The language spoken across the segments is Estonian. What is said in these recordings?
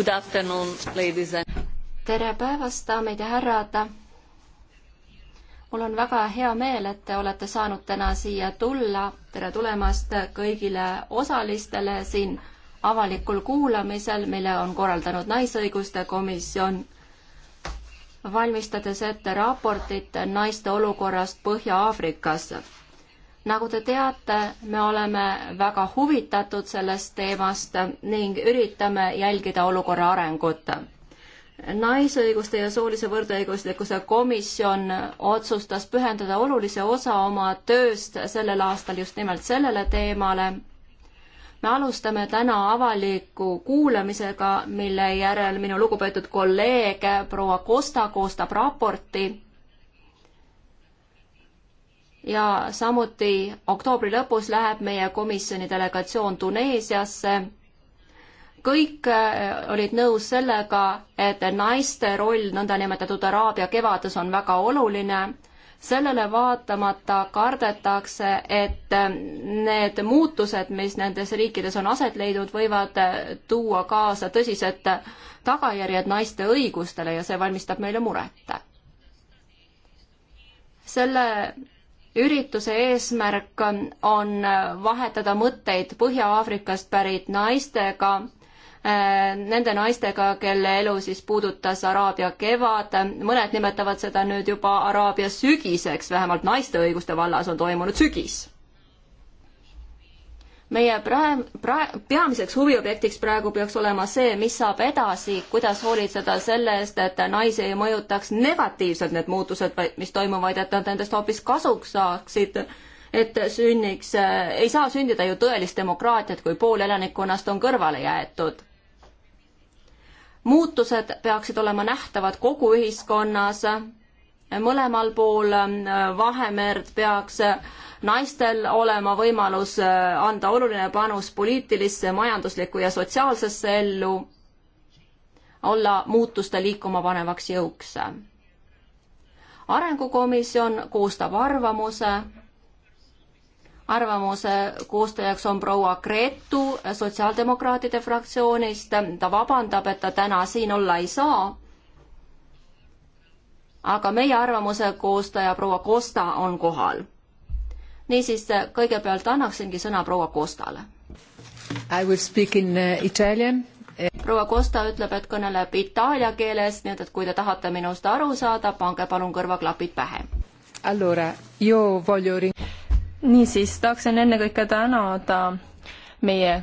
Good afternoon, ladies and tere päevast, daamid ja härrad! mul on väga hea meel, et te olete saanud täna siia tulla. tere tulemast kõigile osalistele siin avalikul kuulamisel, mille on korraldanud Naisõiguste Komisjon, valmistades ette raportit naiste olukorrast Põhja-Aafrikas nagu te teate, me oleme väga huvitatud sellest teemast ning üritame jälgida olukorra arengut. naisõiguste ja soolise võrdõiguslikkuse komisjon otsustas pühendada olulise osa oma tööst sellel aastal just nimelt sellele teemale. me alustame täna avaliku kuulamisega, mille järel minu lugupeetud kolleeg proua Kosta koostab raporti ja samuti oktoobri lõpus läheb meie komisjoni delegatsioon Tuneesiasse. kõik äh, olid nõus sellega, et naiste roll nõndanimetatud Araabia kevades on väga oluline. sellele vaatamata kardetakse, et äh, need muutused, mis nendes riikides on aset leidnud, võivad äh, tuua kaasa tõsised tagajärjed naiste õigustele ja see valmistab meile muret. selle ürituse eesmärk on vahetada mõtteid Põhja-Aafrikast pärit naistega, äh, nende naistega, kelle elu siis puudutas Araabia kevad, mõned nimetavad seda nüüd juba Araabia sügiseks, vähemalt naiste õiguste vallas on toimunud sügis meie prae-, prae-, peamiseks huviobjektiks praegu peaks olema see, mis saab edasi, kuidas hoolitseda selle eest, et naisi ei mõjutaks negatiivselt need muutused, mis toimuvad, et nad nendest hoopis kasuks saaksid, et sünniks, ei saa sündida ju tõelist demokraatiat, kui pool elanikkonnast on kõrvale jäetud. muutused peaksid olema nähtavad kogu ühiskonnas, mõlemal pool Vahemerd peaks äh, naistel olema võimalus äh, anda oluline panus poliitilisse, majanduslikku ja sotsiaalsesse ellu, olla muutuste liikuma panevaks jõuks. arengukomisjon koostab arvamuse, arvamuse koostajaks on proua Gretu Sotsiaaldemokraatide fraktsioonist, ta vabandab, et ta täna siin olla ei saa aga meie arvamuse koostaja proua Kosta on kohal niisiis, kõigepealt annaksingi sõna proua Kostale. I will speak in uh, italian. proua Kosta ütleb, et kõneleb itaalia keeles, nii et, et kui te tahate minust aru saada, pange palun kõrvaklapid pähe. Allora, io voglio niisiis, tahaksin ennekõike tänada meie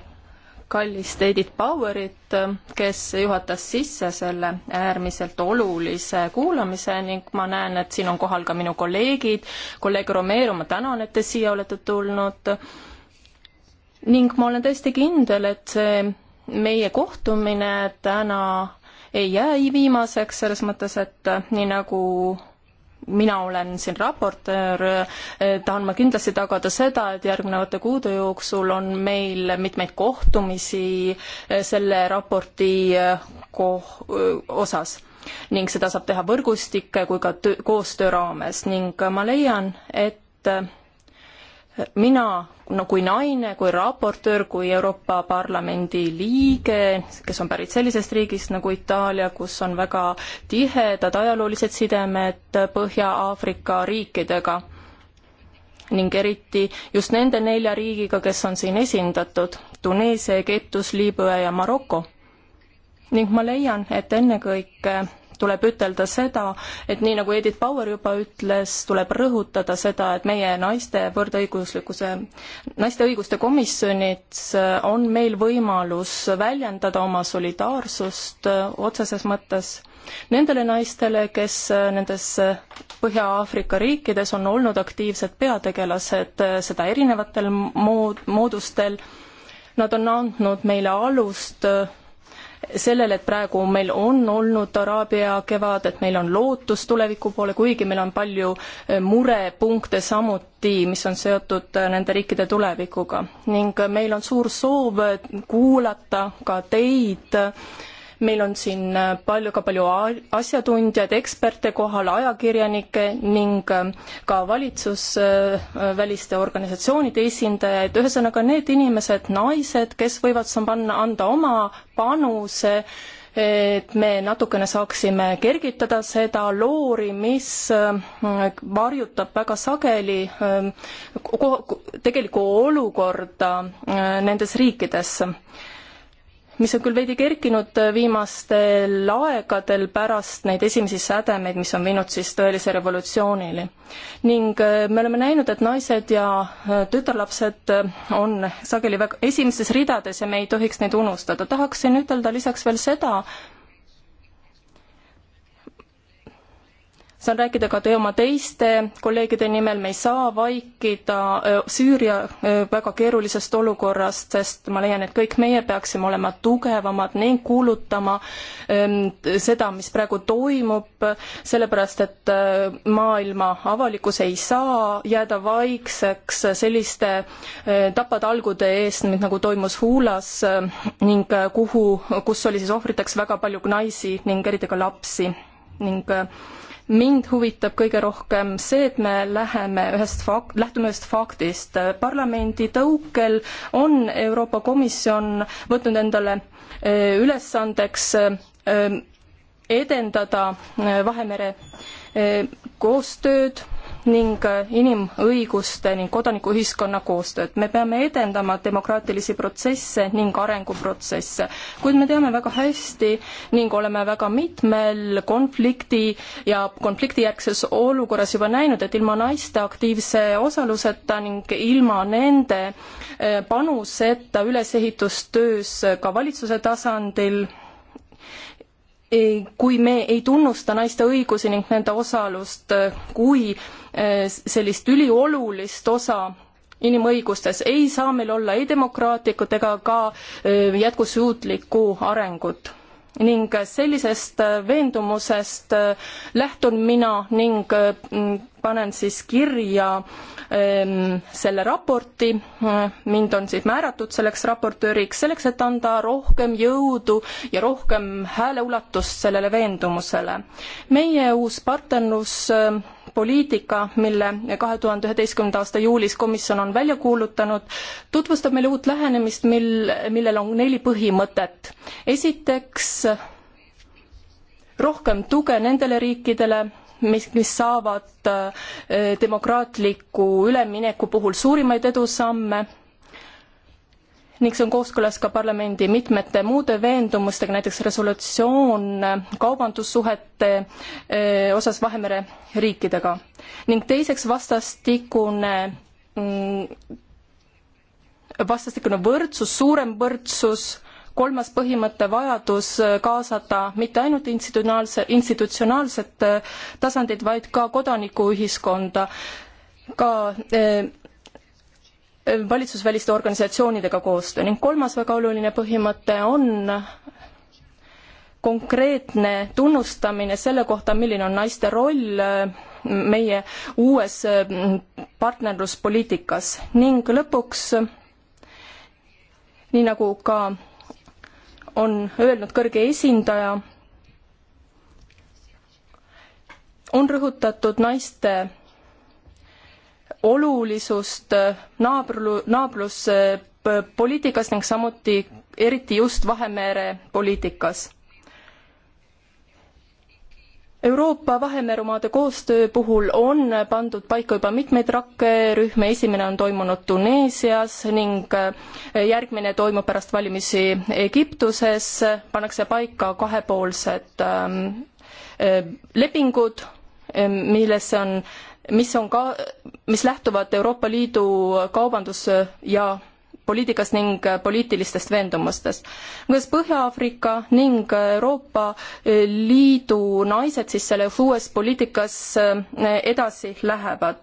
kallist Edith Bauerit, kes juhatas sisse selle äärmiselt olulise kuulamise ning ma näen, et siin on kohal ka minu kolleegid. kolleeg Romero, ma tänan, et te siia olete tulnud. ning ma olen täiesti kindel, et see meie kohtumine täna ei jää viimaseks, selles mõttes, et nii nagu mina olen siin raportöör, tahan ma kindlasti tagada seda, et järgnevate kuude jooksul on meil mitmeid kohtumisi selle raporti koh-, osas ning seda saab teha võrgustike kui ka töö, koostöö raames ning ma leian, et mina no kui naine, kui raportöör, kui Euroopa Parlamendi liige, kes on pärit sellisest riigist nagu Itaalia, kus on väga tihedad ajaloolised sidemed Põhja-Aafrika riikidega ning eriti just nende nelja riigiga, kes on siin esindatud, Tuneesia, Egiptus, Liibüa ja Maroko. ning ma leian, et ennekõike tuleb ütelda seda, et nii nagu Edith Bauer juba ütles, tuleb rõhutada seda, et meie naiste võrdõiguslikkuse, naiste õiguste komisjonis äh, on meil võimalus väljendada oma solidaarsust äh, otseses mõttes nendele naistele, kes äh, nendes Põhja-Aafrika riikides on olnud aktiivsed peategelased, seda erinevatel mood-, moodustel, nad on andnud meile alust sellele, et praegu meil on olnud Araabia kevad, et meil on lootus tuleviku poole, kuigi meil on palju eh, murepunkte samuti, mis on seotud eh, nende riikide tulevikuga. ning eh, meil on suur soov kuulata ka teid, meil on siin äh, palju, ka palju asjatundjaid, eksperte kohal, ajakirjanikke ning äh, ka valitsusväliste äh, organisatsioonide esindajaid, ühesõnaga need inimesed, naised, kes võivad panna, anda oma panuse et me natukene saaksime kergitada seda loori, mis varjutab väga sageli tegelikku olukorda nendes riikides mis on küll veidi kerkinud äh, viimastel aegadel pärast neid esimesi sädemeid, mis on viinud siis tõelise revolutsioonini. ning äh, me oleme näinud, et naised ja äh, tütarlapsed on sageli väga esimeses ridades ja me ei tohiks neid unustada. tahaksin ütelda lisaks veel seda, saan rääkida ka teie oma teiste kolleegide nimel, me ei saa vaikida Süüria väga keerulisest olukorrast, sest ma leian, et kõik meie peaksime olema tugevamad ning kuulutama seda, mis praegu toimub, sellepärast et maailma avalikkus ei saa jääda vaikseks selliste tapatalgude ees, nagu toimus Hulas ning kuhu, kus oli siis ohvriteks väga palju naisi ning eriti ka lapsi ning mind huvitab kõige rohkem see, et me läheme ühest fak-, lähtume ühest faktist. parlamendi tõukel on Euroopa Komisjon võtnud endale eh, ülesandeks eh, edendada eh, Vahemere koostööd ning äh, inimõiguste ning kodanikuühiskonna koostööd. me peame edendama demokraatilisi protsesse ning arenguprotsesse, kuid me teame väga hästi ning oleme väga mitmel konflikti ja konfliktijärgses olukorras juba näinud, et ilma naiste aktiivse osaluseta ning ilma nende äh, panuseta ülesehitustöös ka valitsuse tasandil ei, kui me ei tunnusta naiste õigusi ning nende osalust äh, kui äh, sellist üliolulist osa inimõigustes, ei saa meil olla ei demokraatlikut ega ka äh, jätkusuutlikku arengut ning sellisest veendumusest lähtun mina ning mm, panen siis kirja ehm, selle raporti, mind on siis määratud selleks raportööriks, selleks et anda rohkem jõudu ja rohkem hääleulatust sellele veendumusele. meie uus partnerlus ehm, poliitika, mille kahe tuhande üheteistkümnenda aasta juulis komisjon on välja kuulutanud, tutvustab meile uut lähenemist, mil, millel on neli põhimõtet. esiteks, rohkem tuge nendele riikidele, mis, mis saavad äh, demokraatliku ülemineku puhul suurimaid edusamme ning see on kooskõlas ka parlamendi mitmete muude veendumustega, näiteks resolutsioon kaubandussuhete osas Vahemere riikidega. ning teiseks vastastikune, mm, vastastikune võrdsus, suurem võrdsus, kolmas põhimõte, vajadus kaasata mitte ainult institutsionaalse, institutsionaalset äh, tasandit, vaid ka kodanikuühiskonda, ka eh, valitsusväliste organisatsioonidega koostöö ning kolmas väga oluline põhimõte on konkreetne tunnustamine selle kohta, milline on naiste roll äh, meie uues äh, partnerluspoliitikas ning lõpuks nii nagu ka on öelnud kõrge esindaja, on rõhutatud naiste olulisust äh, naabru, naabruspoliitikas äh, ning samuti eriti just Vahemere poliitikas. Euroopa Vahemeerumaade koostöö puhul on pandud paika juba mitmeid rakkerühme, esimene on toimunud Tuneesias ning äh, järgmine toimub pärast valimisi Egiptuses, pannakse paika kahepoolsed ähm, lepingud, millesse on mis on ka, mis lähtuvad Euroopa Liidu kaubandus- ja poliitikast ning poliitilistest veendumustest. kas Põhja-Aafrika ning Euroopa Liidu naised siis selles uues poliitikas eh, edasi lähevad?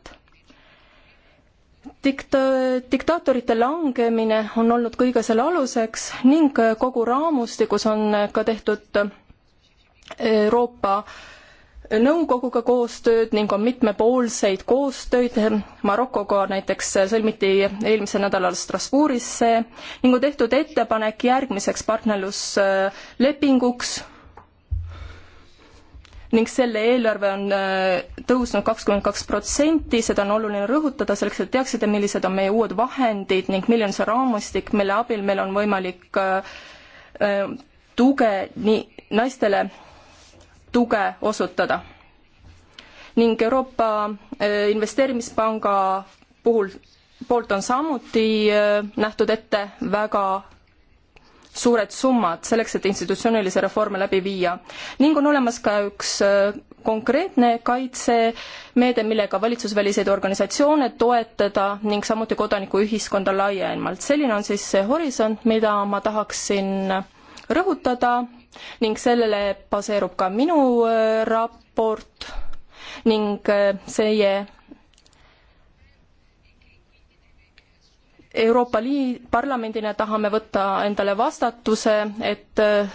Dikt-, diktaatorite langemine on olnud kõige selle aluseks ning kogu raamustikus on ka tehtud Euroopa äh, nõukoguga koostööd ning on mitmepoolseid koostöid. Marokoga näiteks sõlmiti eelmisel nädalal Strasbourgis see ning on tehtud ettepanek järgmiseks partnerluslepinguks ning selle eelarve on äh, tõusnud kakskümmend kaks protsenti, seda on oluline rõhutada selleks, et teaksite, millised on meie uued vahendid ning milline on see raamistik, mille abil meil on võimalik äh, äh, tuge nii naistele tuge osutada. ning Euroopa eh, Investeerimispanga puhul, poolt on samuti eh, nähtud ette väga suured summad selleks, et institutsioonilise reforme läbi viia. ning on olemas ka üks eh, konkreetne kaitsemeede, millega valitsusväliseid organisatsioone toetada ning samuti kodanikuühiskonda laiemalt. selline on siis see horisont, mida ma tahaksin rõhutada ning sellele baseerub ka minu äh, raport ning äh, see Euroopa Liit, parlamendina tahame võtta endale vastutuse, et äh,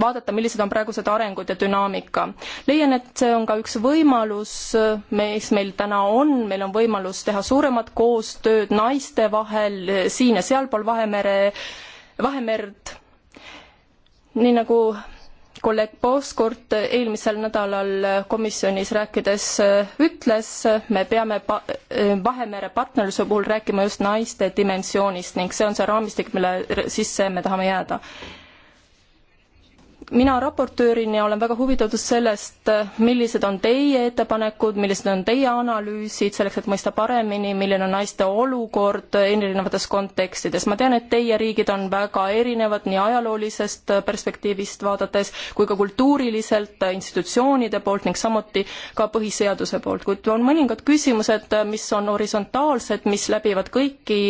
vaadata, millised on praegused arengud ja dünaamika. leian, et see on ka üks võimalus, mis meil täna on, meil on võimalus teha suuremat koostööd naiste vahel siin ja sealpool Vahemere, Vahemerd nii nagu kolleeg Pooskurt eelmisel nädalal komisjonis rääkides äh, ütles, me peame pa-, äh, Vahemere partnerluse puhul rääkima just naiste dimensioonist ning see on see raamistik, mille sisse me tahame jääda mina raportöörina olen väga huvitatud sellest, millised on teie ettepanekud, millised on teie analüüsid selleks, et mõista paremini, milline on naiste olukord erinevates kontekstides. ma tean, et teie riigid on väga erinevad nii ajaloolisest perspektiivist vaadates kui ka kultuuriliselt institutsioonide poolt ning samuti ka põhiseaduse poolt, kuid on mõningad küsimused, mis on horisontaalsed, mis läbivad kõiki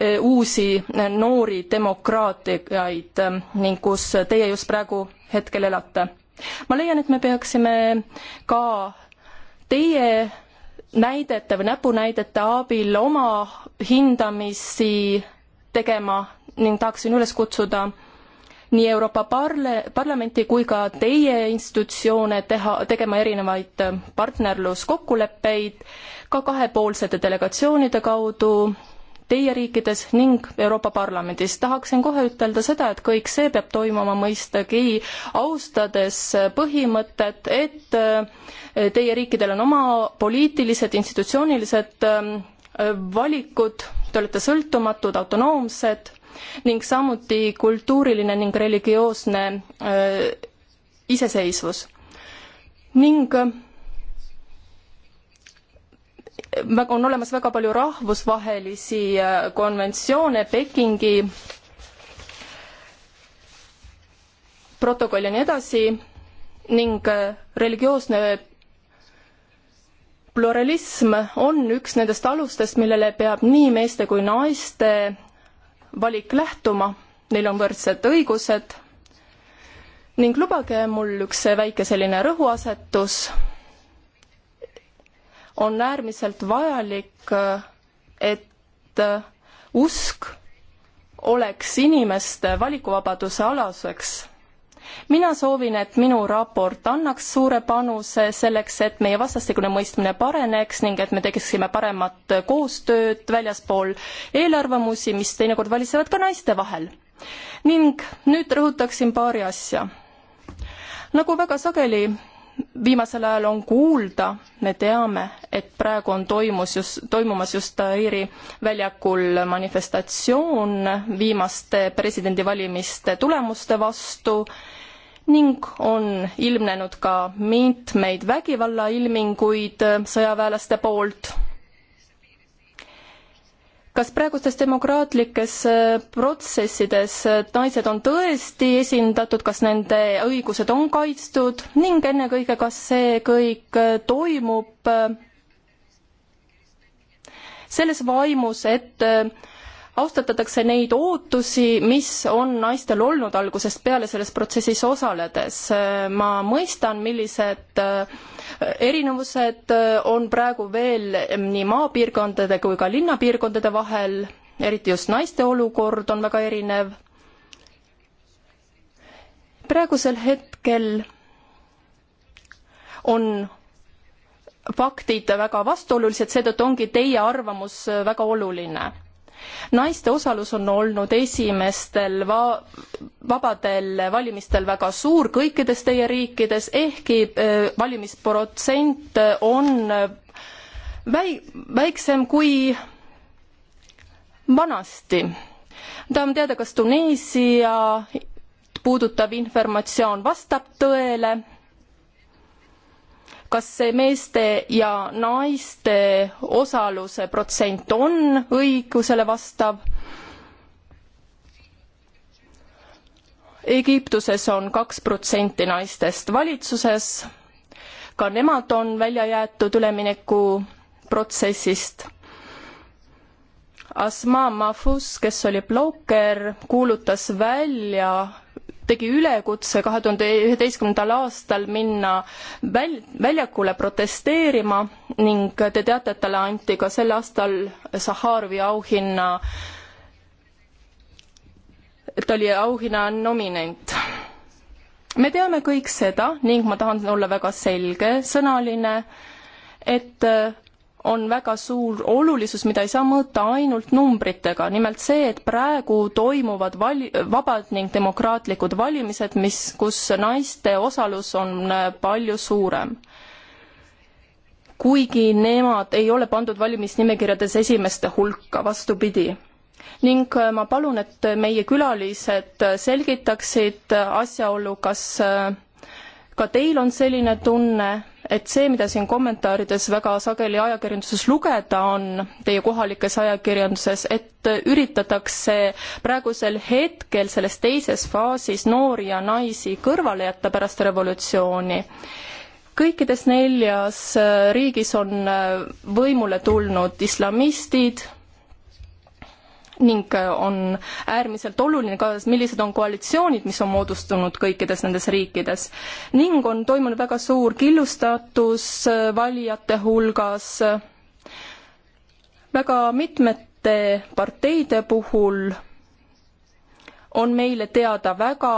eh, uusi eh, noori demokraatiaid ning kus teie just praegu hetkel elate. ma leian, et me peaksime ka teie näidete või näpunäidete abil oma hindamisi tegema ning tahaksin üles kutsuda nii Euroopa parle-, Parlamenti kui ka teie institutsioone teha, tegema erinevaid partnerluskokkuleppeid ka kahepoolsete delegatsioonide kaudu teie riikides ning Euroopa Parlamendis. tahaksin kohe ütelda seda, et kõik see peab toimuma mõistagi austades põhimõtet, et eh, teie riikidel on oma poliitilised, institutsioonilised eh, valikud, te olete sõltumatud, autonoomsed ning samuti kultuuriline ning religioosne eh, iseseisvus. ning väga, on olemas väga palju rahvusvahelisi äh, konventsioone, Pekingi protokoll ja nii edasi ning äh, religioosne pluralism on üks nendest alustest, millele peab nii meeste kui naiste valik lähtuma, neil on võrdsed õigused ning lubage mul üks väike selline rõhuasetus on äärmiselt vajalik, et usk oleks inimeste valikuvabaduse aluseks mina soovin, et minu raport annaks suure panuse selleks, et meie vastastikune mõistmine pareneks ning et me teeksime paremat koostööd väljaspool eelarvamusi, mis teinekord valitsevad ka naiste vahel. ning nüüd rõhutaksin paari asja. nagu väga sageli viimasel ajal on kuulda, me teame, et praegu on toimus just, toimumas just Tairi väljakul manifestatsioon viimaste presidendivalimiste tulemuste vastu ning on ilmnenud ka mitmeid vägivallailminguid sõjaväelaste poolt kas praegustes demokraatlikes äh, protsessides äh, naised on tõesti esindatud, kas nende õigused on kaitstud ning ennekõike, kas see kõik äh, toimub selles vaimus, et austatakse neid ootusi, mis on naistel olnud algusest peale selles protsessis osaledes. ma mõistan, millised erinevused äh, on praegu veel mm, nii maapiirkondade kui ka linnapiirkondade vahel, eriti just naiste olukord on väga erinev. praegusel hetkel on faktid väga vastuolulised, seetõttu ongi teie arvamus väga oluline naiste osalus on olnud esimestel va-, vabadel valimistel väga suur kõikides teie riikides, ehkki äh, valimisprotsent on äh, väi-, väiksem kui vanasti. tahame teada, kas Tuneesia puudutav informatsioon vastab tõele kas see meeste ja naiste osaluse protsent on õigusele vastav? Egiptuses on kaks protsenti naistest valitsuses, ka nemad on välja jäetud üleminekuprotsessist Asma Mahfuz, kes oli blokker, kuulutas välja tegi ülekutse kahe tuhande üheteistkümnendal aastal minna väl-, väljakule protesteerima ning te teate, et talle anti ka sel aastal Sahharovi auhinna, ta oli auhinna nominent. me teame kõik seda ning ma tahan olla väga selge, sõnaline, et on väga suur olulisus, mida ei saa mõõta ainult numbritega, nimelt see, et praegu toimuvad vali-, vabad ning demokraatlikud valimised, mis, kus naiste osalus on äh, palju suurem. kuigi nemad ei ole pandud valimisnimekirjades esimeste hulka, vastupidi ning äh, ma palun, et meie külalised äh, selgitaksid asjaolu, kas ka teil on selline tunne et see, mida siin kommentaarides väga sageli ajakirjanduses lugeda on, teie kohalikes ajakirjanduses, et üritatakse praegusel hetkel selles teises faasis noori ja naisi kõrvale jätta pärast revolutsiooni kõikides neljas riigis on võimule tulnud islamistid, ning äh, on äärmiselt oluline ka, millised on koalitsioonid, mis on moodustunud kõikides nendes riikides. ning on toimunud väga suur killustatus äh, valijate hulgas, äh, väga mitmete parteide puhul on meile teada väga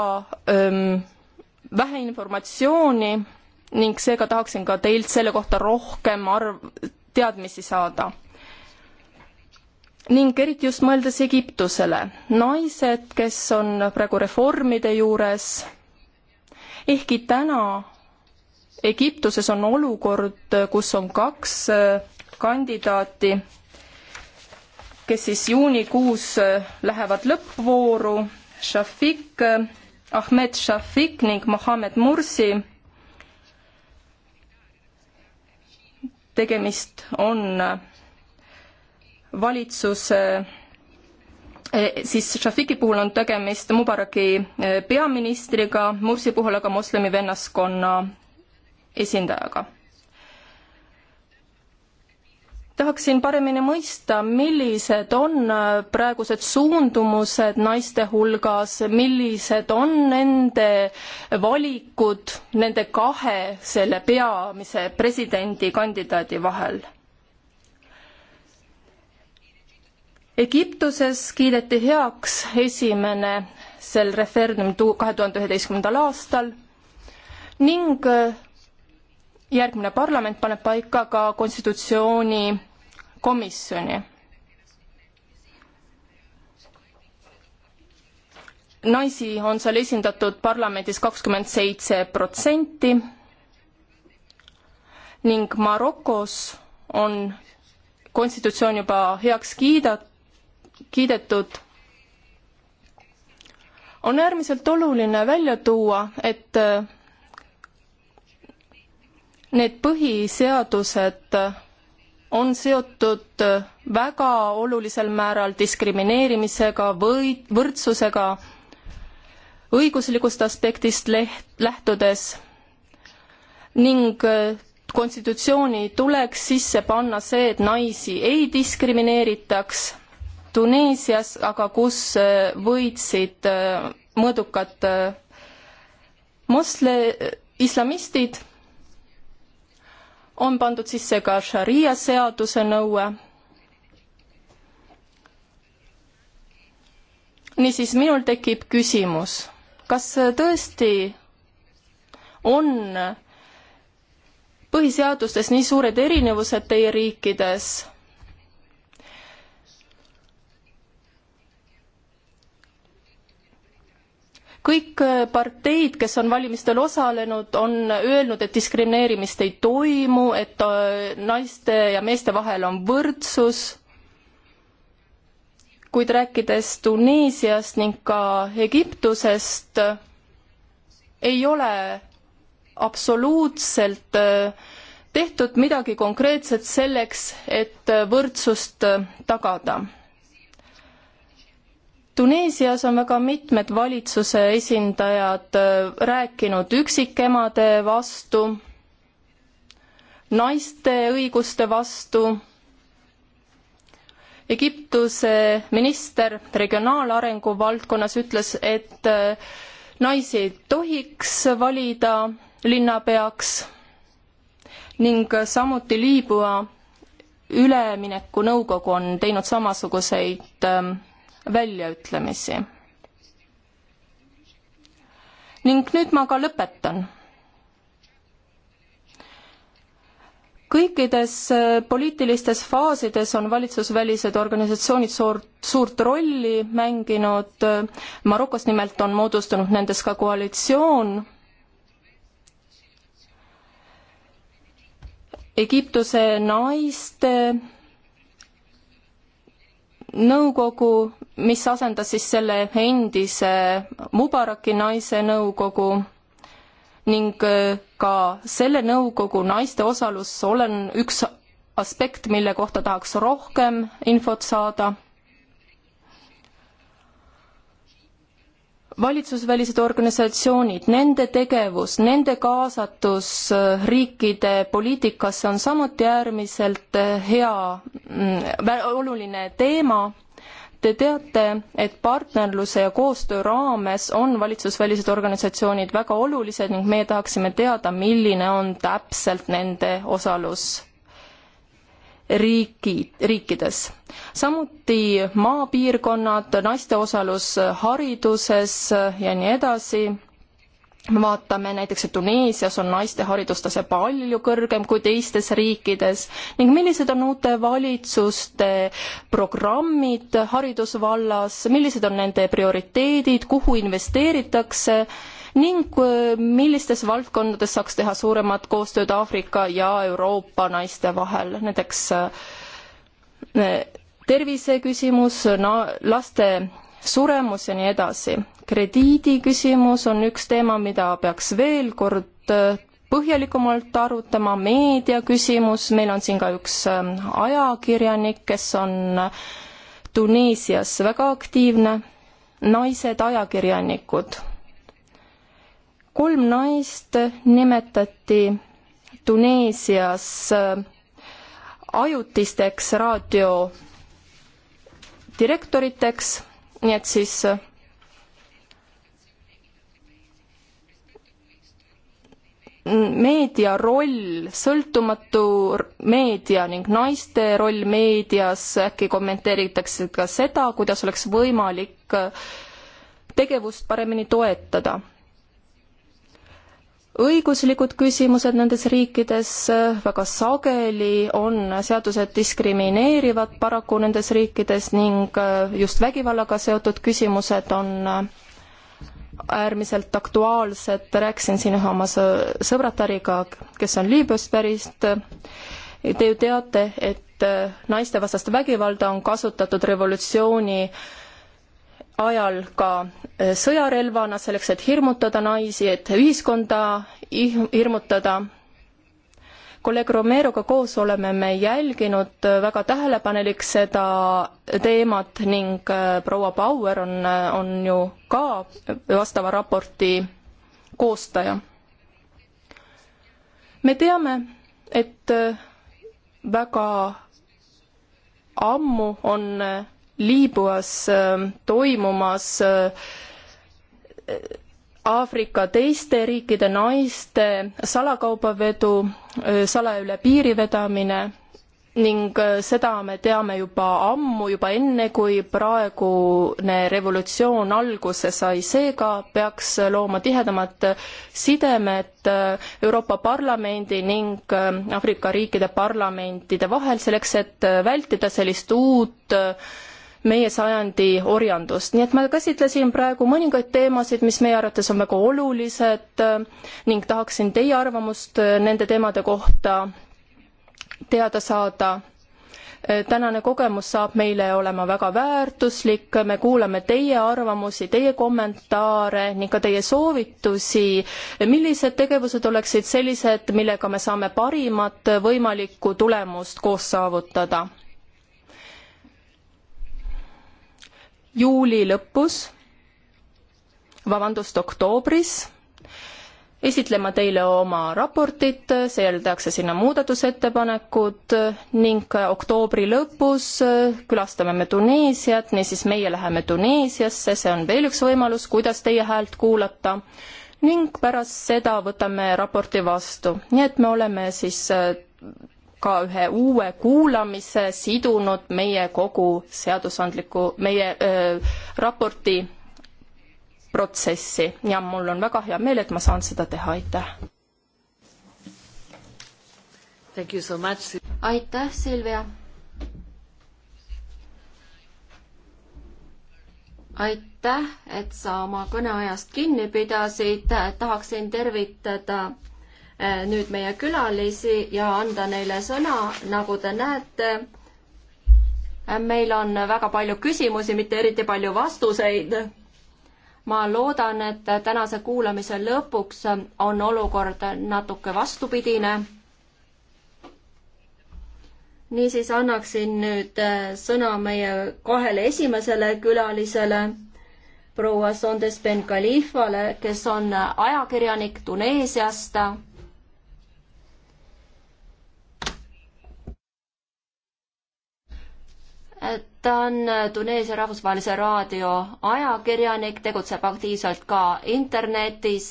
öö, ähm, vähe informatsiooni ning seega tahaksin ka teilt selle kohta rohkem arv-, teadmisi saada ning eriti just mõeldes Egiptusele. naised, kes on praegu reformide juures, ehkki täna Egiptuses on olukord, kus on kaks äh, kandidaati, kes siis juunikuus äh, lähevad lõppvooru, Shafik, äh, Ahmed Shafik ning Mohammed Mursi. tegemist on valitsus eh, siis Šafiki puhul on tegemist Mubaraki eh, peaministriga, Mursi puhul aga moslemi vennaskonna esindajaga. tahaksin paremini mõista, millised on eh, praegused suundumused naiste hulgas, millised on nende valikud nende kahe selle peamise presidendikandidaadi vahel Egiptuses kiideti heaks esimene sel referendum kahe tuhande üheteistkümnendal aastal ning äh, järgmine parlament paneb paika ka konstitutsioonikomisjoni. naisi on seal esindatud parlamendis kakskümmend seitse protsenti ning Marokos on konstitutsioon juba heaks kiida-, kiidetud on äärmiselt oluline välja tuua, et äh, need põhiseadused on seotud väga olulisel määral diskrimineerimisega või võrdsusega, õiguslikust aspektist leht-, lähtudes ning äh, konstitutsiooni tuleks sisse panna see, et naisi ei diskrimineeritaks Tuneesias, aga kus äh, võitsid äh, mõõdukad äh, mosle-, islamistid, on pandud sisse ka šaria seaduse nõue. niisiis, minul tekib küsimus, kas tõesti on põhiseadustes nii suured erinevused teie riikides kõik äh, parteid, kes on valimistel osalenud, on öelnud, et diskrimineerimist ei toimu, et äh, naiste ja meeste vahel on võrdsus, kuid rääkides Tuneesiast ning ka Egiptusest, äh, ei ole absoluutselt tehtud midagi konkreetset selleks, et võrdsust tagada Tuneesias on väga mitmed valitsuse esindajad äh, rääkinud üksikemade vastu, naiste õiguste vastu Egiptuse minister regionaalarengu valdkonnas ütles, et äh, naisi ei tohiks valida linnapeaks ning samuti Liibüa üleminekunõukogu on teinud samasuguseid ähm, väljaütlemisi. ning nüüd ma ka lõpetan kõikides äh, poliitilistes faasides on valitsusvälised organisatsioonid suurt, suurt rolli mänginud, Marokos nimelt on moodustunud nendes ka koalitsioon, Egiptuse naiste nõukogu, mis asendas siis selle endise Mubaraki naise nõukogu ning äh, ka selle nõukogu naiste osalus olen üks aspekt, mille kohta tahaks rohkem infot saada valitsusvälised organisatsioonid, nende tegevus, nende kaasatus äh, riikide poliitikasse on samuti äärmiselt äh, hea, mm, oluline teema. Te teate, et partnerluse ja koostöö raames on valitsusvälised organisatsioonid väga olulised ning meie tahaksime teada, milline on täpselt nende osalus riiki, riikides. samuti maapiirkonnad, naiste osalus hariduses ja nii edasi, vaatame näiteks, et Tuneesias on naiste haridustase palju kõrgem kui teistes riikides ning millised on uute valitsuste programmid haridusvallas, millised on nende prioriteedid, kuhu investeeritakse ning äh, millistes valdkondades saaks teha suuremat koostööd Aafrika ja Euroopa naiste vahel, näiteks äh, terviseküsimus, laste suremus ja nii edasi. krediidi küsimus on üks teema, mida peaks veel kord äh, põhjalikumalt arutama, meedia küsimus, meil on siin ka üks ajakirjanik, kes on Tuneesias väga aktiivne, naised ajakirjanikud kolm naist nimetati Tuneesias äh, ajutisteks raadiodirektoriteks, nii et siis äh, meedia roll, sõltumatu meedia ning naiste roll meedias, äkki kommenteeritakse ka seda, kuidas oleks võimalik äh, tegevust paremini toetada õiguslikud küsimused nendes riikides, väga sageli on seadused diskrimineerivad paraku nendes riikides ning äh, just vägivallaga seotud küsimused on äh, äärmiselt aktuaalsed, rääkisin siin ühe oma sõbratariga, kes on Liibüast pärist, te ju teate, et äh, naistevastast vägivalda on kasutatud revolutsiooni äh, ajal ka äh, sõjarelvana, selleks et hirmutada naisi, et ühiskonda hirmutada. kolleeg Romeroga koos oleme me jälginud äh, väga tähelepanelik seda teemat ning äh, proua Bauer on, on ju ka vastava raporti koostaja. me teame, et väga ammu on Liibüas ähm, toimumas äh, Aafrika teiste riikide naiste salakaubavedu, äh, sala üle piiri vedamine ning äh, seda me teame juba ammu, juba enne, kui praegune revolutsioon alguse sai, seega peaks looma tihedamat sidemed Euroopa Parlamendi ning Aafrika riikide parlamentide vahel, selleks et vältida sellist uut meie sajandi orjandust, nii et ma käsitlesin praegu mõningaid teemasid, mis meie arvates on väga olulised äh, ning tahaksin teie arvamust äh, nende teemade kohta teada saada. Äh, tänane kogemus saab meile olema väga väärtuslik, me kuulame teie arvamusi, teie kommentaare ning ka teie soovitusi, millised tegevused oleksid sellised, millega me saame parimat võimalikku tulemust koos saavutada juuli lõpus, vabandust, oktoobris esitlema teile oma raportit, seejärel tehakse sinna muudatusettepanekud ning oktoobri lõpus külastame me Tuneesiat, niisiis meie läheme Tuneesiasse, see on veel üks võimalus, kuidas teie häält kuulata, ning pärast seda võtame raporti vastu, nii et me oleme siis ka ühe uue kuulamise sidunud meie kogu seadusandliku, meie öö, raporti protsessi ja mul on väga hea meel, et ma saan seda teha, aitäh. aitäh, Silvia. aitäh, et sa oma kõneajast kinni pidasid, tahaksin tervitada Äh, nüüd meie külalisi ja anda neile sõna, nagu te näete. Äh, meil on väga palju küsimusi, mitte eriti palju vastuseid. ma loodan, et tänase kuulamise lõpuks on olukord natuke vastupidine. niisiis annaksin nüüd äh, sõna meie kahele esimesele külalisele proua Sondes Ben Khalifale, kes on ajakirjanik Tuneesiast ta on Tuneesia rahvusvahelise raadio ajakirjanik, tegutseb aktiivselt ka internetis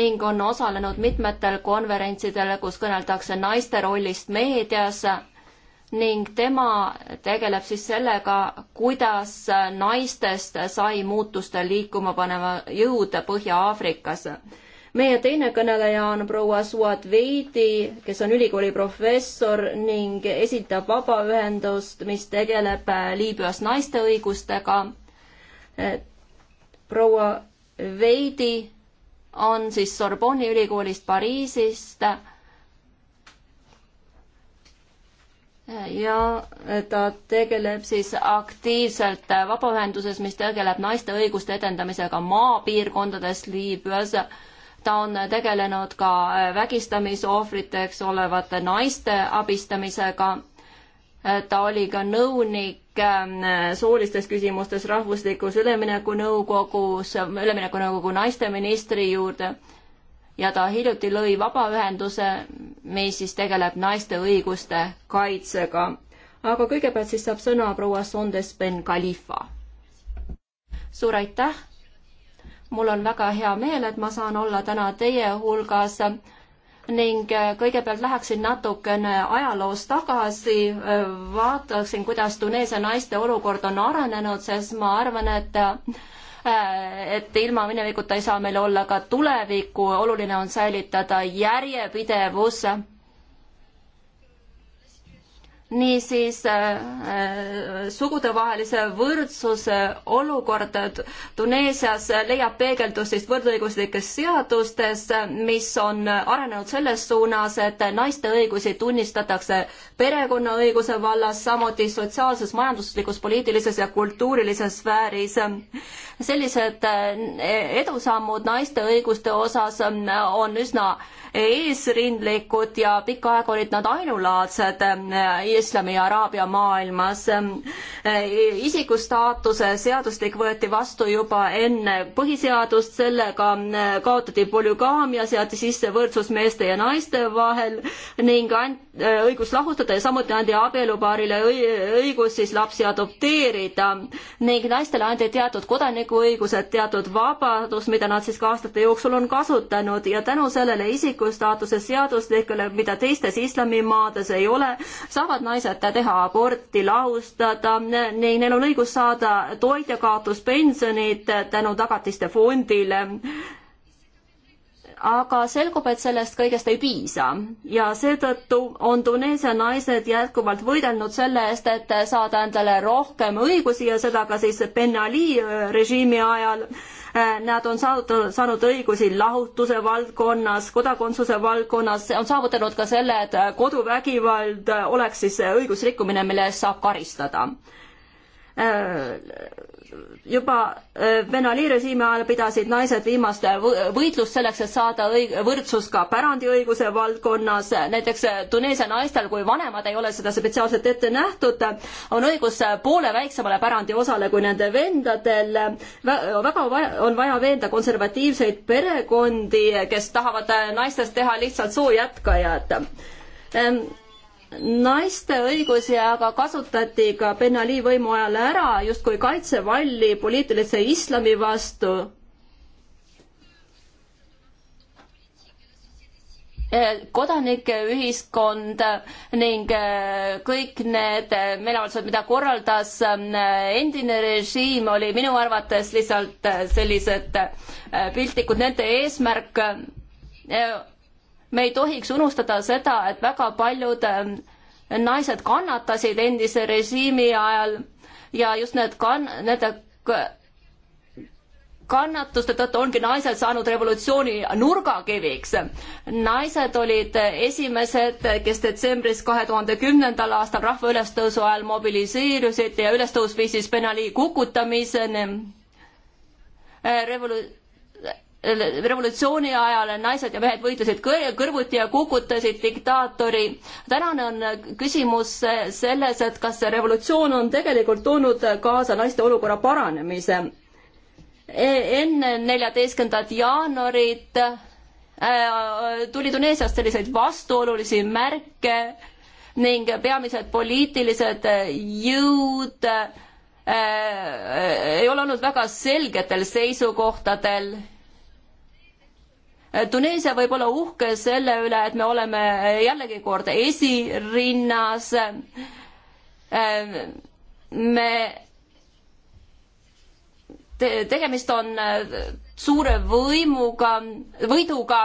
ning on osalenud mitmetel konverentsidel, kus kõneldakse naiste rollist meedias ning tema tegeleb siis sellega, kuidas naistest sai muutuste liikuma paneva jõud Põhja-Aafrikas meie teine kõneleja on proua Suat Veidi, kes on ülikooli professor ning esitab vabaühendust, mis tegeleb äh, Liibüas naiste õigustega. Äh, proua Veidi on siis Sorbonni ülikoolist Pariisist äh, ja ta tegeleb siis aktiivselt vabaühenduses, mis tegeleb naiste õiguste edendamisega maapiirkondades Liibüas ta on tegelenud ka äh, vägistamisohvriteks olevate naiste abistamisega. Äh, ta oli ka nõunik ähm, soolistes küsimustes Rahvuslikus Üleminekunõukogus, Üleminekunõukogu naisteministri juurde ja ta hiljuti lõi vabaühenduse, mis siis tegeleb naiste õiguste kaitsega. aga kõigepealt siis saab sõna proua Sondes Ben Khalifa. suur aitäh mul on väga hea meel, et ma saan olla täna teie hulgas ning äh, kõigepealt läheksin natukene ajaloos tagasi, äh, vaataksin, kuidas Tuneesia naiste olukord on arenenud, sest ma arvan, et äh, et ilma minevikuta ei saa meil olla ka tulevikku, oluline on säilitada järjepidevus niisiis äh, äh, sugudevahelise võrdsuse olukord Tuneesias leiab peegeldust siis võrdõiguslikes seadustes, mis on arenenud selles suunas, et naiste õigusi tunnistatakse perekonnaõiguse vallas, samuti sotsiaalses, majanduslikus, poliitilises ja kultuurilises sfääris. sellised äh, edusammud naiste õiguste osas on, ähm, on üsna eesrindlikud ja pikka aega olid nad ainulaadsed äh, islami ja araabia maailmas. Äh, isikustaatuse seadustik võeti vastu juba enne põhiseadust, sellega äh, kaotati polügaamia, seati sisse võrdsus meeste ja naiste vahel ning ant-, äh, õigus lahutada ja samuti andi abielupaarile õigus siis lapsi adopteerida ning naistele anti teatud kodanikuõigused, teatud vabadus, mida nad siis ka aastate jooksul on kasutanud ja tänu sellele isikustaatuse seadustikule, mida teistes islamimaades ei ole, saavad naised teha aborti, lahustada, neil on õigus saada toitjakaotuspensionit tänu tagatiste fondile aga selgub, et sellest kõigest ei piisa ja seetõttu on Tuneesia naised jätkuvalt võidelnud selle eest, et saada endale rohkem õigusi ja seda ka siis Ben Ali äh, režiimi ajal Äh, nad on saadud, saanud õigusi lahutuse valdkonnas, kodakondsuse valdkonnas, on saavutanud ka selle, et äh, koduvägivald äh, oleks siis õigusrikkumine, mille eest saab karistada juba Benali äh, režiimi ajal pidasid naised viimast äh, võitlust selleks, et saada õig-, võrdsus ka pärandiõiguse valdkonnas, näiteks äh, Tuneesia naistel, kui vanemad ei ole seda spetsiaalselt ette nähtud, on õigus poole väiksemale pärandiosale kui nende vendadel Vä. väga vaja, on vaja veenda konservatiivseid perekondi, kes tahavad naistest teha lihtsalt soojätkajad ehm, naiste õigusi aga kasutati ka Ben Ali võimu ajal ära justkui kaitsevalli poliitilise islami vastu. kodanike ühiskond ning äh, kõik need äh, meeleavaldused, mida korraldas äh, endine režiim, oli minu arvates lihtsalt sellised piltlikud, nende eesmärk me ei tohiks unustada seda, et väga paljud ähm, naised kannatasid endise režiimi ajal ja just need kann-, nende kannatuste tõttu ongi naised saanud revolutsiooni nurgakiviks. naised olid esimesed, kes detsembris kahe tuhande kümnendal aastal rahva ülestõusu ajal mobiliseerusid ja ülestõus viis siis Benali kukutamiseni Revolu. Revolu- revolutsiooni ajal naised ja mehed võitlesid kõr kõrvuti ja kukutasid diktaatori. tänane on küsimus selles, et kas see revolutsioon on tegelikult toonud kaasa naiste olukorra paranemise. E, enne neljateistkümnendat jaanuarit äh, tuli Tuneesiast selliseid vastuolulisi märke ning peamised poliitilised jõud äh, äh, ei ole olnud väga selgetel seisukohtadel Tuneesia võib olla uhke selle üle, et me oleme jällegi kord esirinnas. me te,, tegemist on suure võimuga, võiduga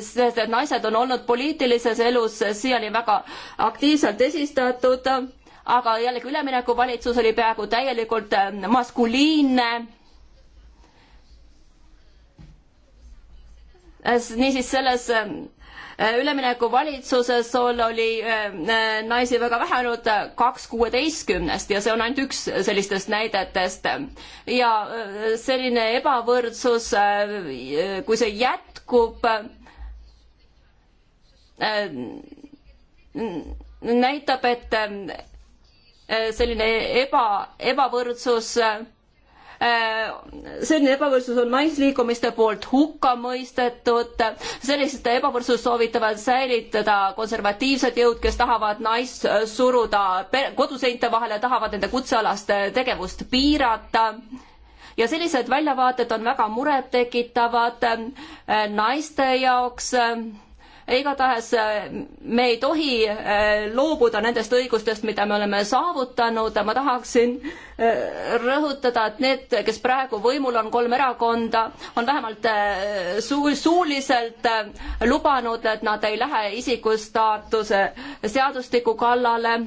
sest et naised on olnud poliitilises elus siiani väga aktiivselt esistatud, aga jällegi üleminekuvalitsus oli peaaegu täielikult maskuliinne Äh, niisiis selles ähm, äh, üleminekuvalitsuses oli ähm, äh, naisi väga vähe, ainult kaks kuueteistkümnest ja see on ainult üks sellistest näidetest. ja selline ebavõrdsus, kui see jätkub, näitab, et ähm, selline eba, ebavõrdsus Äh, selline ebavõrdsus on naisliikumiste poolt hukka mõistetud, sellist ebavõrdsust soovitavad säilitada konservatiivsed jõud, kes tahavad naist suruda koduseinte vahele, tahavad nende kutsealast tegevust piirata ja sellised väljavaated on väga murettekitavad äh, naiste jaoks igatahes äh, me ei tohi äh, loobuda nendest õigustest, mida me oleme saavutanud, ma tahaksin äh, rõhutada, et need, kes praegu võimul on, kolm erakonda, on vähemalt suu-, suuliselt lubanud, et nad ei lähe isikustaatuse seadustiku kallale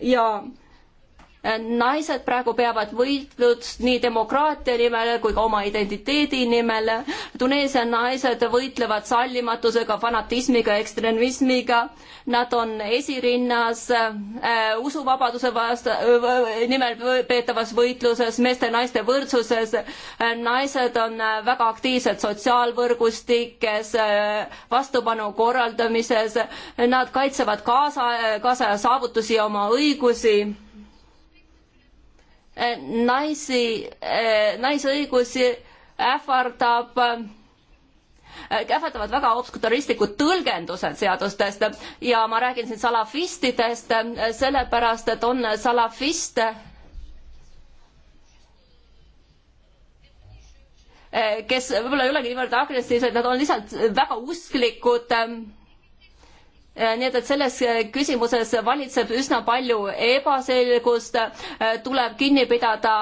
ja naised praegu peavad võitlust nii demokraatia nimel kui ka oma identiteedi nimel. Tuneesia naised võitlevad sallimatusega, fanatismiga, ekstremismiga. Nad on esirinnas äh, usuvabaduse vastu äh,, nimel peetavas võitluses, meeste-naiste võrdsuses äh,. naised on äh, väga aktiivsed sotsiaalvõrgustikes äh,, vastupanu korraldamises. Nad kaitsevad kaasa äh,, kaasaja saavutusi ja oma õigusi naisi, eh, naisõigusi ähvardab kähvatavad eh, väga obskutaristlikud tõlgendused seadustest ja ma räägin siin salafistidest, eh, sellepärast et on salafiste, kes võib-olla ei olegi niivõrd agressiivsed, nad on lihtsalt väga usklikud Äh, nii et, et selles äh, küsimuses valitseb üsna palju ebaselgust, äh, tuleb kinni pidada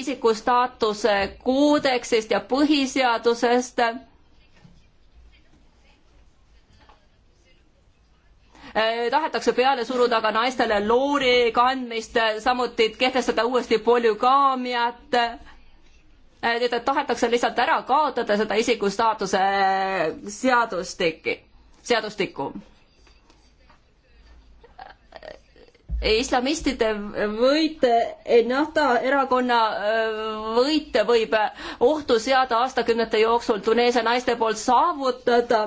isiku staatuse koodeksist ja põhiseadusest tahetakse peale suruda ka naistele loori kandmist, samuti kehtestada uuesti polügaamiat. nii et, et tahetakse lihtsalt ära kaotada seda isiku staatuse seadustikki, seadustikku. islamistide võit, Ennahda erakonna äh, võit võib ohtu seada aastakümnete jooksul Tuneesia naiste poolt saavutada.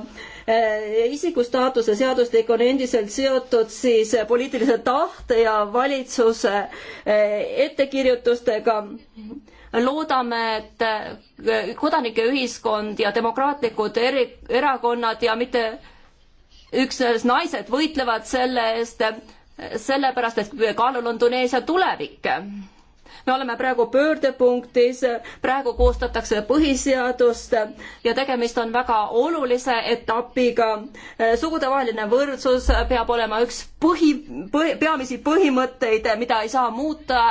Äh, isikustaatuse seadustik on endiselt seotud siis poliitilise tahte ja valitsuse äh, ettekirjutustega loodame, et kodanikeühiskond ja demokraatlikud eri, erakonnad ja mitte üksnes naised võitlevad selle eest, sellepärast, et kaalul on Tuneesia tulevik. me oleme praegu pöördepunktis, praegu koostatakse põhiseadust ja tegemist on väga olulise etapiga. sugudevaheline võrdsus peab olema üks põhi, põhi, peamisi põhimõtteid, mida ei saa muuta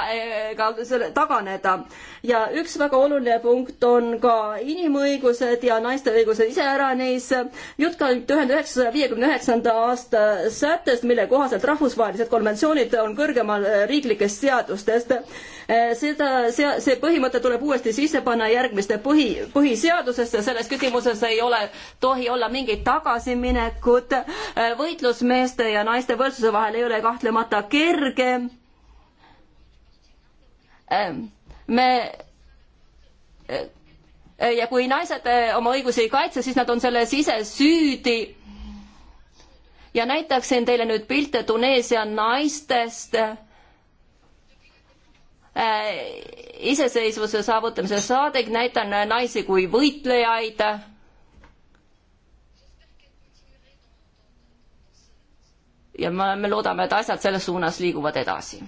ega selle taganeda ja üks väga oluline punkt on ka inimõigused ja naiste õigused iseäranis. jutt käib tuhande üheksasaja viiekümne üheksanda aasta sättest, mille kohaselt rahvusvahelised konventsioonid on kõrgemal riiklikest seadustest. seda, see, see põhimõte tuleb uuesti sisse panna järgmiste põhi, põhiseadusesse, selles küsimuses ei ole, tohi olla mingit tagasiminekut. võitlus meeste ja naiste võrdsuse vahel ei ole kahtlemata kerge ähm me eh, ja kui naised eh, oma õigusi ei kaitse, siis nad on selles ise süüdi. ja näitaksin teile nüüd pilte Tuneesia naistest eh, iseseisvuse saavutamise saadik, näitan naisi kui võitlejaid. ja me, me loodame, et asjad selles suunas liiguvad edasi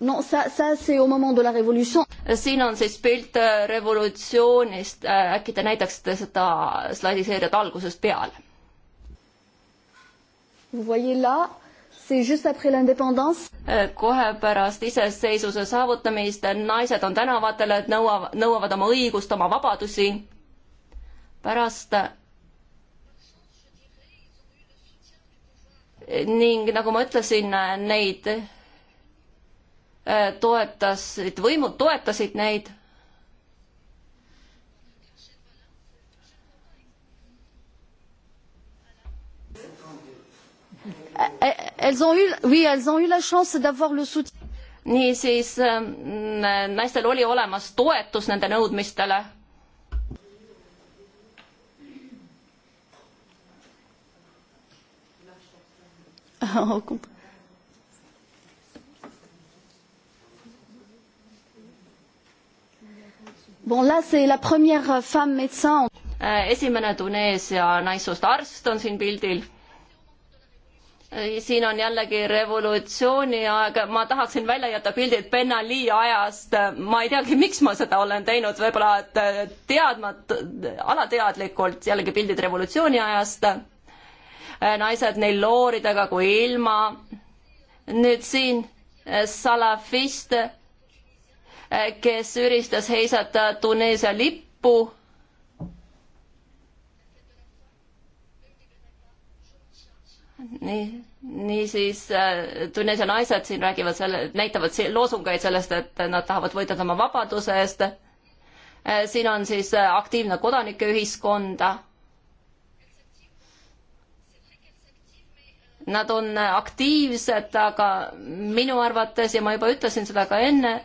no sa, sa see au moment de la revolution. Euh, siin on siis pilt euh, revolutsioonist, äh, äkki te näitaksite seda slaidiseeriat algusest peale? Vous voyez là, c'est juste après l'indépendance. Äh, kohe pärast iseseisvuse saavutamist äh, naised on tänavatel, et nõua, nõuavad oma õigust, oma vabadusi. pärast ning nagu ma ütlesin, neid Äh, toetasid, võimud toetasid neid. Elles ont eu, oui, elles ont eu la chance d'avoir le soutien. niisiis ähm, naistel oli olemas toetus nende nõudmistele on oh, recompte. Bon, là, c'est la première femme médecin. Äh, esimene Tuneesia naissoost arst on siin pildil. Äh, siin on jällegi revolutsiooni aeg, ma tahaksin välja jätta pildid Ben Ali ajast, ma ei teagi, miks ma seda olen teinud, võib-olla et äh, teadmat-, alateadlikult jällegi pildid revolutsiooni ajast. naised neil looridega kui ilma. nüüd siin salafist Äh, kes üritas heisata Tuneesia lippu. nii, niisiis äh, Tuneesia naised siin räägivad selle, näitavad loosungeid sellest, et nad tahavad võidelda oma vabaduse eest. Äh, siin on siis aktiivne kodanikeühiskonda nad on aktiivsed, aga minu arvates ja ma juba ütlesin seda ka enne,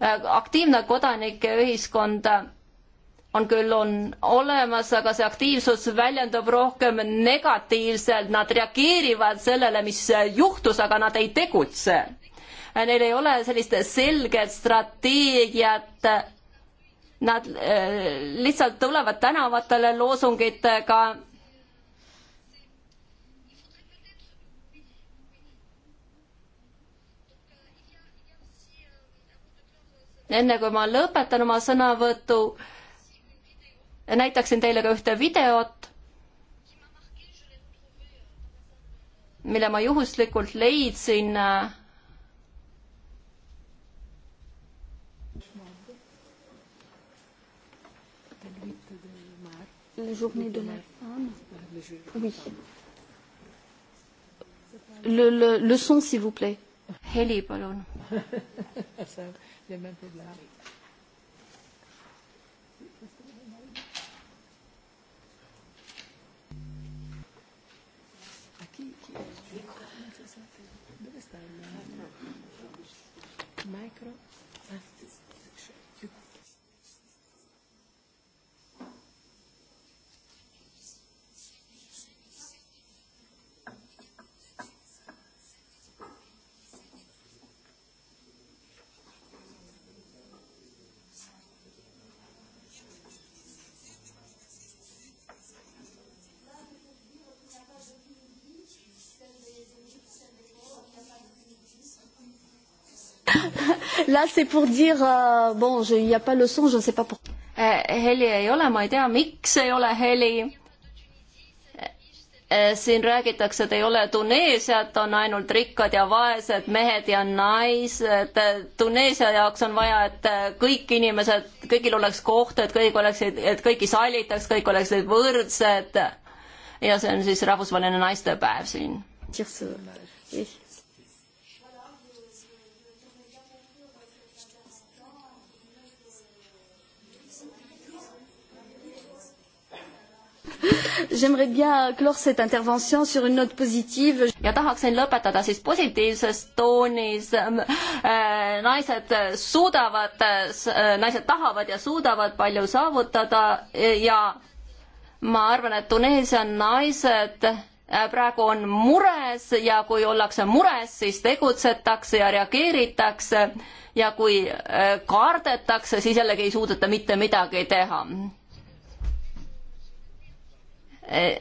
Äh, aktiivne kodanike ühiskond on küll, on olemas, aga see aktiivsus väljendub rohkem negatiivselt, nad reageerivad sellele, mis juhtus, aga nad ei tegutse. Äh, neil ei ole sellist selget strateegiat, nad äh, lihtsalt tulevad tänavatele loosungitega enne kui ma lõpetan oma sõnavõtu, näitaksin teile ka ühte videot, mille ma juhuslikult leidsin la journée de la femme. Oui. Le, le, le son, s'il vous plaît. Heli, palun. Il n'y a même pas de l'arbre. là c'est pour dire euh, bon, il n'y a pas le son, je ne sais pas pourquoi. Euh, heli ei ole, ma ei tea, miks ei ole heli. Äh, äh, siin räägitakse, et ei ole Tuneesiat, on ainult rikkad ja vaesed mehed ja naised. Äh, Tuneesia jaoks on vaja, et kõik inimesed, kõigil oleks koht, et kõik oleksid, et kõiki sallitaks, kõik oleksid võrdsed. ja see on siis rahvusvaheline naistepäev siin. J'aimerais bien clore cette intervention sur une note positive. ja tahaksin lõpetada siis positiivses toonis. Ähm, äh, naised suudavad, äh, naised tahavad ja suudavad palju saavutada ja ma arvan, et Tuneesia naised äh, praegu on mures ja kui ollakse mures, siis tegutsetakse ja reageeritakse ja kui kardetakse, siis jällegi ei suudeta mitte midagi teha I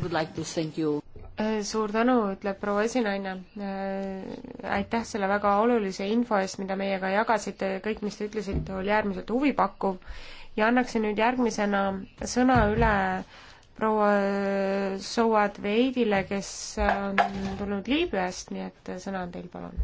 would like to thank you. Eh, suur tänu, ütleb proua esinaine. Eh, aitäh selle väga olulise info eest, mida meiega jagasite, kõik, mis te ütlesite, oli äärmiselt huvipakkuv ja annaksin nüüd järgmisena sõna üle proua äh, Souad Veidile, kes äh, on tulnud Liibüast, nii et äh, sõna on teil, palun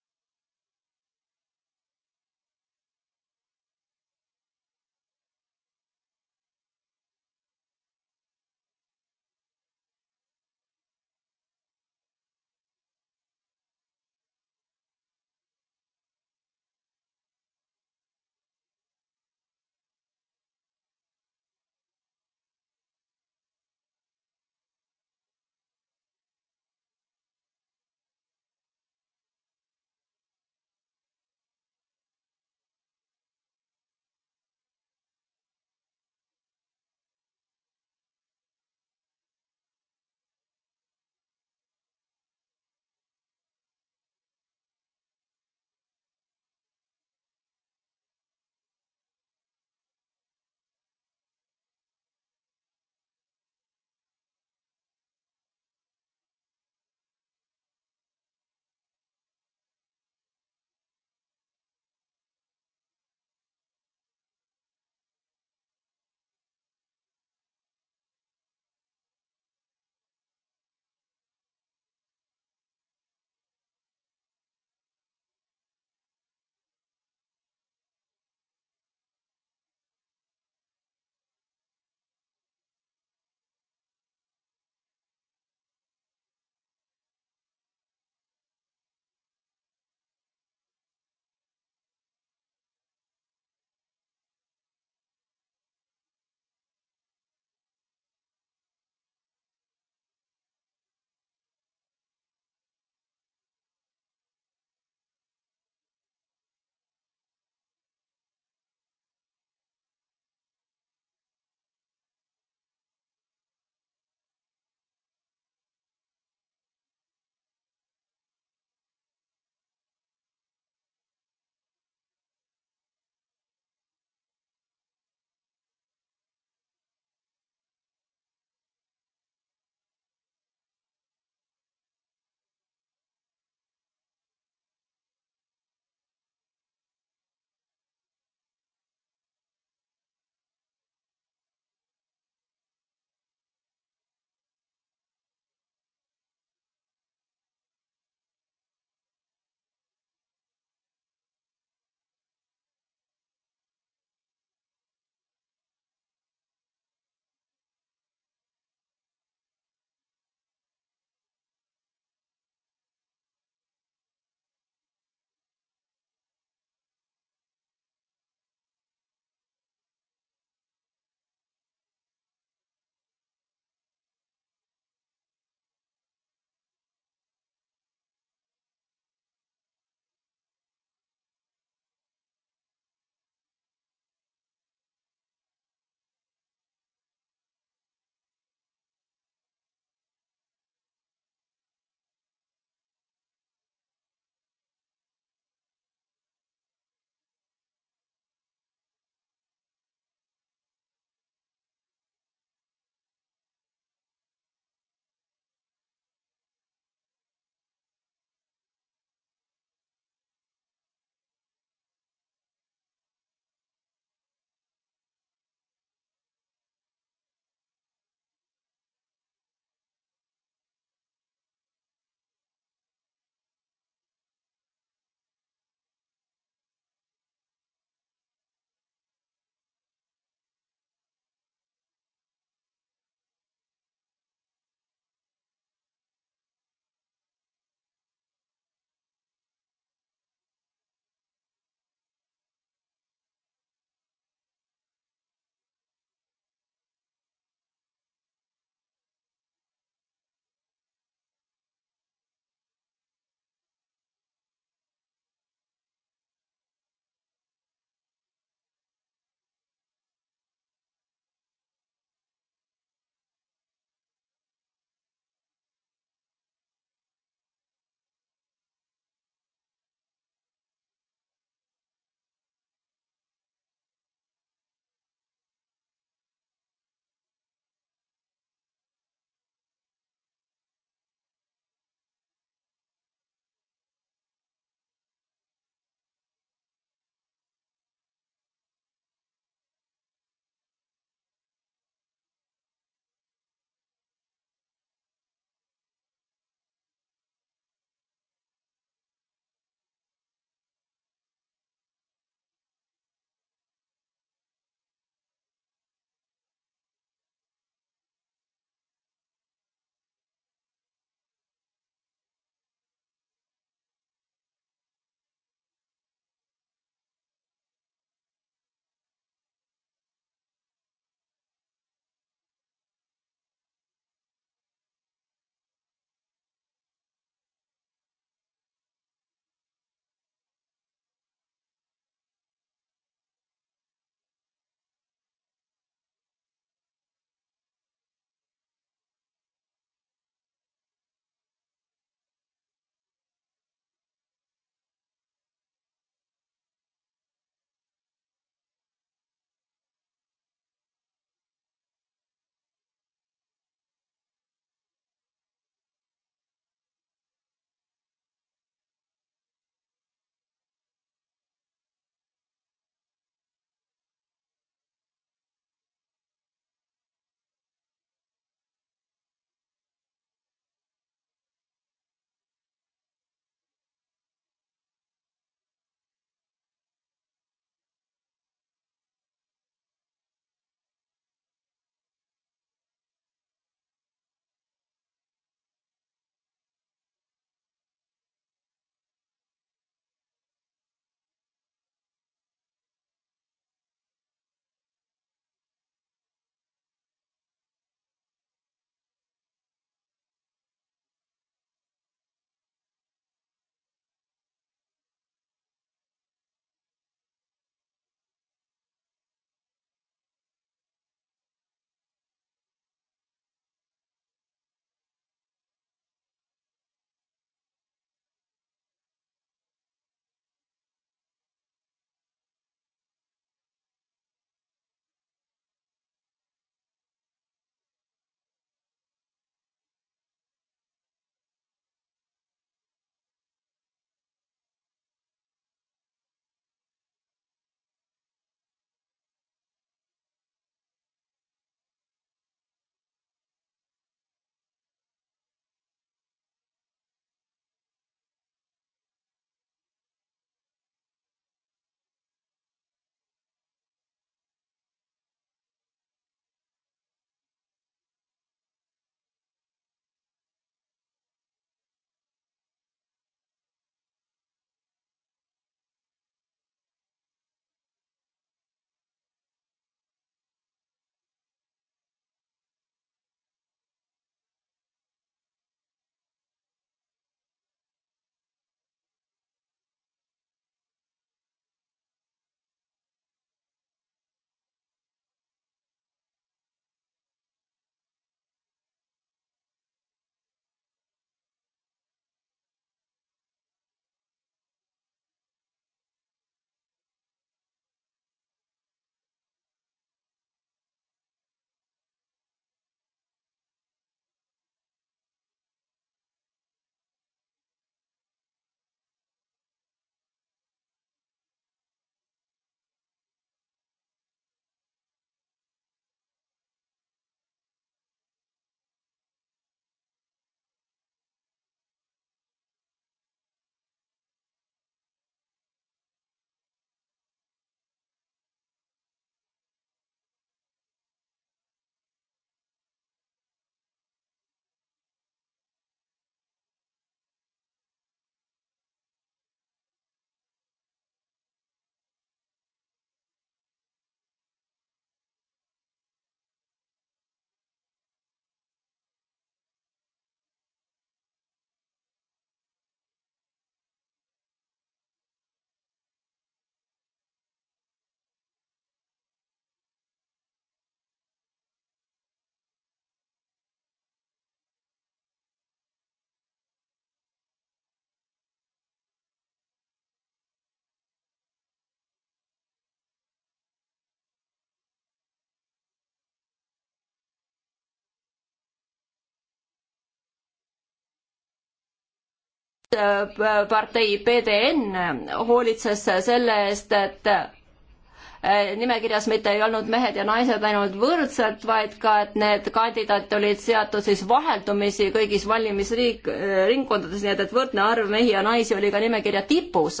partei PDN hoolitses selle eest, et eh, nimekirjas mitte ei olnud mehed ja naised ainult võrdselt, vaid ka, et need kandidaat olid seatud siis vaheldumisi kõigis valimisriik, ringkondades, nii et, et võrdne arv mehi ja naisi oli ka nimekirja tipus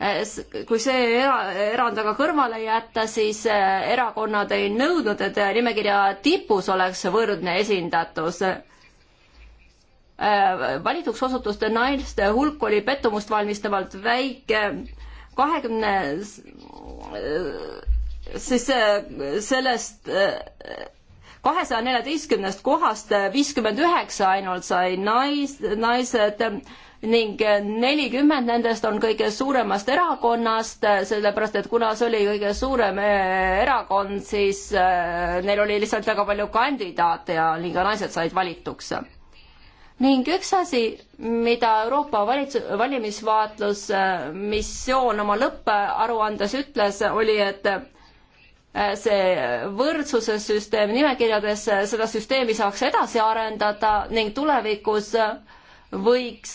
eh, kui see era, erand aga kõrvale jätta, siis eh, erakonnad ei nõudnud, et nimekirja tipus oleks võrdne esindatus Äh, valituks osutuste naiste hulk oli pettumust valmistavalt väike, kahekümne, äh, siis äh, sellest kahesaja neljateistkümnest kohast viiskümmend üheksa ainult sai nais, naised ning nelikümmend nendest on kõige suuremast erakonnast, sellepärast et kuna see oli kõige suurem erakond, siis neil oli lihtsalt väga palju kandidaate ja nii ka naised said valituks ning üks asi, mida Euroopa valitsus, valimisvaatlusmissioon oma lõpparuandes ütles, oli, et äh, see võrdsuse süsteem nimekirjades, äh, seda süsteemi saaks edasi arendada ning tulevikus äh, võiks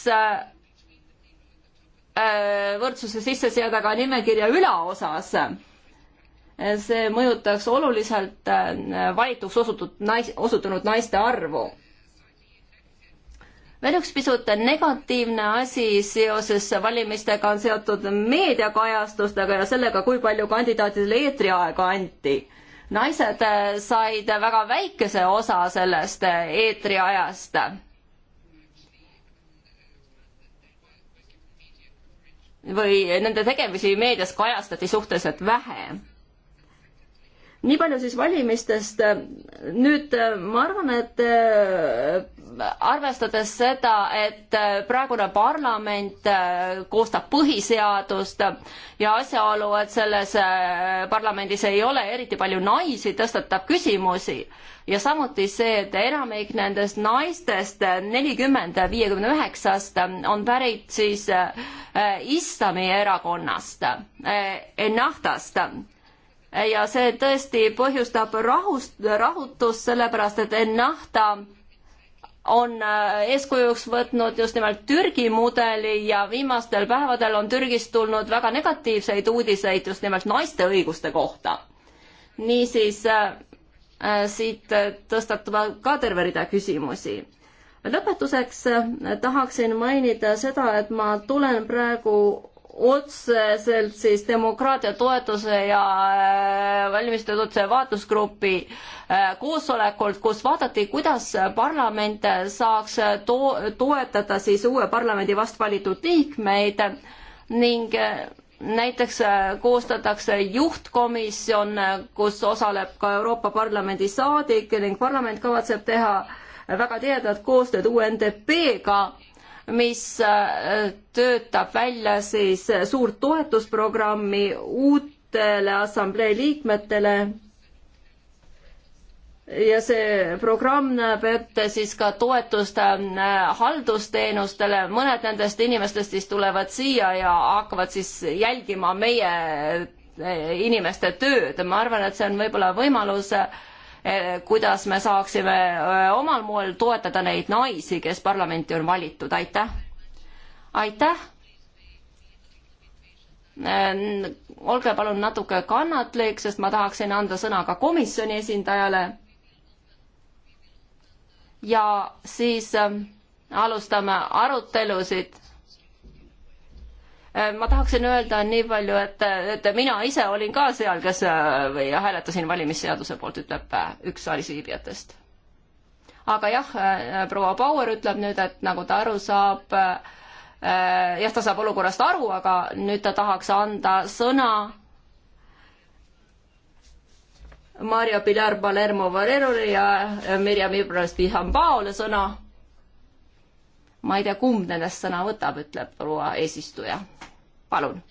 võrdsuse sisse seada ka nimekirja ülaosas. see mõjutaks oluliselt valituks osutud nais-, osutunud naiste arvu veel üks pisut negatiivne asi seoses valimistega on seotud meediakajastustega ja sellega, kui palju kandidaatidele eetriaega anti. naised äh, said väga väikese osa sellest äh, eetriajast. või nende tegemisi meedias kajastati suhteliselt vähe nii palju siis valimistest. nüüd äh, ma arvan, et arvestades seda, et äh, praegune parlament äh, koostab põhiseadust ja asjaolu, et selles äh, parlamendis ei ole eriti palju naisi, tõstatab küsimusi ja samuti see, et enamik nendest naistest, nelikümmend viiekümne üheksast, on pärit siis islami erakonnast, Ennahtast ja see tõesti põhjustab rahust, rahutust, sellepärast et Ennahta on äh, eeskujuks võtnud just nimelt Türgi mudeli ja viimastel päevadel on Türgist tulnud väga negatiivseid uudiseid just nimelt naiste õiguste kohta. niisiis äh, äh siit tõstatuvad ka terve rida küsimusi. lõpetuseks äh, tahaksin mainida seda, et ma tulen praegu otseselt siis demokraatia toetuse ja äh, valmistatud vaatlusgrupi äh, koosolekult, kus vaadati, kuidas parlament saaks to toetada siis uue parlamendi vast valitud liikmeid ning äh, näiteks koostatakse juhtkomisjon, kus osaleb ka Euroopa Parlamendi saadik ning parlament kavatseb teha väga tihedat koostööd UNDP-ga mis äh, töötab välja siis suurt toetusprogrammi uutele assamblee liikmetele. ja see programm näeb ette siis ka toetust äh, haldusteenustele, mõned nendest inimestest siis tulevad siia ja hakkavad siis jälgima meie äh, inimeste tööd, ma arvan, et see on võib-olla võimalus äh, Eh, kuidas me saaksime eh, omal moel toetada neid naisi, kes parlamenti on valitud, aitäh. aitäh. Eh, olge palun natuke kannatlik, sest ma tahaksin anda sõna ka komisjoni esindajale. ja siis alustame arutelusid Äh, ma tahaksin öelda nii palju, et, et mina ise olin ka seal, kes äh, või hääletasin valimisseaduse poolt, ütleb äh, üks saalis viibijatest. aga jah, proua Bauer ütleb nüüd, et nagu ta aru saab, jah, ta saab olukorrast aru, aga nüüd ta tahaks anda sõna Mario Pilar Palermo Valerole ja Mirjam Ibras Pihambaole sõna ma ei tea, kumb nendest sõna võtab, ütleb proua eesistuja. palun.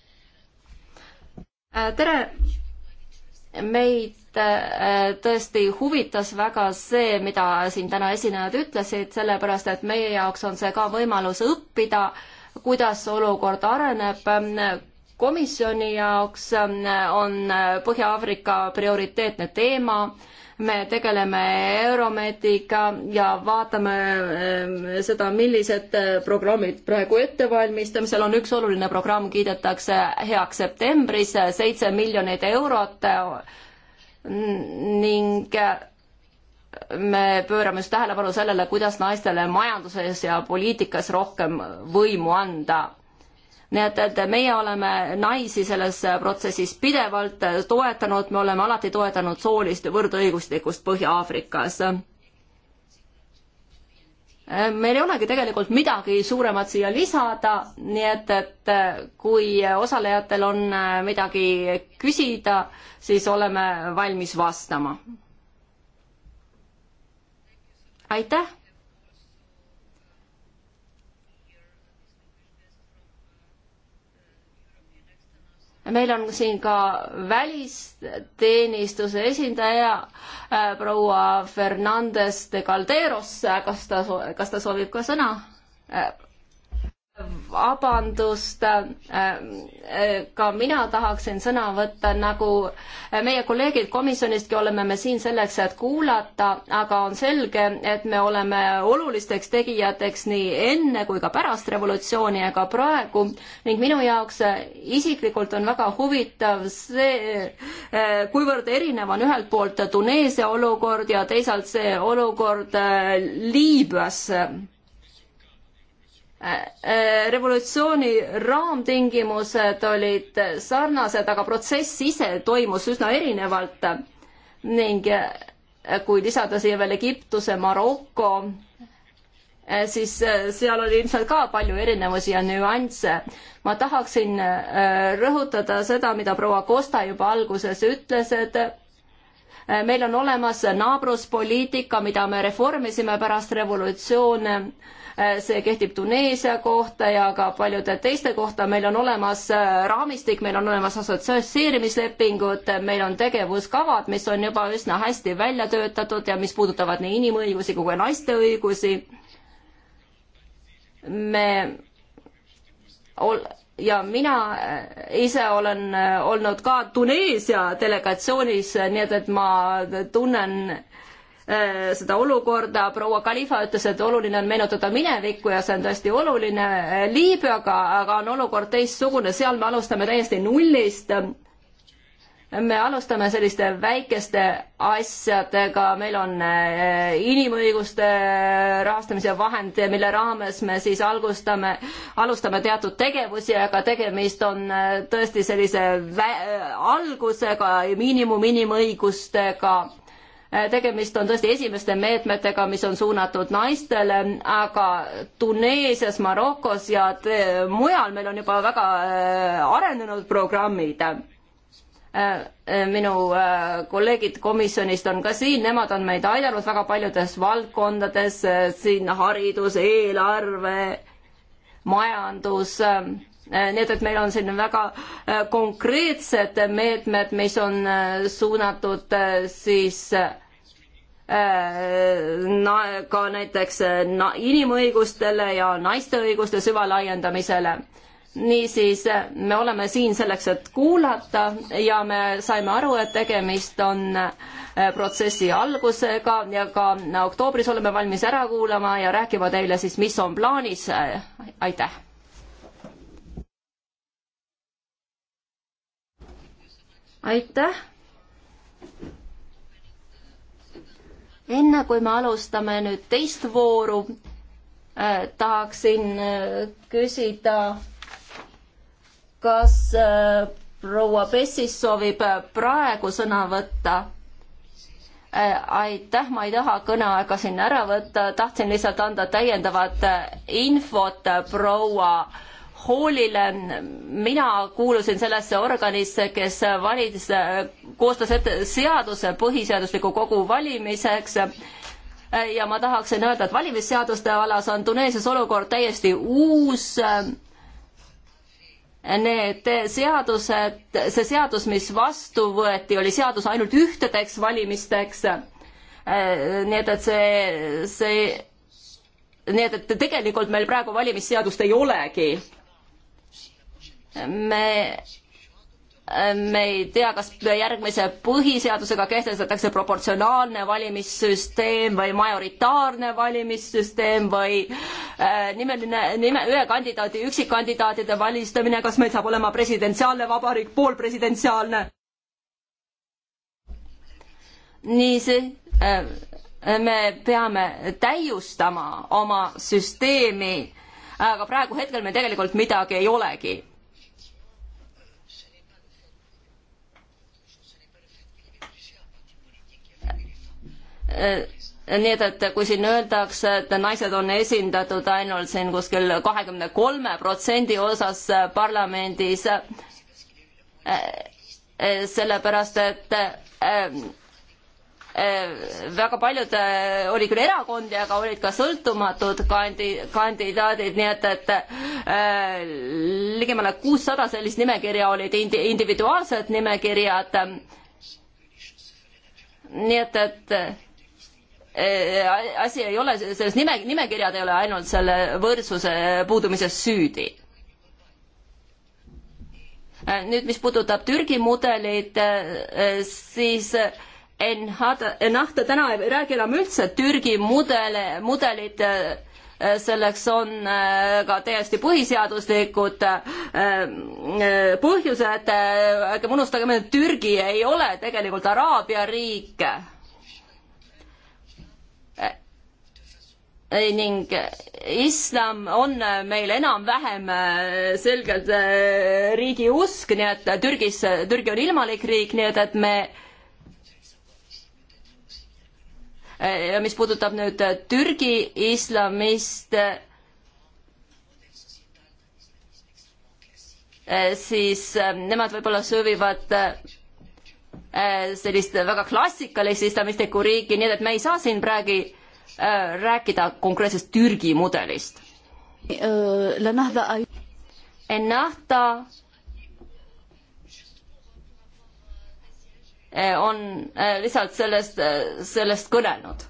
Äh, tere. meid äh, tõesti huvitas väga see, mida siin täna esinejad ütlesid, sellepärast et meie jaoks on see ka võimalus õppida, kuidas olukord areneb. komisjoni jaoks ähm, on Põhja-Aafrika prioriteetne teema me tegeleme Euromediga ja vaatame ehm, seda, millised eh, programmid praegu ettevalmistamisel on. üks oluline programm kiidetakse heaks septembris, seitse miljonit eurot ning eh, me pöörame just tähelepanu sellele, kuidas naistele majanduses ja poliitikas rohkem võimu anda nii et, et meie oleme naisi selles protsessis pidevalt toetanud, me oleme alati toetanud soolist võrdõiguslikkust Põhja-Aafrikas meil ei olegi tegelikult midagi suuremat siia lisada, nii et, et kui osalejatel on midagi küsida, siis oleme valmis vastama. aitäh! meil on siin ka välisteenistuse esindaja äh, proua Fernandes de Calderos, kas ta, kas ta soovib ka sõna äh,? vabandust, ka mina tahaksin sõna võtta, nagu meie kolleegid komisjonistki oleme me siin selleks, et kuulata, aga on selge, et me oleme olulisteks tegijateks nii enne kui ka pärast revolutsiooni ja ka praegu ning minu jaoks isiklikult on väga huvitav see, kuivõrd erinev on ühelt poolt Tuneesia olukord ja teisalt see olukord Liibüas Äh, äh, revolutsiooni raamtingimused olid sarnased, aga protsess ise toimus üsna erinevalt ning äh, kui lisada siia veel Egiptuse, Maroko, siis seal oli ilmselt ka palju erinevusi ja nüansse. ma tahaksin rõhutada seda, mida proua Costa juba alguses ütles, et meil on olemas naabruspoliitika, mida me reformisime pärast revolutsioone Eh, see kehtib Tuneesia kohta ja ka paljude teiste kohta, meil on olemas eh, raamistik, meil on olemas assotsieerimislepingud, meil on tegevuskavad, mis on juba üsna hästi välja töötatud ja mis puudutavad nii inimõigusi kui ka naiste õigusi. me ol-, ja mina eh, ise olen olnud ka Tuneesia delegatsioonis, nii et, et ma tunnen Äh, seda olukorda, proua Khalifa ütles, et oluline on meenutada minevikku ja see on tõesti oluline. Äh, Liibüaga aga on olukord teistsugune, seal me alustame täiesti nullist. me alustame selliste väikeste asjadega, meil on äh, inimõiguste rahastamise vahend, mille raames me siis algustame, alustame teatud tegevusi, aga tegemist on tõesti sellise algusega, miinimum inimõigustega Äh, tegemist on tõesti esimeste meetmetega, mis on suunatud naistele, aga Tuneesias, Marokos ja äh, mujal meil on juba väga äh, arenenud programmid. minu kolleegid komisjonist on ka siin, nemad on meid aidanud väga paljudes valdkondades, siin haridus, eelarve, majandus Äh, nii et, et meil on selline väga äh, konkreetsed meetmed, mis on äh, suunatud siis na-, ka näiteks na-, inimõigustele ja naiste õiguste süvalaiendamisele. niisiis, me oleme siin selleks, et kuulata ja me saime aru, et tegemist on protsessi algusega ja ka oktoobris oleme valmis ära kuulama ja rääkima teile siis, mis on plaanis. aitäh! aitäh! enne kui me alustame nüüd teist vooru äh,, tahaksin äh, küsida, kas äh, proua Pessis soovib äh, praegu sõna võtta? Äh, aitäh, ma ei taha kõneaega siin ära võtta, tahtsin lihtsalt anda täiendavat äh, infot proua äh, hoolile. mina kuulusin sellesse organisse, kes valis, koostas ette seaduse põhiseadusliku kogu valimiseks ja ma tahaksin öelda, et valimisseaduste alas on Tuneesias olukord täiesti uus. Need seadused, see seadus, mis vastu võeti, oli seadus ainult ühtedeks valimisteks. nii et, et see, see nii et, et tegelikult meil praegu valimisseadust ei olegi me me ei tea, kas järgmise põhiseadusega kehtestatakse proportsionaalne valimissüsteem või majoritaarne valimissüsteem või äh, nimeline, nime, ühe kandidaadi, üksikkandidaatide valistamine, kas meil saab olema presidentsiaalne vabariik, poolpresidentsiaalne? nii see, äh, me peame täiustama oma süsteemi, aga praegu hetkel meil tegelikult midagi ei olegi Äh, nii et, et kui siin öeldakse, et naised on esindatud ainult siin kuskil kahekümne kolme protsendi osas parlamendis, äh, äh, sellepärast et väga paljud, oli küll erakondi, aga olid ka sõltumatud kandi-, kandidaadid, nii et, et äh, ligemale kuussada sellist nimekirja olid indi-, individuaalsed nimekirjad. nii et, et Äh, asi ei ole, selles nime, nimekirjad ei ole ainult selle võrdsuse puudumises süüdi. Äh, nüüd, mis puudutab Türgi mudelit, äh, siis NHT täna ei räägi enam üldse Türgi mudele, mudelit, selleks on ka täiesti põhiseaduslikud põhjused, ärgem unustagem, et Türgi ei ole tegelikult Araabia riik ning islam on meil enam-vähem äh, selgelt äh, riigi usk, nii et Türgis, Türgi on ilmalik riik, nii et, et me äh, ja mis puudutab nüüd Türgi islamist, siis nemad võib-olla soovivad sellist väga klassikalist islamistlikku riiki, nii et me ei saa siin praegu Äh, rääkida konkreetsest Türgi mudelist. Ennahta äh, on äh, lihtsalt sellest, sellest kõnelnud.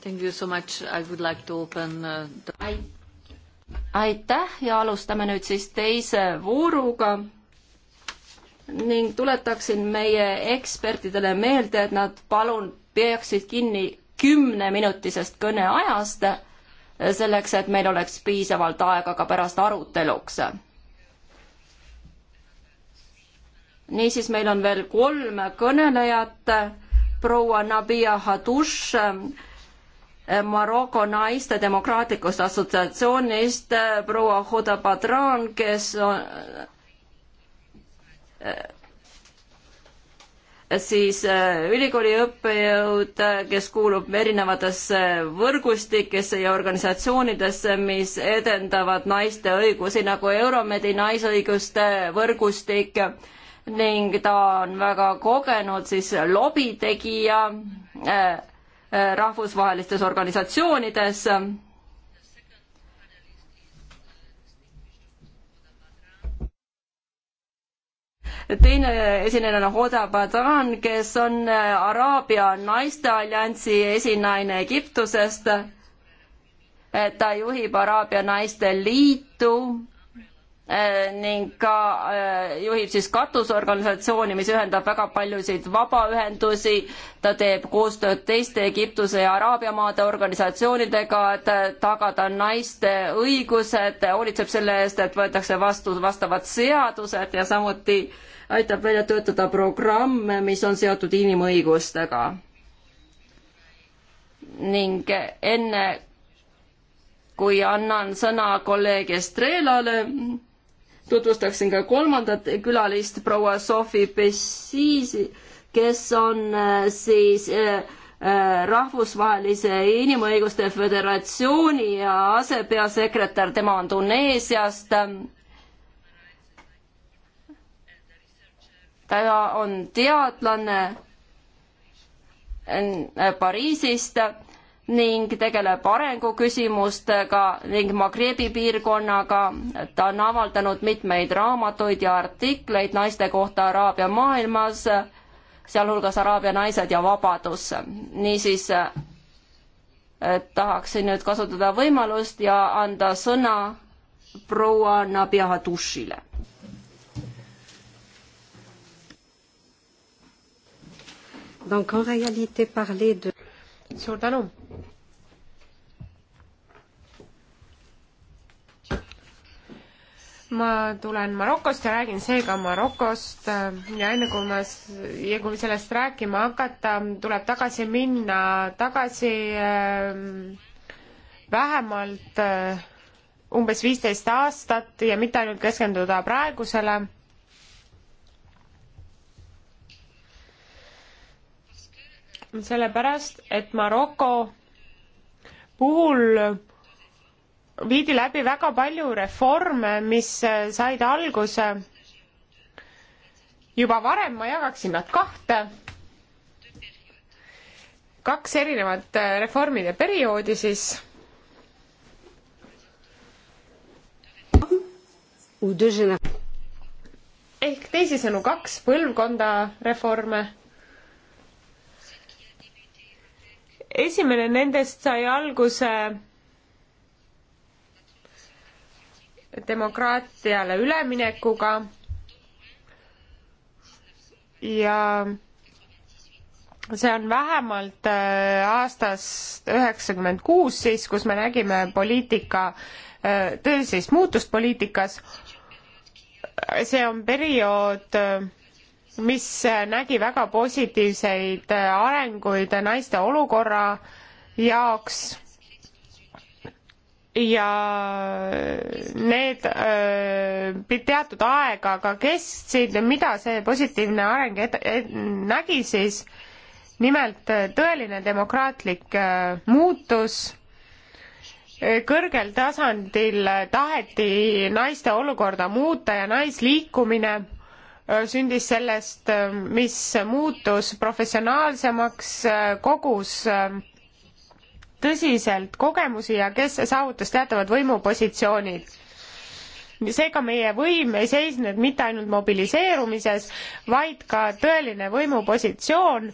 Thank you so much, I would like to open uh, the aitäh ja alustame nüüd siis teise vooruga ning tuletaksin meie ekspertidele meelde, et nad palun peaksid kinni kümneminutisest kõneajast, eh, selleks et meil oleks piisavalt aega ka pärast aruteluks. niisiis, meil on veel kolm kõnelejat, proua Nabia Hadush, eh, Maroko Naiste Demokraatlikust Assotsiatsioonist, eh, proua Huda Badran, kes on Äh, siis äh, ülikooli õppejõud, äh, kes kuulub erinevatesse võrgustikesse ja organisatsioonidesse, mis edendavad naiste õigusi nagu Euromedi naisõiguste võrgustik ning ta on väga kogenud siis lobitegija rahvusvahelistes organisatsioonides teine esinejana Hoda Badran, kes on äh, Araabia Naiste Alliansi esinaine Egiptusest. Äh, ta juhib Araabia Naiste Liitu äh, ning ka juhib siis katusorganisatsiooni, mis ühendab väga paljusid vabaühendusi. ta teeb koostööd teiste Egiptuse ja Araabia maade organisatsioonidega, et tagada naiste õigused, hoolitseb selle eest, et võetakse vastu vastavad seadused ja samuti äh, aitab välja töötada programme, mis on seotud inimõigustega. ning enne kui annan sõna kolleeg Estrelale, tutvustaksin ka kolmandat külalist, proua Sofi Pessisi, kes on äh, siis äh, äh, rahvusvahelise inimõiguste föderatsiooni asepeasekretär, tema on Tuneesiast ta on teadlane äh, Pariisist ning tegeleb arenguküsimustega ning Magrebi piirkonnaga. ta on avaldanud mitmeid raamatuid ja artikleid naiste kohta Araabia maailmas, sealhulgas Araabia naised ja vabadus. niisiis äh, tahaksin nüüd kasutada võimalust ja anda sõna proua Nabiahadushile Donc en réalité parler de... suur tänu. ma tulen Marokost ja räägin seega Marokost ja enne kui ma, ja kui sellest rääkima hakata, tuleb tagasi minna tagasi äh, vähemalt äh, umbes viisteist aastat ja mitte ainult keskenduda praegusele sellepärast, et Maroko puhul viidi läbi väga palju reforme, mis said alguse juba varem, ma jagaksin nad kahte, kaks erinevat äh, reformide perioodi siis ehk teisisõnu kaks põlvkonda reforme esimene nendest sai alguse demokraatiale üleminekuga ja see on vähemalt äh, aastast üheksakümmend kuus siis, kus me nägime poliitika, äh, tõelist muutust poliitikas. see on periood äh, mis nägi väga positiivseid arenguid naiste olukorra jaoks ja need öö, teatud aega ka kestsid, mida see positiivne areng et, et, nägi siis, nimelt tõeline demokraatlik öö, muutus, kõrgel tasandil taheti naiste olukorda muuta ja naisliikumine sündis sellest, mis muutus professionaalsemaks, kogus tõsiselt kogemusi ja kes saavutas teatavad võimupositsioonid. seega meie võim ei seisnud mitte ainult mobiliseerumises, vaid ka tõeline võimupositsioon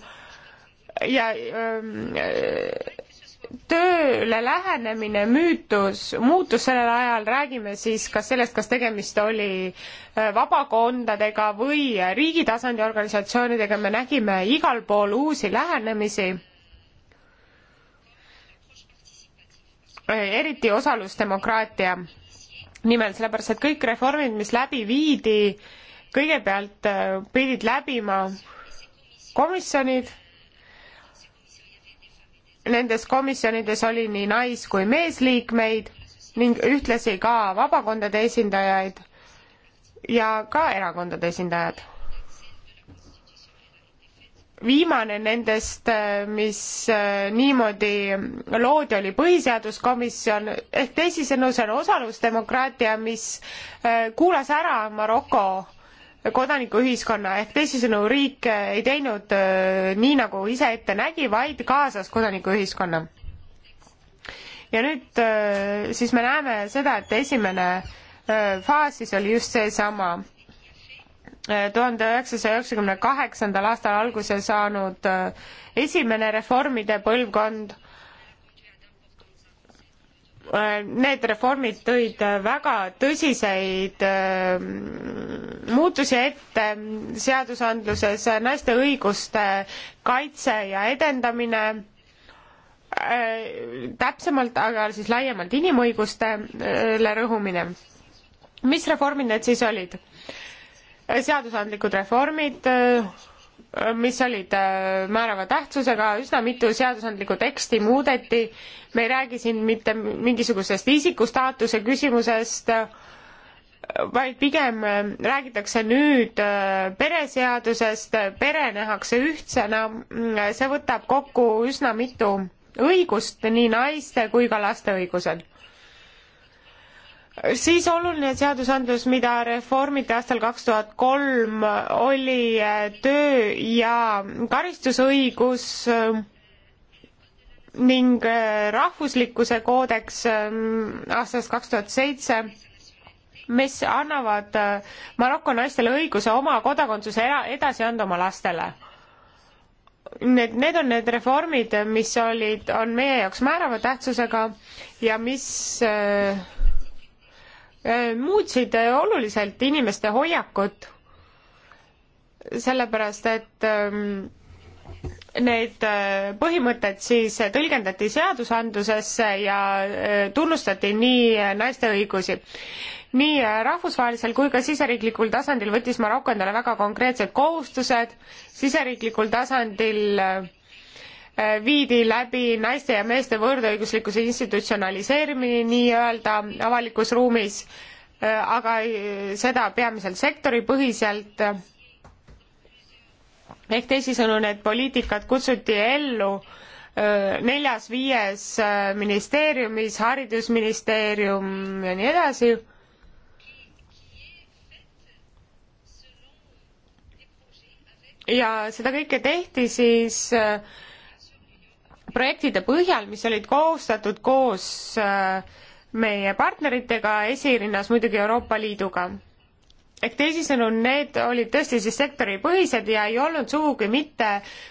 ja öö, ähm, tööle lähenemine müütus, muutus sellel ajal, räägime siis kas sellest, kas tegemist oli äh, vabakondadega või riigi tasandi organisatsioonidega, me nägime igal pool uusi lähenemisi. Äh, eriti osalusdemokraatia nimel, sellepärast et kõik reformid, mis läbi viidi, kõigepealt äh, pidid läbima komisjonid nendes komisjonides oli nii nais- kui meesliikmeid ning ühtlasi ka vabakondade esindajaid ja ka erakondade esindajad. viimane nendest, mis eh, niimoodi loodi, oli põhiseaduskomisjon ehk teisisõnu see on osalusdemokraatia, mis eh, kuulas ära Maroko kodanikuühiskonna ehk teisisõnu riik ei teinud nii, nagu ise ette nägi, vaid kaasas kodanikuühiskonna. ja nüüd siis me näeme seda, et esimene faas siis oli just seesama tuhande üheksasaja üheksakümne kaheksandal aastal alguse saanud esimene reformide põlvkond Äh, need reformid tõid äh, väga tõsiseid äh, muutusi ette ähm, seadusandluses, naiste õiguste kaitse ja edendamine, täpsemalt, aga siis laiemalt inimõigustele rõhumine. mis reformid need siis olid? seadusandlikud reformid, mis olid äh, määrava tähtsusega, üsna mitu seadusandlikku teksti muudeti, me ei räägi siin mitte mingisugusest isikustaatuse küsimusest, vaid pigem äh, räägitakse nüüd äh, pereseadusest, pere nähakse ühtsena, mm, see võtab kokku üsna mitu õigust, nii naiste kui ka laste õigused siis oluline seadusandlus, mida reformiti aastal kaks tuhat kolm, oli äh, töö ja karistusõigus äh, ning äh, rahvuslikkuse koodeks aastast kaks tuhat seitse, mis annavad Maroko naistele õiguse oma kodakondsuse edasi anda oma lastele need, need on need reformid, mis olid, on meie jaoks määrava tähtsusega ja mis äh, Äh, muutsid äh, oluliselt inimeste hoiakut, sellepärast et ähm, need äh, põhimõtted siis tõlgendati seadusandlusesse ja tunnustati nii naiste õigusi. nii rahvusvahelisel kui ka siseriiklikul tasandil võttis Maroko endale väga konkreetsed kohustused, siseriiklikul tasandil äh, Äh, viidi läbi naiste ja meeste võrdõiguslikkuse institutsionaliseerimine nii-öelda avalikus ruumis, äh, aga äh, seda peamiselt sektoripõhiselt. ehk teisisõnu, need poliitikad kutsuti ellu neljas-viies ministeeriumis, haridusministeerium ja nii edasi ja seda kõike tehti siis projektide põhjal, mis olid koostatud koos äh, meie partneritega, esirinnas muidugi Euroopa Liiduga. ehk teisisõnu, need olid tõesti siis sektoripõhised ja ei olnud sugugi mitte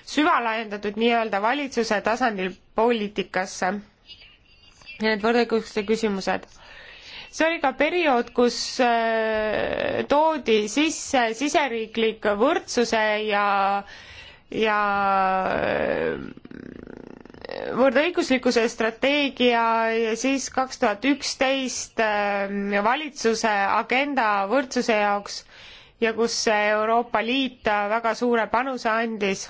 süvalaiendatud nii-öelda valitsuse tasandil poliitikasse. Need võrdõiguslikkuse küsimused see oli ka periood, kus äh, toodi sisse siseriiklik võrdsuse ja ja võrdõiguslikkuse strateegia ja siis kaks tuhat üksteist ähm, valitsuse agenda võrdsuse jaoks ja kus Euroopa Liit väga suure panuse andis.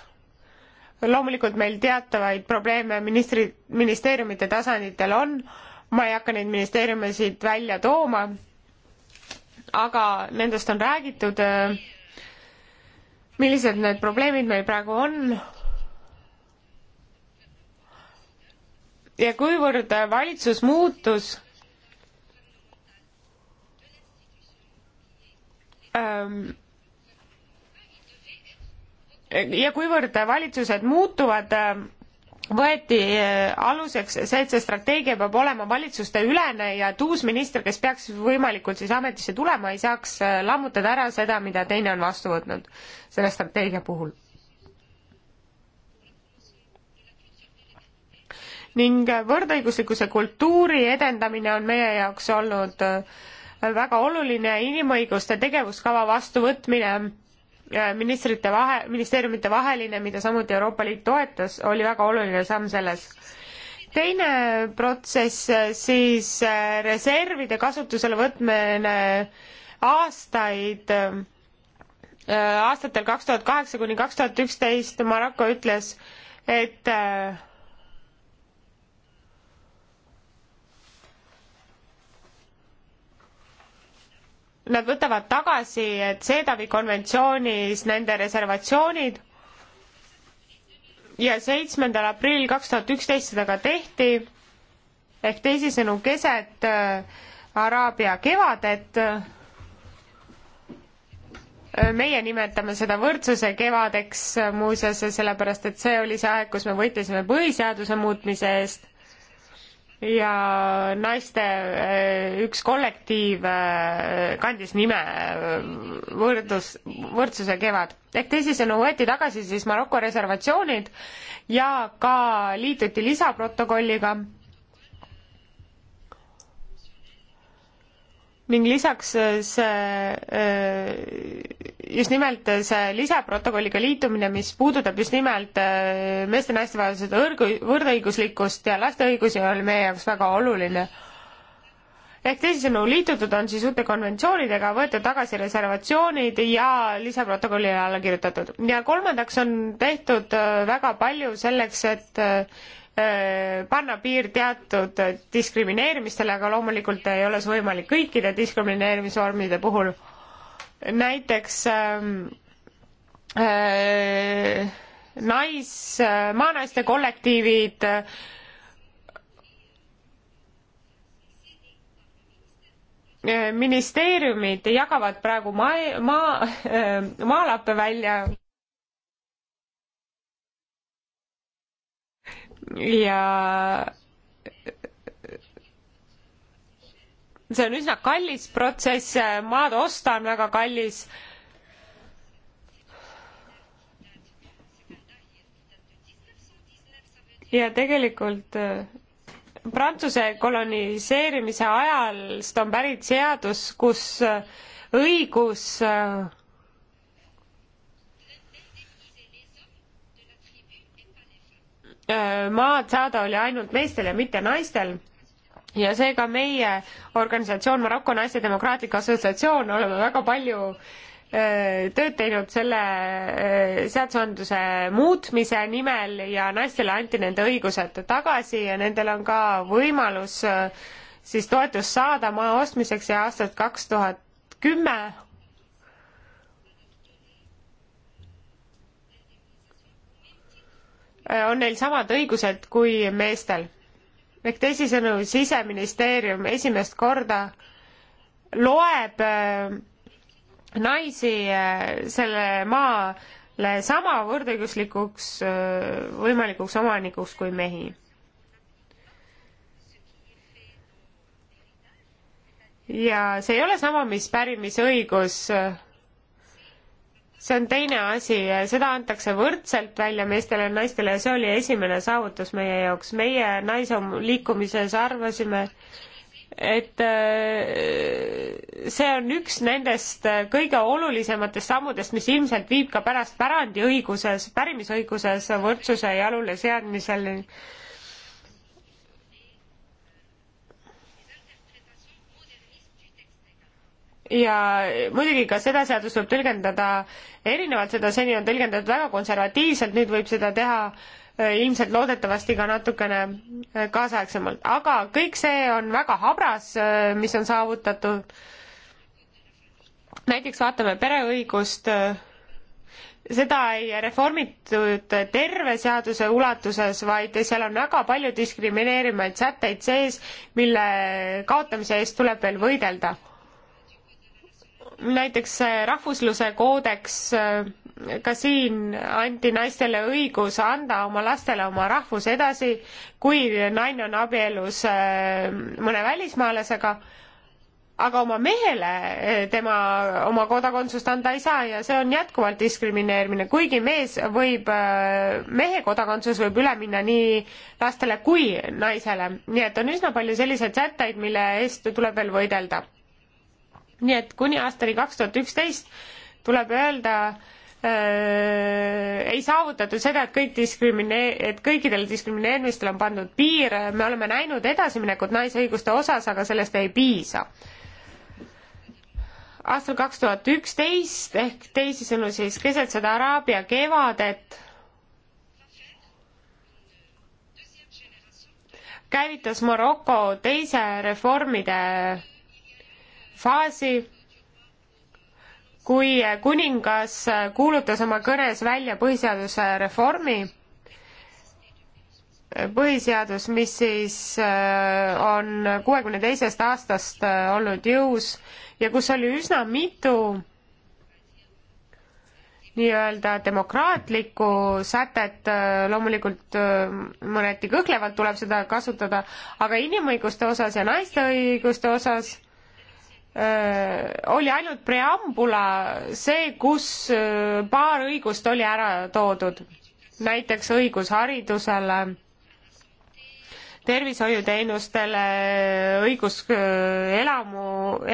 loomulikult meil teatavaid probleeme ministri, ministeeriumite tasanditel on, ma ei hakka neid ministeeriume siit välja tooma, aga nendest on räägitud, äh, millised need probleemid meil praegu on ja kuivõrd valitsus muutus ähm, ja kuivõrd valitsused muutuvad, ähm, võeti äh, aluseks see, et see strateegia peab olema valitsuste ülene ja et uus minister, kes peaks võimalikult siis ametisse tulema, ei saaks äh, lammutada ära seda, mida teine on vastu võtnud selle strateegia puhul ning võrdõiguslikkuse kultuuri edendamine on meie jaoks olnud äh, väga oluline inimõiguste tegevuskava vastuvõtmine äh, ministrite vahe, ministeeriumite vaheline, mida samuti Euroopa Liit toetas, oli väga oluline samm selles teine protsess äh, siis reservide kasutusele võtmine aastaid, aastatel kaks tuhat kaheksa kuni kaks tuhat üksteist Maroko ütles, et nad võtavad tagasi CEDAW konventsioonis nende reservatsioonid ja seitsmendal aprillil kaks tuhat üksteist seda ka tehti ehk teisisõnu keset äh, Araabia kevadet. Äh, meie nimetame seda võrdsuse kevadeks äh, muuseas, sellepärast et see oli see aeg, kus me võitlesime põhiseaduse muutmise eest ja naiste eh, üks kollektiiv eh, kandis nime eh, võrdus, võrdsuse kevad. ehk teisisõnu võeti tagasi siis Maroko reservatsioonid ja ka liituti lisaprotokolliga ning lisaks äh, see, äh, just nimelt äh, see lisaprotokolliga liitumine, mis puudutab just nimelt meeste ja naiste vahelised õrgu-, võrdõiguslikkust ja laste õigusi, on meie jaoks väga oluline. ehk teisisõnu, liitutud on siis uute konventsioonidega, võetud tagasi reservatsioonid ja lisaprotokollile alla kirjutatud. ja kolmandaks on tehtud väga palju selleks, et Äh, panna piir teatud diskrimineerimistele, aga loomulikult ei ole see võimalik kõikide diskrimineerimisvormide puhul. näiteks ähm, äh, nais, äh, maanaiste kollektiivid äh, ministeeriumid jagavad praegu maa, maa, äh, maalappe välja ja see on üsna kallis protsess, maad osta on väga kallis. ja tegelikult äh, Prantsuse koloniseerimise ajalst on pärit seadus, kus äh, õigus äh, Äh, maad saada oli ainult meestel ja mitte naistel ja seega meie organisatsioon, Maroko Naiste Demokraatlik Assotsiatsioon, oleme väga palju äh, tööd teinud selle äh, seadusandluse muutmise nimel ja naistele anti nende õigused tagasi ja nendel on ka võimalus siis toetust saada maa ostmiseks ja aastat kaks tuhat kümme on neil samad õigused kui meestel. ehk teisisõnu, siseministeerium esimest korda loeb äh, naisi äh, selle maale sama võrdõiguslikuks äh, võimalikuks omanikuks kui mehi. ja see ei ole sama, mis pärimisõigus see on teine asi, seda antakse võrdselt välja meestele ja naistele ja see oli esimene saavutus meie jaoks. meie naisliikumises arvasime, et äh, see on üks nendest äh, kõige olulisematest sammudest, mis ilmselt viib ka pärast pärandiõiguses, pärimisõiguses võrdsuse jaluleseadmiseni ja ja muidugi ka seda seadust võib tõlgendada erinevalt, seda seni on tõlgendatud väga konservatiivselt, nüüd võib seda teha äh, ilmselt loodetavasti ka natukene äh, kaasaegsemalt, aga kõik see on väga habras, äh, mis on saavutatud. näiteks vaatame pereõigust, seda ei reformitud terve seaduse ulatuses, vaid seal on väga palju diskrimineerivaid sätteid sees, mille kaotamise eest tuleb veel võidelda näiteks rahvusluse koodeks, ka siin anti naistele õigus anda oma lastele oma rahvus edasi, kui naine on abielus äh, mõne välismaalasega, aga oma mehele äh, tema oma kodakondsust anda ei saa ja see on jätkuvalt diskrimineerimine, kuigi mees võib, äh, mehe kodakondsus võib üle minna nii lastele kui naisele, nii et on üsna palju selliseid sätteid, mille eest tuleb veel võidelda nii et kuni aastani kaks tuhat üksteist tuleb öelda äh,, ei saavutatud seda, et kõik diskrimine-, et kõikidele diskrimineerimistele on pandud piir, me oleme näinud edasiminekut naisõiguste osas, aga sellest ei piisa. aastal kaks tuhat üksteist ehk teisisõnu siis keset seda Araabia kevadet käivitas Maroko teise reformide faasi, kui kuningas kuulutas oma kõnes välja põhiseaduse reformi, põhiseadus, mis siis äh, on kuuekümne teisest aastast äh, olnud jõus ja kus oli üsna mitu nii-öelda demokraatlikku sätet, äh, loomulikult mõneti kõhklevalt tuleb seda kasutada, aga inimõiguste osas ja naiste õiguste osas Äh, oli ainult preambula see, kus äh, paar õigust oli ära toodud, näiteks õigus haridusele, tervishoiuteenustele, õigus äh, elamu,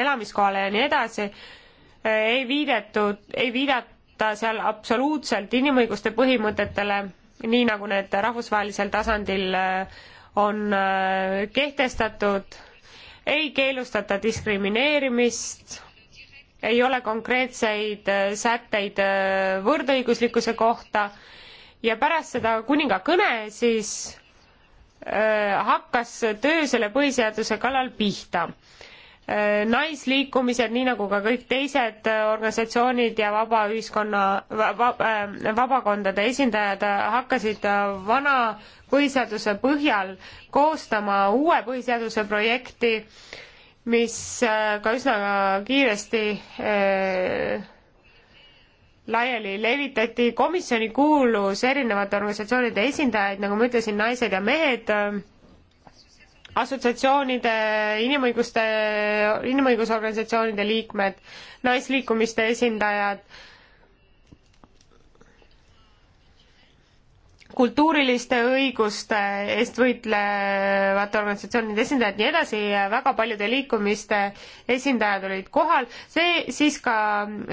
elamiskohale ja nii edasi, ei viidetud, ei viidata seal absoluutselt inimõiguste põhimõtetele, nii nagu need rahvusvahelisel tasandil on kehtestatud ei keelustata diskrimineerimist, ei ole konkreetseid äh, sätteid äh, võrdõiguslikkuse kohta ja pärast seda kuninga kõne siis äh, hakkas töö selle põhiseaduse kallal pihta Äh, naisliikumised, nii nagu ka kõik teised äh, organisatsioonid ja vaba ühiskonna, äh, vabakondade esindajad hakkasid vana põhiseaduse põhjal koostama uue põhiseaduse projekti, mis ka üsna kiiresti laiali levitati, komisjoni kuulus erinevate organisatsioonide esindajaid, nagu ma ütlesin, naised ja mehed, assotsiatsioonide, inimõiguste, inimõigusorganisatsioonide liikmed, naisliikumiste esindajad, kultuuriliste õiguste eest võitlevate organisatsioonide esindajad, nii edasi, väga paljude liikumiste esindajad olid kohal, see siis ka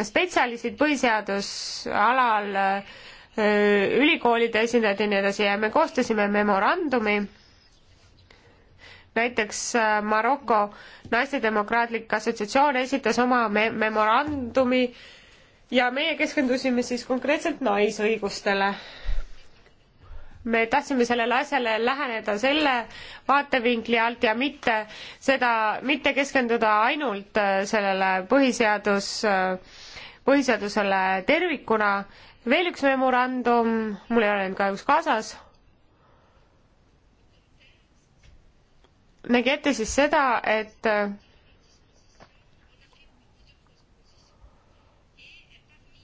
spetsialistid põhiseadusalal, ülikoolide esindajad ja nii edasi ja me koostasime memorandumi näiteks äh, Maroko Naistedemokraatlik Assotsiatsioon esitas oma me memorandumi ja meie keskendusime siis konkreetselt naisõigustele. me tahtsime sellele asjale läheneda selle vaatevinkli alt ja mitte seda, mitte keskenduda ainult äh, sellele põhiseadus, äh, põhiseadusele tervikuna. veel üks memorandum, mul ei ole nüüd kahjuks kaasas nägi ette siis seda, et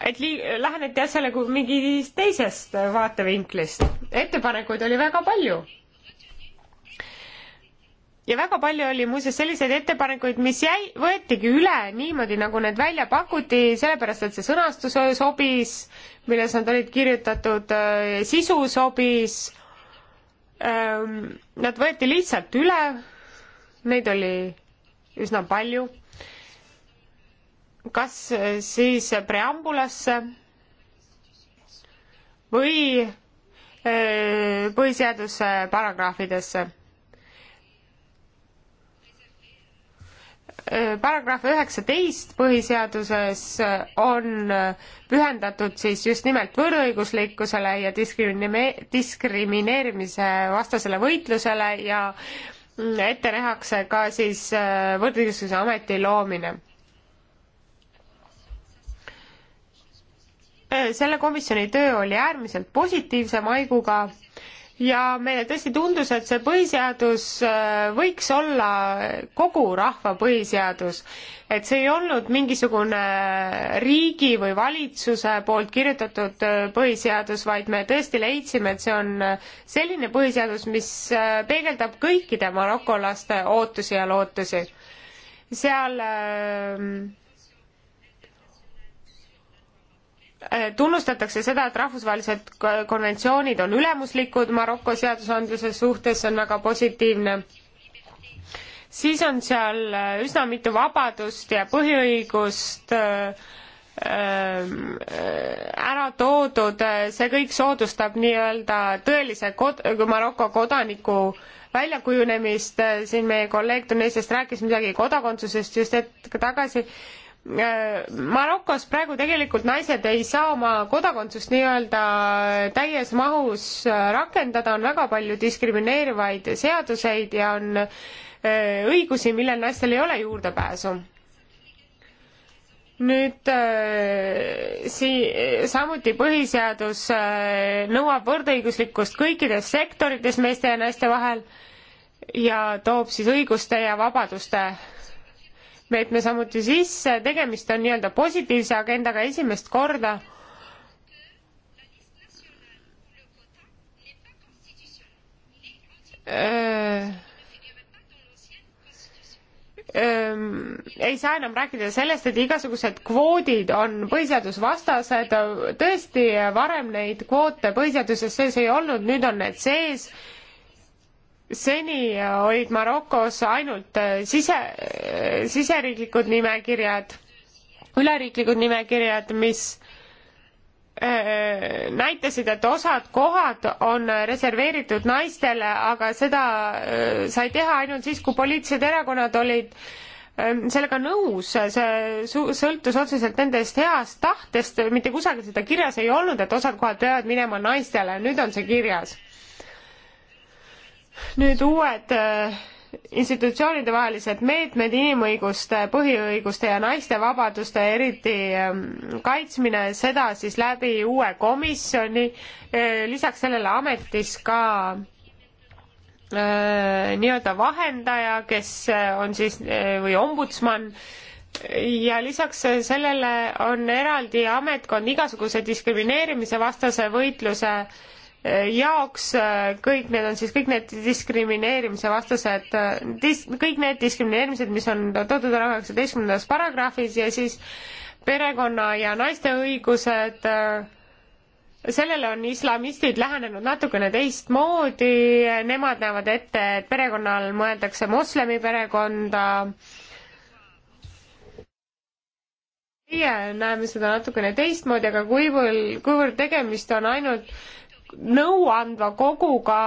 et lii-, läheneti asjale kui mingist teisest vaatevinklist. ettepanekuid oli väga palju. ja väga palju oli muuseas selliseid ettepanekuid, mis jäi, võetigi üle niimoodi, nagu need välja pakuti, sellepärast et see sõnastus sobis, milles nad olid kirjutatud, sisu sobis Ehm, nad võeti lihtsalt üle, neid oli üsna palju. kas eh, siis preambulasse või eh, põhiseaduse paragrahvidesse paragrahv üheksateist põhiseaduses on pühendatud siis just nimelt võõrõiguslikkusele ja diskrimineer-, diskrimineerimise vastasele võitlusele ja ette nähakse ka siis äh, võrdõiguslikkuse ameti loomine. Äh, selle komisjoni töö oli äärmiselt positiivse maiguga ja meile tõesti tundus, et see põhiseadus äh, võiks olla kogu rahva põhiseadus, et see ei olnud mingisugune riigi või valitsuse poolt kirjutatud äh, põhiseadus, vaid me tõesti leidsime, et see on äh, selline põhiseadus, mis peegeldab kõikide marokolaste ootusi ja lootusi. seal äh, Äh, tunnustatakse seda, et rahvusvahelised konventsioonid on ülemuslikud Maroko seadusandluse suhtes, see on väga positiivne. siis on seal äh, üsna mitu vabadust ja põhiõigust äh, ähm, ära toodud, see kõik soodustab nii-öelda tõelise kod-, Maroko kodaniku väljakujunemist, siin meie kolleeg Tuneesiast rääkis midagi kodakondsusest just hetk tagasi, Äh, Marokos praegu tegelikult naised ei saa oma kodakondsust nii-öelda täies mahus äh, rakendada, on väga palju diskrimineerivaid seaduseid ja on äh, õigusi, millel naistel ei ole juurdepääsu. nüüd sii-, samuti põhiseadus nõuab võrdõiguslikkust kõikides sektorites meeste ja naiste vahel ja toob siis õiguste ja vabaduste meetme samuti sisse, tegemist on nii-öelda positiivse agendaga esimest korda Öö, öö, ei saa enam rääkida sellest, et igasugused kvoodid on põhiseadusvastased, tõesti varem neid kvoote põhiseaduses sees ei olnud, nüüd on need sees seni äh, olid Marokos ainult äh, sise, äh, siseriiklikud nimekirjad, üleriiklikud nimekirjad, mis näitasid, et osad kohad on reserveeritud naistele, aga seda sai teha ainult siis, kui poliitilised erakonnad olid ähm, sellega nõus, see sõltus otseselt nendest heast tahtest, mitte kusagil seda kirjas ei olnud, et osad kohad peavad minema naistele, nüüd on see kirjas nüüd uued äh, institutsioonide vahelised meetmed, inimõiguste, põhiõiguste ja naiste vabaduste eriti ähm, kaitsmine, seda siis läbi uue komisjoni, äh, lisaks sellele ametis ka äh, nii-öelda vahendaja, kes on siis või ombudsman ja lisaks sellele on eraldi ametkond igasuguse diskrimineerimise vastase võitluse äh, jaoks äh, kõik need on siis kõik need diskrimineerimise vastased äh, dis,, kõik need diskrimineerimised, mis on toodud ära üheksateistkümnendas paragrahvis ja siis perekonna ja naiste õigused, äh, sellele on islamistid lähenenud natukene teistmoodi, nemad näevad ette, et perekonna all mõeldakse moslemi perekonda. meie näeme seda natukene teistmoodi, aga kuivõrd, kuivõrd tegemist on ainult nõuandva koguga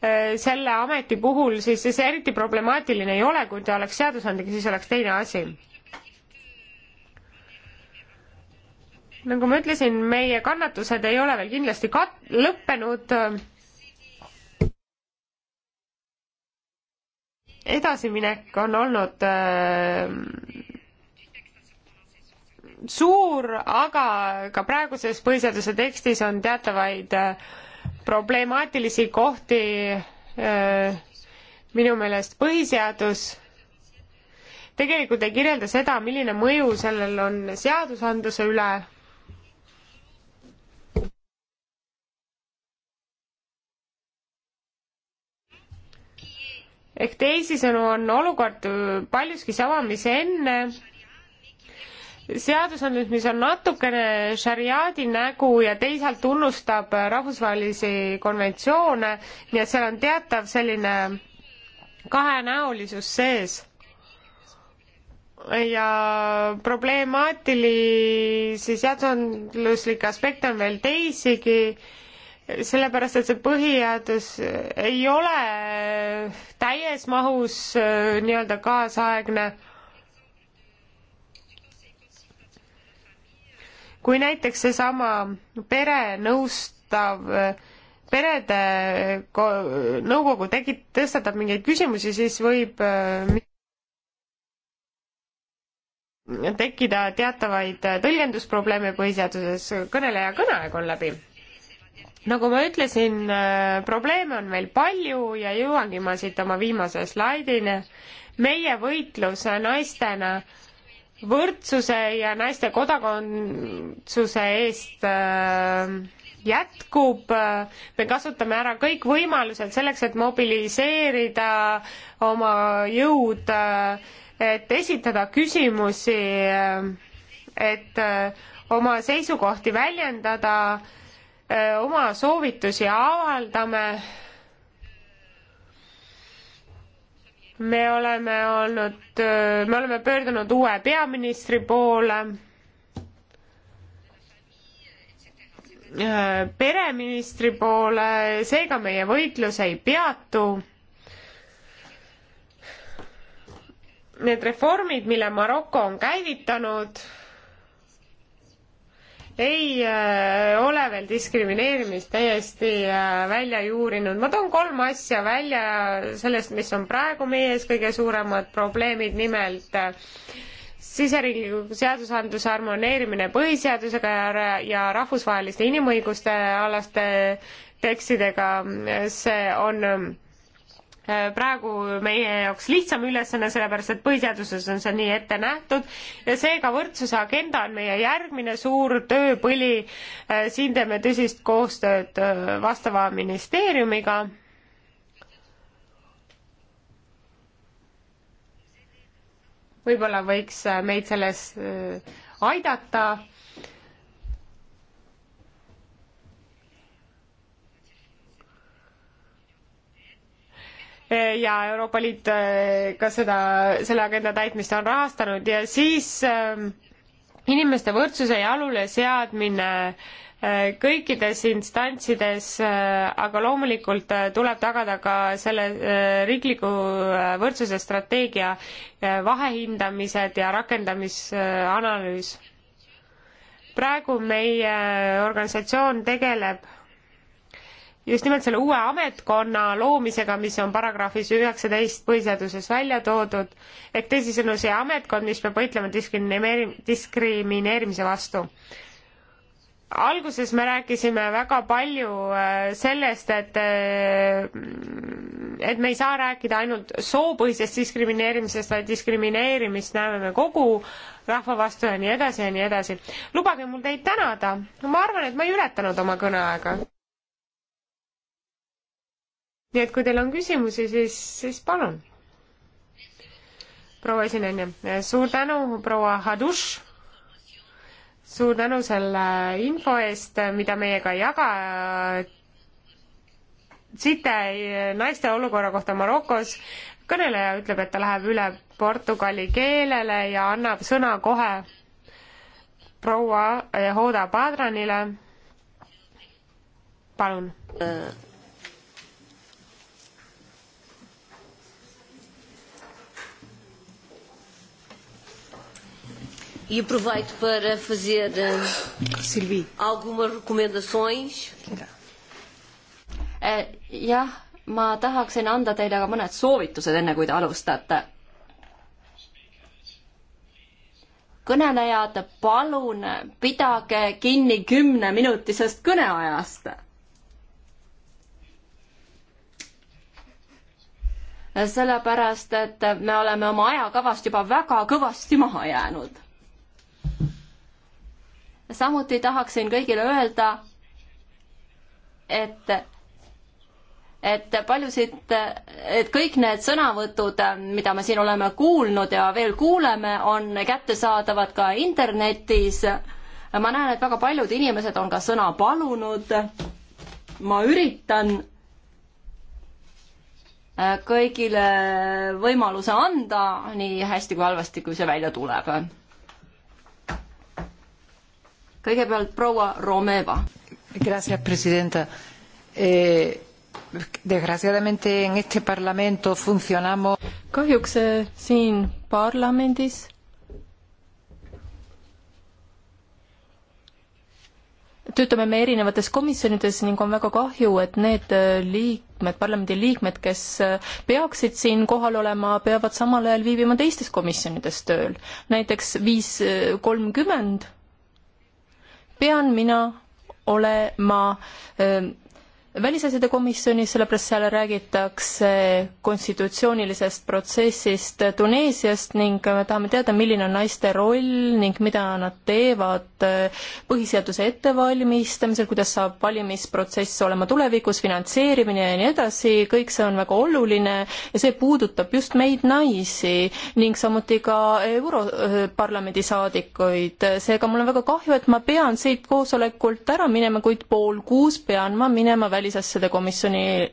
eh, selle ameti puhul siis, siis eriti problemaatiline ei ole, kui ta oleks seadusandlik, siis oleks teine asi. nagu ma ütlesin, meie kannatused ei ole veel kindlasti kat-, lõppenud. edasiminek on olnud äh, suur, aga ka praeguses põhiseaduse tekstis on teatavaid äh, problemaatilisi kohti äh, minu meelest põhiseadus tegelikult ei kirjelda seda, milline mõju sellel on seadusandluse üle. ehk teisisõnu on olukord paljuski sama, mis enne seadusandlus, mis on natukene šariaadi nägu ja teisalt tunnustab rahvusvahelisi konventsioone, nii et seal on teatav selline kahenäolisus sees. ja problemaatilisi seadusandluslikke aspekte on veel teisigi, sellepärast et see põhiseadus ei ole täies mahus äh, nii-öelda kaasaegne kui näiteks seesama perenõustav perede nõukogu tegi, tõstatab mingeid küsimusi, siis võib äh, tekkida teatavaid tõlgendusprobleeme põhiseaduses, kõneleja kõneaeg on läbi. nagu ma ütlesin, äh, probleeme on veel palju ja jõuangi ma siit oma viimase slaidini. meie võitlus naistena äh, võrdsuse ja naiste kodakondsuse eest äh, jätkub, me kasutame ära kõik võimalused selleks, et mobiliseerida oma jõud, äh, et esitada küsimusi, äh, et oma seisukohti väljendada, oma soovitusi avaldame me oleme olnud, me oleme pöördunud uue peaministri poole, äh, pereministri poole, seega meie võitlus ei peatu need reformid, mille Maroko on käivitanud, ei äh, ole veel diskrimineerimist täiesti äh, välja juurinud. ma toon kolm asja välja sellest, mis on praegu meie ees kõige suuremad probleemid, nimelt äh, siseriikliku seadusandluse harmoneerimine põhiseadusega ja, ja rahvusvaheliste inimõiguste alaste tekstidega, see on äh, Äh, praegu meie jaoks lihtsam ülesanne, sellepärast et põhiseaduses on see nii ette nähtud ja seega võrdsuse agenda on meie järgmine suur tööpõli. Äh, siin teeme tõsist koostööd äh, vastava ministeeriumiga. võib-olla võiks meid selles aidata Eh, ja Euroopa Liit eh, ka seda, selle agenda täitmist on rahastanud ja siis eh, inimeste võrdsuse jalule seadmine kõikides instantsides, aga loomulikult tuleb tagada ka selle riikliku võrdsuse strateegia vahehindamised ja rakendamisanalüüs. praegu meie organisatsioon tegeleb just nimelt selle uue ametkonna loomisega, mis on paragrahvis üheksateist põhiseaduses välja toodud, ehk teisisõnu see ametkond, mis peab võitlema diskrimineeri-, diskrimineerimise vastu. alguses me rääkisime väga palju äh, sellest, et äh, et me ei saa rääkida ainult soopõhisest diskrimineerimisest, vaid diskrimineerimist näeme me kogu rahva vastu ja nii edasi ja nii edasi. lubage mul teid tänada, ma arvan, et ma ei ületanud oma kõneaega nii et kui teil on küsimusi, siis, siis palun. proua esinaine, suur tänu, proua Hadush. suur tänu selle info eest, mida meiega jagasite naiste olukorra kohta Marokos. kõneleja ütleb, et ta läheb üle portugali keelele ja annab sõna kohe proua Hoda Padranile. palun äh E aproveito para fazer eh, Silvi. algumas recomendações. Eh, jah, ma tahaksin anda teile ka mõned soovitused, enne kui te alustate. kõnelejad, palun pidage kinni kümneminutisest kõneajast sellepärast, et me oleme oma ajakavast juba väga kõvasti maha jäänud samuti tahaksin kõigile öelda, et, et paljusid, et kõik need sõnavõtud, mida me siin oleme kuulnud ja veel kuuleme, on kättesaadavad ka internetis. ma näen, et väga paljud inimesed on ka sõna palunud. ma üritan kõigile võimaluse anda, nii hästi kui halvasti, kui see välja tuleb kõigepealt proua Romeva. Gracias, presidenta eh,. Desgraciadamente en este parlamento funcionamos. kahjuks eh, siin parlamendis töötame me erinevates komisjonides ning on väga kahju, et need eh, liikmed, parlamendi liikmed, kes eh, peaksid siin kohal olema, peavad samal ajal viibima teistes komisjonides tööl. näiteks viis kolmkümmend pean mina olema öö, välisasjade komisjonis, sellepärast seal räägitakse konstitutsioonilisest protsessist Tuneesiast ning me tahame teada, milline on naiste roll ning mida nad teevad äh, põhiseaduse ettevalmistamisel, kuidas saab valimisprotsess olema tulevikus, finantseerimine ja nii edasi, kõik see on väga oluline ja see puudutab just meid naisi ning samuti ka Europarlamendi saadikuid. seega mul on väga kahju, et ma pean siit koosolekult ära minema, kuid pool kuus pean ma minema välismaale välisasjade komisjoni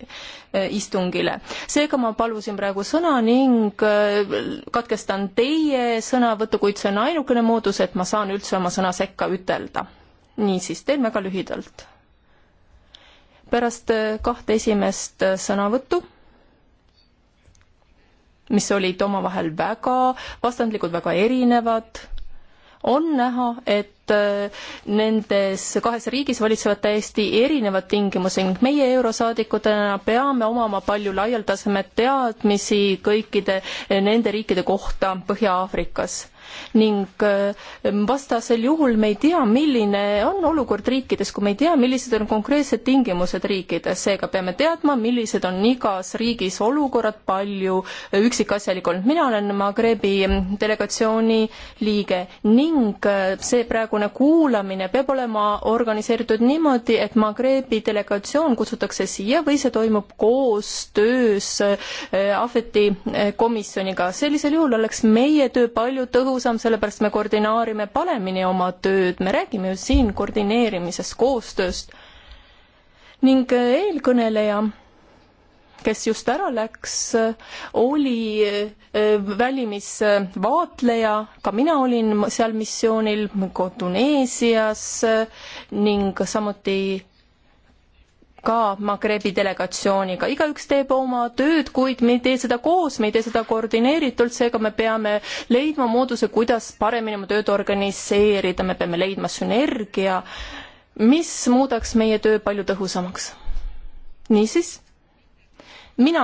eh, istungile. seega ma palusin praegu sõna ning eh, katkestan teie sõnavõttu, kuid see on ainukene moodus, et ma saan üldse oma sõna sekka ütelda. niisiis, teen väga lühidalt. pärast eh, kahte esimest sõnavõttu mis olid omavahel väga vastandlikud, väga erinevad on näha, et äh, nendes kahes riigis valitsevad täiesti erinevad tingimused ning meie eurosaadikutena peame omama palju laialdasemat teadmisi kõikide äh, nende riikide kohta Põhja-Aafrikas ning äh, vastasel juhul me ei tea, milline on olukord riikides, kui me ei tea, millised on konkreetsed tingimused riikides, seega peame teadma, millised on igas riigis olukorrad palju äh, üksikasjalikult. mina olen Magrebi mm, delegatsiooni liige ning äh, see praegune kuulamine peab olema organiseeritud niimoodi, et Magrebi delegatsioon kutsutakse siia või see toimub koostöös Ahveti komisjoniga. sellisel juhul oleks meie töö palju tõhusam tõhusam, sellepärast me koordineerime paremini oma tööd, me räägime ju siin koordineerimisest, koostööst. ning eelkõneleja, kes just ära läks, oli eh, välimisvaatleja, ka mina olin seal missioonil Tuneesias eh, ning samuti ka Magrebi delegatsiooniga, igaüks teeb oma tööd, kuid me ei tee seda koos, me ei tee seda koordineeritult, seega me peame leidma mooduse, kuidas paremini oma tööd organiseerida, me peame leidma sünergia, mis muudaks meie töö palju tõhusamaks. niisiis, mina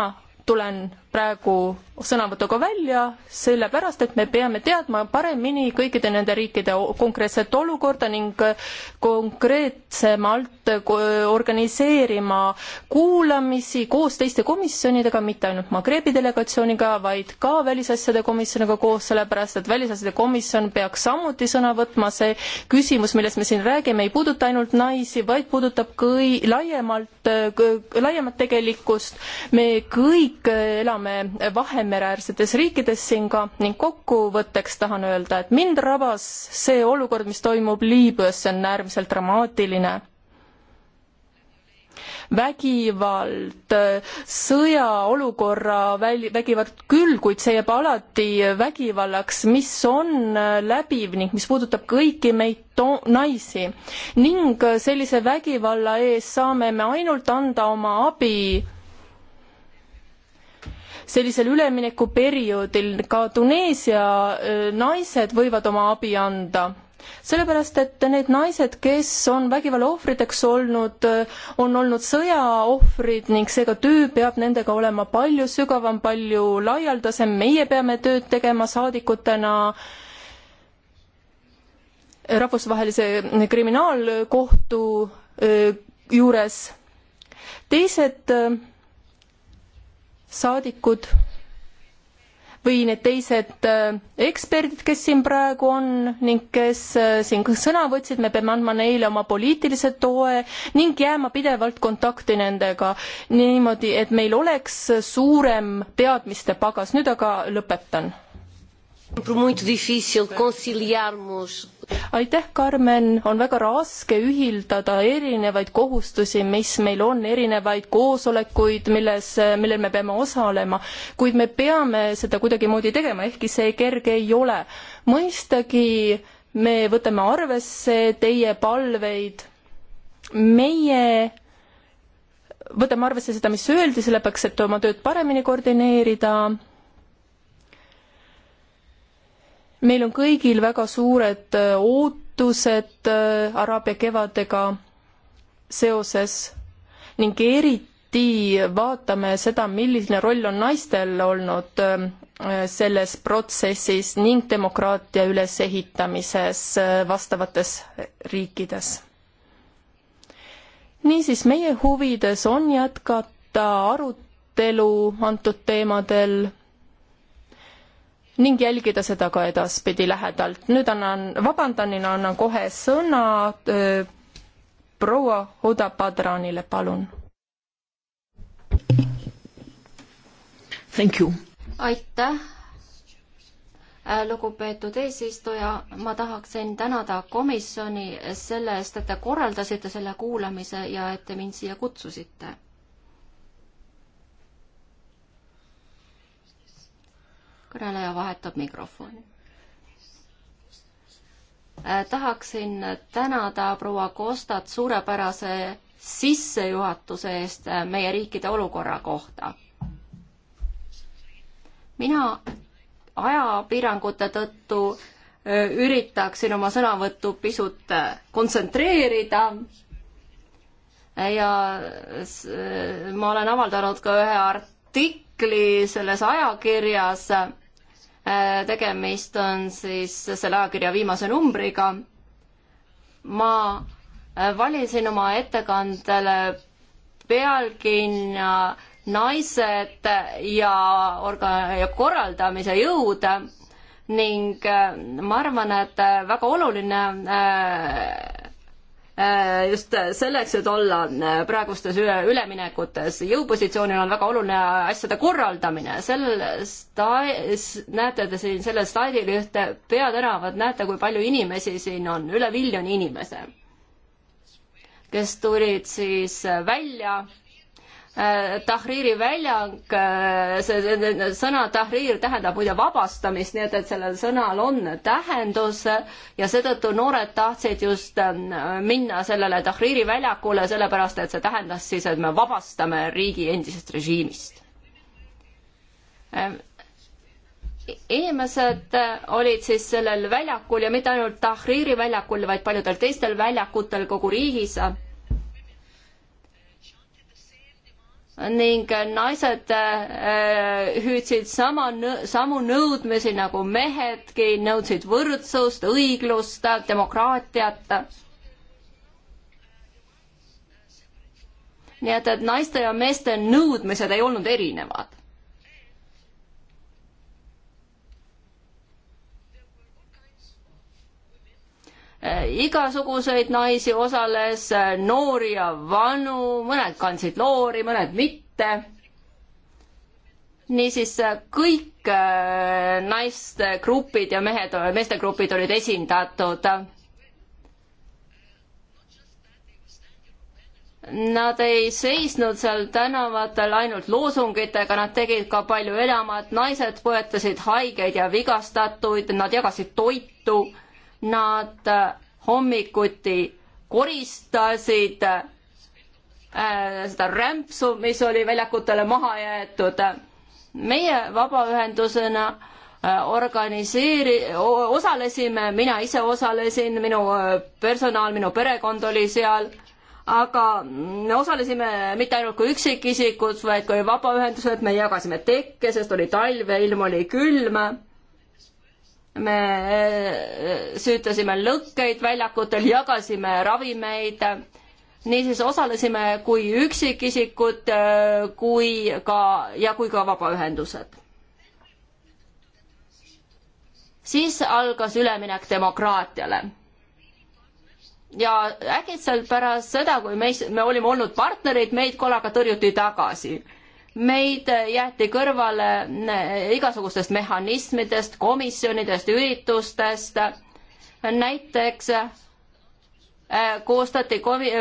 tulen praegu sõnavõtuga välja, sellepärast et me peame teadma paremini kõikide nende riikide konkreetset olukorda ning konkreetsemalt organiseerima kuulamisi koos teiste komisjonidega, mitte ainult Magrebi delegatsiooniga, vaid ka välisasjade komisjoniga koos, sellepärast et välisasjade komisjon peaks samuti sõna võtma, see küsimus, millest me siin räägime, ei puuduta ainult naisi, vaid puudutab kõi-, laiemalt, laiemat tegelikkust, me kõik elame elame Vahemereäärsetes riikides siin ka ning kokkuvõtteks tahan öelda, et mind rabas see olukord, mis toimub Liibüas, see on äärmiselt dramaatiline. vägivald, sõjaolukorra väli, vägivald küll, kuid see jääb alati vägivallaks, mis on läbiv ning mis puudutab kõiki meid to-, naisi. ning sellise vägivalla ees saame me ainult anda oma abi sellisel üleminekuperioodil ka Tuneesia naised võivad oma abi anda sellepärast, et need naised, kes on vägivalla ohvriteks olnud, on olnud sõjaohvrid ning seega töö peab nendega olema palju sügavam, palju laialdasem, meie peame tööd tegema saadikutena rahvusvahelise kriminaalkohtu juures. teised saadikud või need teised äh, eksperdid, kes siin praegu on ning kes äh, siin sõna võtsid, me peame andma neile oma poliitilise toe ning jääma pidevalt kontakti nendega niimoodi, et meil oleks suurem teadmiste pagas. nüüd aga lõpetan aitäh, Karmen, on väga raske ühildada erinevaid kohustusi, mis meil on, erinevaid koosolekuid, milles, millel me peame osalema, kuid me peame seda kuidagimoodi tegema, ehkki see kerge ei ole. mõistagi me võtame arvesse teie palveid, meie võtame arvesse seda, mis öeldi, sellepärast et oma tööd paremini koordineerida meil on kõigil väga suured äh, ootused äh, Araabia kevadega seoses ning eriti vaatame seda, milline roll on naistel olnud äh, selles protsessis ning demokraatia ülesehitamises vastavates riikides. niisiis, meie huvides on jätkata arutelu antud teemadel ning jälgida seda ka edaspidi lähedalt. nüüd annan, vabandanina annan kohe sõna proua Huda Padranile, palun. aitäh, äh, lugupeetud eesistuja, ma tahaksin tänada komisjoni selle eest, et te korraldasite selle kuulamise ja et te mind siia kutsusite kõnekõneleja vahetab mikrofoni. Äh, tahaksin tänada proua Kostat suurepärase sissejuhatuse eest äh, meie riikide olukorra kohta. mina ajapiirangute tõttu äh, üritaksin oma sõnavõttu pisut kontsentreerida ja ma olen avaldanud ka ühe artikli selles ajakirjas Äh, tegemist on siis selle ajakirja viimase numbriga. ma äh, valisin oma ettekandele pealkirja naised ja orga-, ja korraldamise jõud ning äh, ma arvan, et väga oluline Äh, just selleks, et olla äh, praegustes üleminekutes jõupositsioonil, on väga oluline asjade korraldamine. sellest näete te siin sellel slaidil ühte peatänavat, näete, kui palju inimesi siin on, üle miljoni inimese, kes tulid siis äh, välja Äh, Tahriri väljang, äh, see sõna tahrir tähendab muide vabastamist, nii et, et sellel sõnal on tähendus ja seetõttu noored tahtsid just ähm, minna sellele Tahriri väljakule, sellepärast et see tähendas siis, et me vabastame riigi endisest režiimist. Äh, inimesed olid siis sellel väljakul ja mitte ainult Tahriri väljakul, vaid paljudel teistel väljakutel kogu riigis ning naised äh, hüüdsid sama, samu nõudmisi nagu mehedki, nõudsid võrdsust, õiglust, demokraatiat. nii et, et naiste ja meeste nõudmised ei olnud erinevad. Äh, igasuguseid naisi osales, äh, noori ja vanu, mõned kandsid loori, mõned mitte. niisiis äh, kõik naiste grupid ja mehed, meeste grupid olid esindatud. Nad ei seisnud seal tänavatel ainult loosungitega, nad tegid ka palju enamat, naised põetasid haigeid ja vigastatuid, nad jagasid toitu Nad äh, hommikuti koristasid äh, seda rämpsu, mis oli väljakutele maha jäetud. meie vabaühendusena äh, organiseeri-, osalesime, mina ise osalesin, minu personal, minu perekond oli seal, aga me osalesime mitte ainult kui üksikisikud, vaid kui vabaühendused, me jagasime tekke, sest oli talv ja ilm oli külm me äh, süütasime lõkkeid väljakutel, jagasime ravimeid, niisiis osalesime kui üksikisikud, äh, kui ka, ja kui ka vabaühendused. siis algas üleminek demokraatiale ja äkitselt pärast seda, kui meis, me olime olnud partnerid, meid korraga tõrjuti tagasi meid jäeti kõrvale igasugustest mehhanismidest, komisjonidest, üritustest. näiteks äh, koostati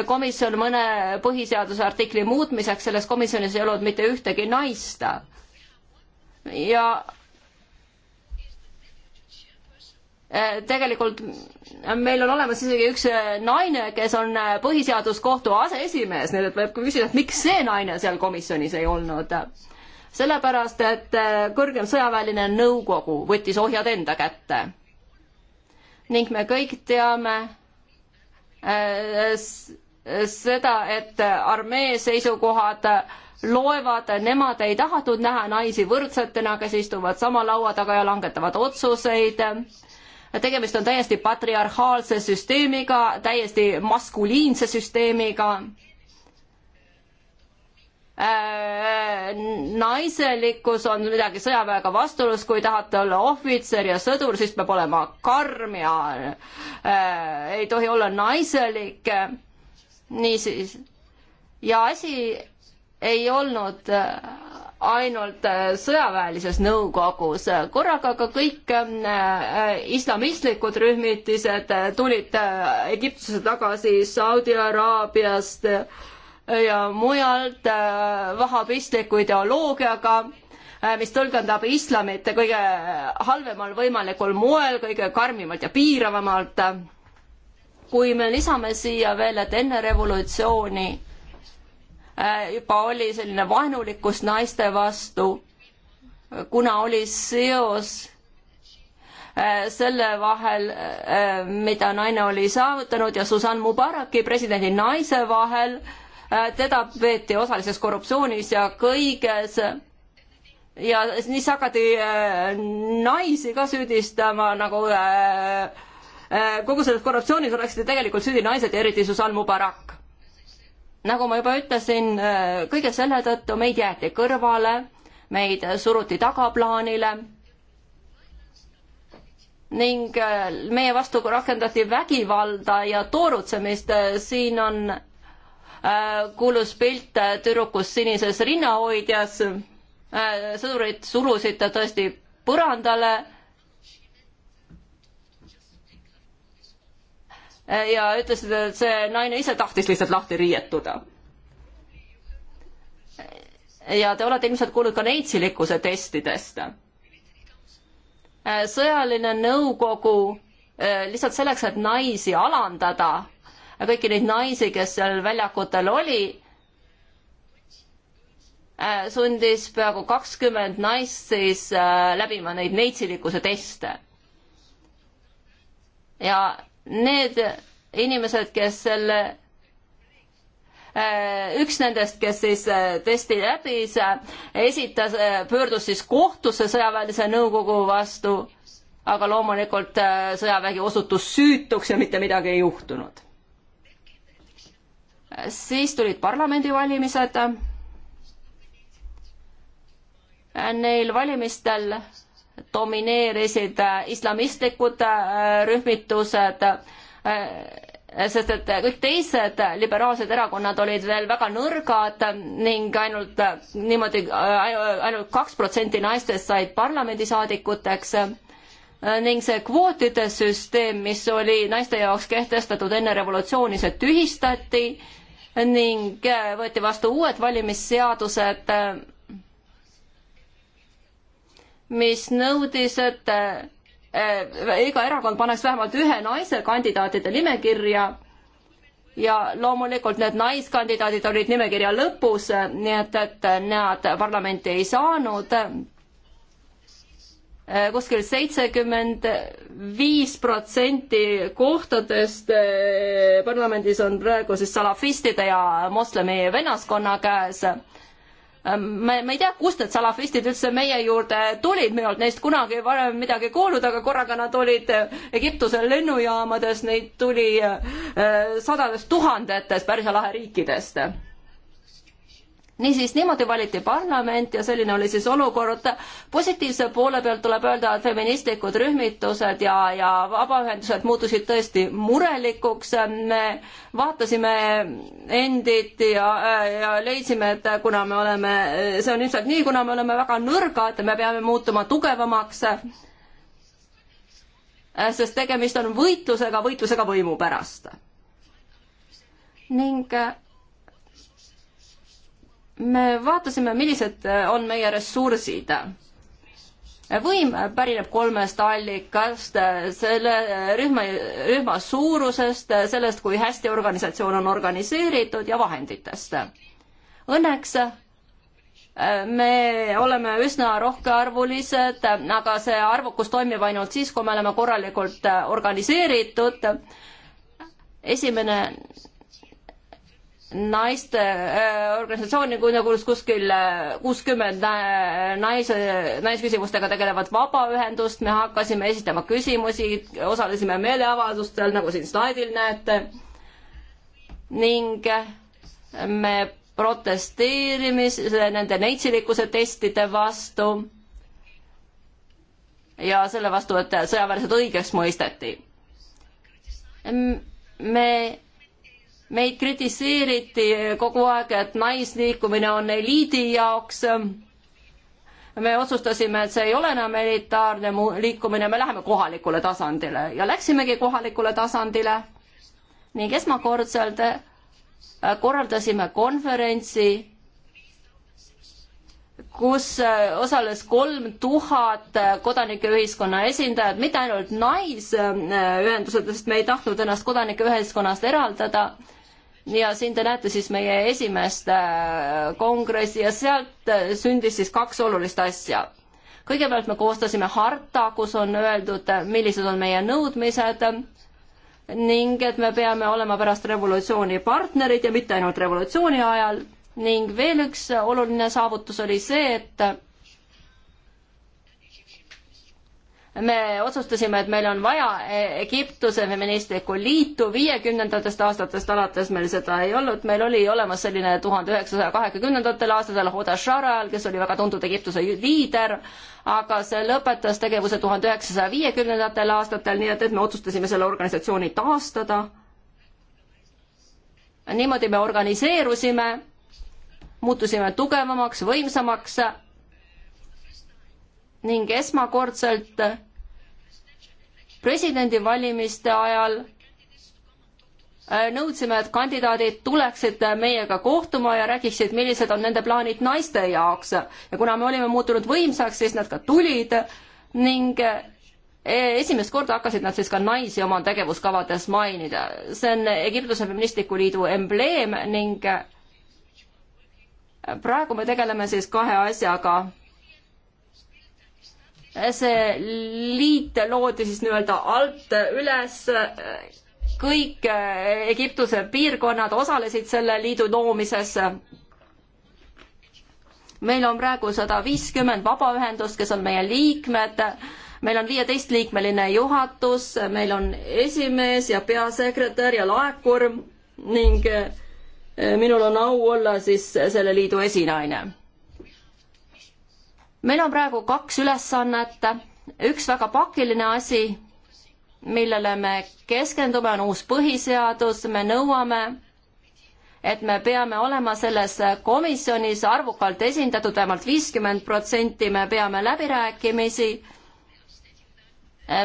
komisjon mõne põhiseaduse artikli muutmiseks, selles komisjonis ei olnud mitte ühtegi naist. ja äh, tegelikult meil on olemas isegi üks äh, naine, kes on äh, põhiseaduskohtu aseesimees, nii et võib ka küsida, et miks see naine seal komisjonis ei olnud. sellepärast, et äh, kõrgem sõjaväeline nõukogu võttis ohjad enda kätte. ning me kõik teame seda, et armee seisukohad loevad, nemad ei tahtnud näha naisi võrdsetena, kes istuvad sama laua taga ja langetavad otsuseid tegemist on täiesti patriarhaalse süsteemiga, täiesti maskuliinse süsteemiga. Äh, naiselikkus on midagi sõjaväega vastuolus, kui tahate olla ohvitser ja sõdur, siis peab olema karm ja äh, ei tohi olla naiselik. niisiis, ja asi ei olnud äh, ainult äh, sõjaväelises nõukogus, korraga ka kõik ähm, äh, islamistlikud rühmitised äh, tulid Egiptusesse tagasi Saudi Araabiast ja mujalt vahabistliku ideoloogiaga mis tõlgendab islamit kõige halvemal võimalikul moel, kõige karmimalt ja piiravamalt. kui me lisame siia veel, et enne revolutsiooni Äh, juba oli selline vaenulikkus naiste vastu, kuna oli seos äh, selle vahel, äh, mida naine oli saavutanud ja Susanne Mubaraki presidendi naise vahel, teda peeti osalises korruptsioonis ja kõiges ja siis hakati naisi ka süüdistama nagu kogu selles korruptsioonis oleksid tegelikult süüdi naised ja eriti Susanne Mubarak nagu ma juba ütlesin, äh, kõige selle tõttu meid jäeti kõrvale, meid suruti tagaplaanile ning äh, meie vastu rakendati vägivalda ja toorutsemist, äh, siin on kuulus pilt tüdrukust sinises rinnahoidjas, sõdurid surusid ta tõesti põrandale Äh, ja ütlesid, et see naine ise tahtis lihtsalt lahti riietuda. ja te olete ilmselt kuulnud ka neitsilikkuse testidest. Äh, sõjaline nõukogu äh, lihtsalt selleks, et naisi alandada, kõiki neid naisi, kes seal väljakutel oli, sundis peaaegu kakskümmend naist siis läbima neid neitsilikkuse teste. ja need inimesed, kes selle äh, üks nendest, kes siis äh, testi läbis, äh, esitas, pöördus siis kohtusse sõjaväelise nõukogu vastu, aga loomulikult sõjavägi osutus süütuks ja mitte midagi ei juhtunud. siis tulid parlamendivalimised. Neil valimistel domineerisid äh, islamistlikud äh, rühmitused, äh, sest et kõik teised liberaalsed erakonnad olid veel väga nõrgad ning ainult niimoodi ainult, ainult kaks protsenti naistest said parlamendisaadikuteks ning see kvootide süsteem, mis oli naiste jaoks kehtestatud enne revolutsiooni, see tühistati ning võeti vastu uued valimisseadused mis nõudis, et eh, eh, iga erakond paneks vähemalt ühe naise kandidaatide nimekirja ja loomulikult need naiskandidaadid olid nimekirja lõpus, nii et, et nad parlamenti ei saanud. Eh, kuskil seitsekümmend viis protsenti kohtadest parlamendis on praegu siis salafistide ja moslemi vennaskonna käes me, ähm, me ei tea, kust need salafistid üldse meie juurde tulid, minult neist kunagi varem midagi kuulnud, aga korraga nad olid äh, Egiptuse lennujaamades, neid tuli äh, sadadest tuhandetest Pärsia lahe riikidest niisiis, niimoodi valiti parlament ja selline oli siis olukord. positiivse poole pealt tuleb öelda, et feministlikud rühmitused ja, ja vabaühendused muutusid tõesti murelikuks. me vaatasime endid ja, ja leidsime, et kuna me oleme, see on ilmselt nii, kuna me oleme väga nõrgad, me peame muutuma tugevamaks. sest tegemist on võitlusega, võitlusega võimu pärast. ning me vaatasime, millised äh, on meie ressursid. võim pärineb kolmest allikast, äh, selle rühma, rühma suurusest, äh, sellest, kui hästi organisatsioon on organiseeritud ja vahenditest. Õnneks me oleme üsna rohkearvulised, aga see arvukus toimib ainult siis, kui me oleme korralikult organiseeritud. esimene naiste äh, organisatsiooni, kui nagu kuskil äh, kuuskümmend äh, naise, naisküsimustega tegelevat vabaühendust, me hakkasime esitama küsimusi, osalesime meeleavaldustel, nagu siin slaidil näete, ning äh, me protesteerimise, nende neitsilikkuse testide vastu ja selle vastu, et sõjaväelased õigeks mõisteti. me meid kritiseeriti kogu aeg, et naisliikumine on eliidi jaoks. me otsustasime, et see ei ole enam elitaarne liikumine, me läheme kohalikule tasandile ja läksimegi kohalikule tasandile ning esmakordselt äh, korraldasime konverentsi, kus äh, osales kolm tuhat äh, kodanikeühiskonna esindajat, mitte ainult naisühendused, sest me ei tahtnud ennast kodanikeühiskonnast eraldada ja siin te näete siis meie esimest äh, kongressi ja sealt äh, sündis siis kaks olulist asja. kõigepealt me koostasime harta, kus on öeldud, äh, millised on meie nõudmised ning et me peame olema pärast revolutsiooni partnerid ja mitte ainult revolutsiooni ajal ning veel üks oluline saavutus oli see, et me otsustasime, et meil on vaja e- Egiptuse feministlikku liitu, viiekümnendatest aastatest alates meil seda ei olnud, meil oli olemas selline tuhande üheksasaja kahekümnendatel aastatel Hoda Sharal, kes oli väga tuntud Egiptuse liider, aga see lõpetas tegevuse tuhande üheksasaja viiekümnendatel aastatel, nii et, et me otsustasime selle organisatsiooni taastada. niimoodi me organiseerusime, muutusime tugevamaks, võimsamaks ning esmakordselt presidendivalimiste ajal äh, nõudsime, et kandidaadid tuleksid äh, meiega kohtuma ja räägiksid, millised on nende plaanid naiste jaoks. ja kuna me olime muutunud võimsaks, siis nad ka tulid ning äh, e, esimest korda hakkasid nad siis ka naisi oma tegevuskavades mainida. see on Egiptuse Feministliku Liidu embleem ning praegu me tegeleme siis kahe asjaga see liit loodi siis nii-öelda alt üles, kõik äh, Egiptuse piirkonnad osalesid selle liidu loomises. meil on praegu sada viiskümmend vabaühendust, kes on meie liikmed, meil on viieteistliikmeline juhatus, meil on esimees ja peasekretär ja laekurm ning äh, minul on au olla siis selle liidu esinaine meil on praegu kaks ülesannet, üks väga pakiline asi, millele me keskendume, on uus põhiseadus, me nõuame, et me peame olema selles komisjonis arvukalt esindatud vähemalt, vähemalt viiskümmend protsenti, me peame läbirääkimisi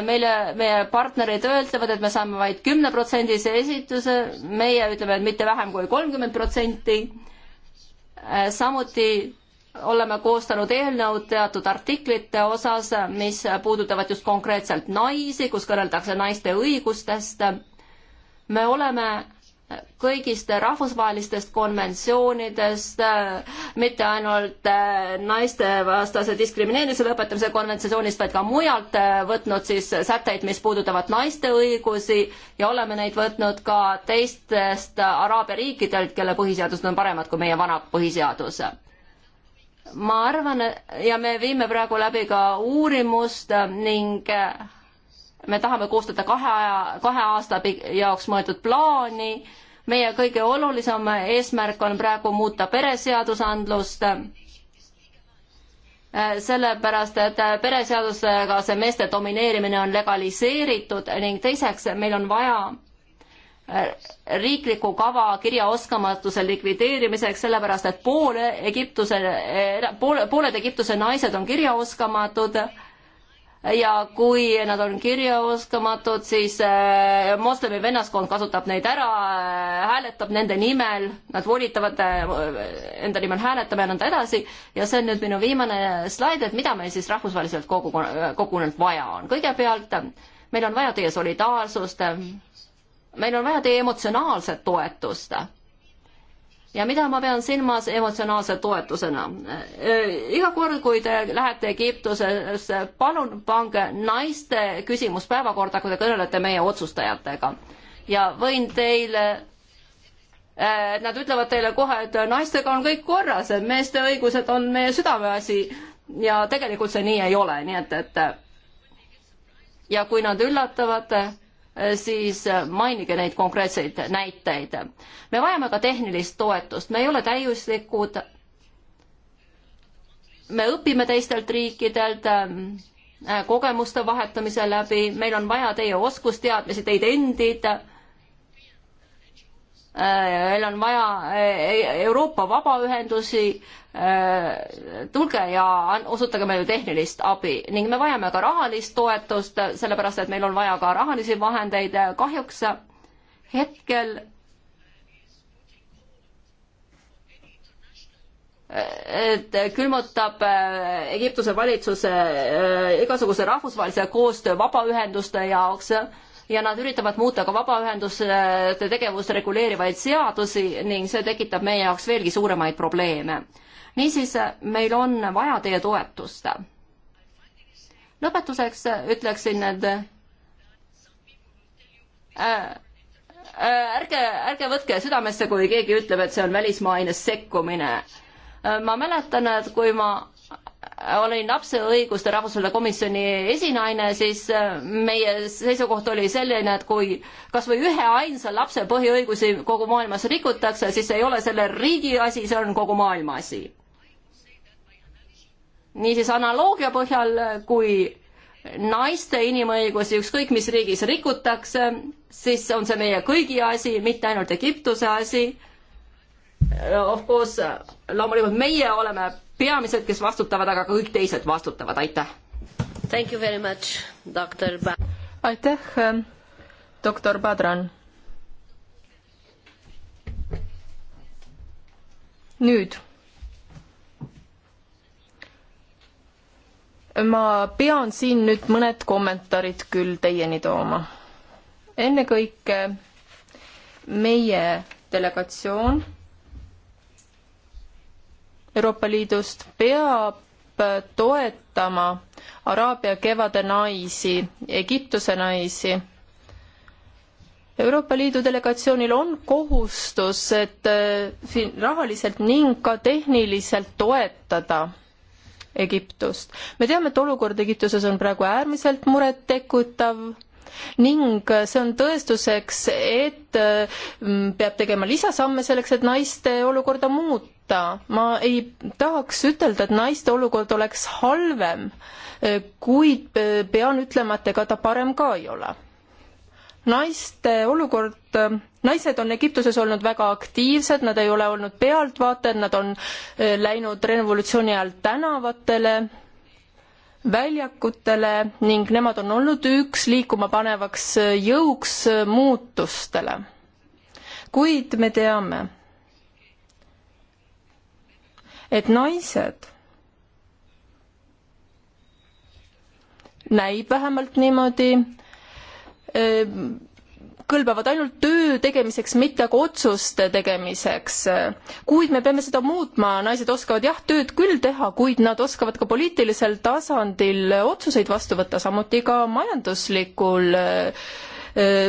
meile, meie partnerid ütlevad, et me saame vaid kümneprotsendise esituse, meie ütleme, et mitte vähem kui kolmkümmend protsenti. samuti oleme koostanud eelnõud teatud artiklite osas, mis puudutavad just konkreetselt naisi, kus kõneldakse naiste õigustest. me oleme kõigist rahvusvahelistest konventsioonidest, mitte ainult eh, naistevastase diskrimineerimise lõpetamise konventsioonist, vaid ka mujalt eh, võtnud siis sätteid, mis puudutavad naiste õigusi ja oleme neid võtnud ka teistest araabia riikidelt, kelle põhiseadused on paremad kui meie vana põhiseadus ma arvan ja me viime praegu läbi ka uurimust ning äh, me tahame koostada kahe aja, kahe aasta jaoks mõeldud plaani. meie kõige olulisem eesmärk on praegu muuta pereseadusandlust. Äh, sellepärast, et äh, pereseadusega see meeste domineerimine on legaliseeritud ning teiseks meil on vaja riikliku kava kirjaoskamatuse likvideerimiseks, sellepärast et pool Egiptuse, poole, pooled Egiptuse naised on kirjaoskamatud ja kui nad on kirjaoskamatud, siis äh, moslemi vennaskond kasutab neid ära, äh, hääletab nende nimel, nad volitavad äh, enda nimel hääletama ja nõnda edasi ja see on nüüd minu viimane slaid, et mida meil siis rahvusvaheliselt kogu, kogunenud vaja on. kõigepealt meil on vaja teie solidaarsust meil on vaja teie emotsionaalset toetust ja mida ma pean silmas emotsionaalse toetusena. iga kord, kui te lähete Egiptusesse, palun pange naiste küsimus päevakorda, kui te kõnelete meie otsustajatega ja võin teile Nad ütlevad teile kohe, et naistega on kõik korras, et meeste õigused on meie südameasi ja tegelikult see nii ei ole, nii et, et ja kui nad üllatavad Äh, siis äh, mainige neid konkreetseid näiteid. me vajame ka tehnilist toetust, me ei ole täiuslikud. me õpime teistelt riikidelt äh, kogemuste vahetamise läbi, meil on vaja teie oskusteadmisi, teid endid meil on vaja eh, Euroopa vabaühendusi, eh, tulge ja osutage meile tehnilist abi ning me vajame ka rahalist toetust, sellepärast et meil on vaja ka rahalisi vahendeid, kahjuks hetkel et külmutab eh, Egiptuse valitsuse igasuguse rahvusvahelise koostöö vabaühenduste jaoks ja nad üritavad muuta ka vabaühenduste tegevust reguleerivaid seadusi ning see tekitab meie jaoks veelgi suuremaid probleeme. niisiis, meil on vaja teie toetust. lõpetuseks ütleksin, et äh, ärge, ärge võtke südamesse, kui keegi ütleb, et see on välismaine sekkumine. ma mäletan, et kui ma olin lapse õiguste rahvusvahelise komisjoni esinaine, siis äh, meie seisukoht oli selline, et kui kas või üheainsa lapse põhiõigusi kogu maailmas rikutakse, siis ei ole selle riigi asi, see on kogu maailma asi. niisiis analoogia põhjal, kui naiste inimõigusi ükskõik mis riigis rikutakse, siis on see meie kõigi asi, mitte ainult Egiptuse asi of course, loomulikult meie oleme peamised, kes vastutavad, aga kõik teised vastutavad, aitäh. Thank you very much, doktor. aitäh, ähm, doktor Padran. nüüd ma pean siin nüüd mõned kommentaarid küll teieni tooma. ennekõike meie delegatsioon Euroopa Liidust peab toetama Araabia kevade naisi, Egiptuse naisi. Euroopa Liidu delegatsioonil on kohustus, et äh, rahaliselt ning ka tehniliselt toetada Egiptust. me teame, et olukord Egiptuses on praegu äärmiselt murettekutav ning äh, see on tõestuseks, et äh, peab tegema lisasamme selleks, et naiste olukorda muuta. ma ei tahaks ütelda, et naiste olukord oleks halvem, äh, kuid pean ütlema, et ega ta parem ka ei ole naiste olukord, naised on Egiptuses olnud väga aktiivsed, nad ei ole olnud pealtvaatajad, nad on läinud revolutsiooni ajal tänavatele väljakutele ning nemad on olnud üks liikuma panevaks jõuks muutustele. kuid me teame, et naised näib vähemalt niimoodi kõlbavad ainult töö tegemiseks, mitte aga otsuste tegemiseks. kuid me peame seda muutma, naised oskavad jah, tööd küll teha, kuid nad oskavad ka poliitilisel tasandil otsuseid vastu võtta, samuti ka majanduslikul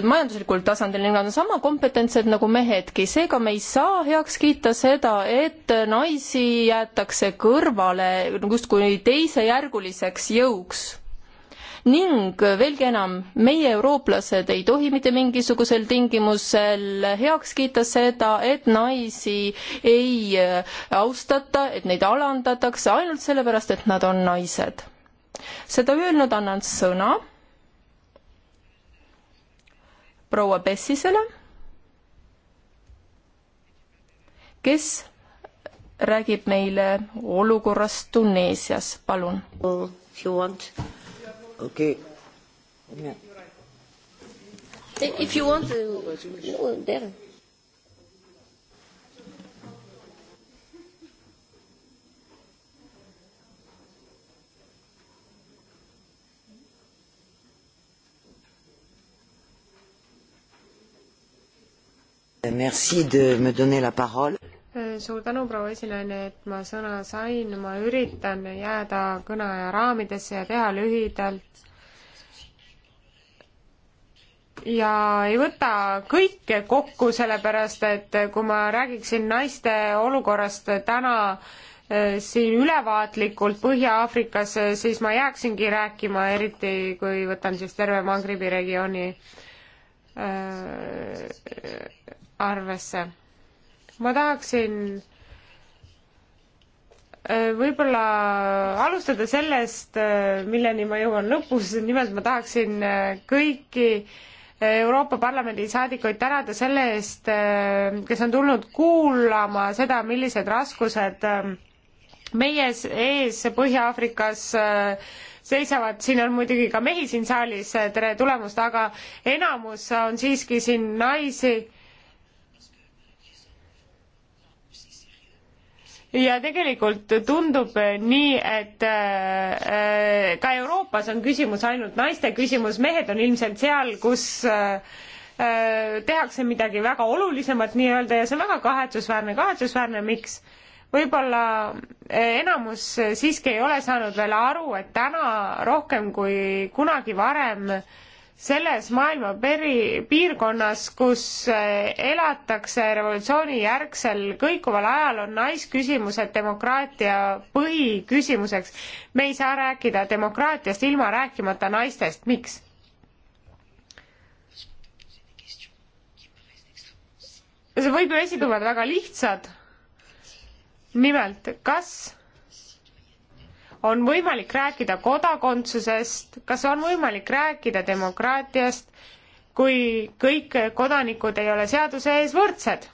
majanduslikul tasandil, neil on sama kompetentsed nagu mehedki, seega me ei saa heaks kiita seda, et naisi jäetakse kõrvale justkui teisejärguliseks jõuks ning veelgi enam, meie, eurooplased, ei tohi mitte mingisugusel tingimusel heaks kiita seda, et naisi ei austata, et neid alandatakse ainult sellepärast, et nad on naised. seda öelnud annan sõna proua Pessisele, kes räägib meile olukorrast Tuneesias, palun. If you want Okay. Yeah. If you want to, no, there. Merci de me donner la parole suur tänu, proua esinaine, et ma sõna sain, ma üritan jääda kõneaja raamidesse ja teha lühidalt. ja ei võta kõike kokku, sellepärast et kui ma räägiksin naiste olukorrast täna eh, siin ülevaatlikult Põhja-Aafrikas, eh, siis ma jääksingi rääkima, eriti kui võtan siis terve Magribi regiooni äh, arvesse ma tahaksin äh, võib-olla alustada sellest, äh, milleni ma jõuan lõpus, nimelt ma tahaksin äh, kõiki Euroopa Parlamendi saadikuid tänada selle eest, kes on tulnud kuulama seda, millised raskused ähm, meie ees Põhja-Aafrikas seisavad, siin on muidugi ka mehi siin saalis, tere tulemast, aga enamus on siiski siin naisi ja tegelikult tundub nii, et äh, ka Euroopas on küsimus ainult naiste küsimus, mehed on ilmselt seal, kus äh, äh, tehakse midagi väga olulisemat nii-öelda ja see on väga kahetsusväärne, kahetsusväärne, miks? võib-olla enamus siiski ei ole saanud veel aru, et täna rohkem kui kunagi varem äh, selles maailma peri-, piirkonnas, kus eh, elatakse revolutsioonijärgsel kõikuval ajal, on naisküsimused demokraatia põhiküsimuseks. me ei saa rääkida demokraatiast ilma rääkimata naistest, miks? see võib ju esituvad väga lihtsad. nimelt, kas on võimalik rääkida kodakondsusest, kas on võimalik rääkida demokraatiast, kui kõik kodanikud ei ole seaduse ees võrdsed?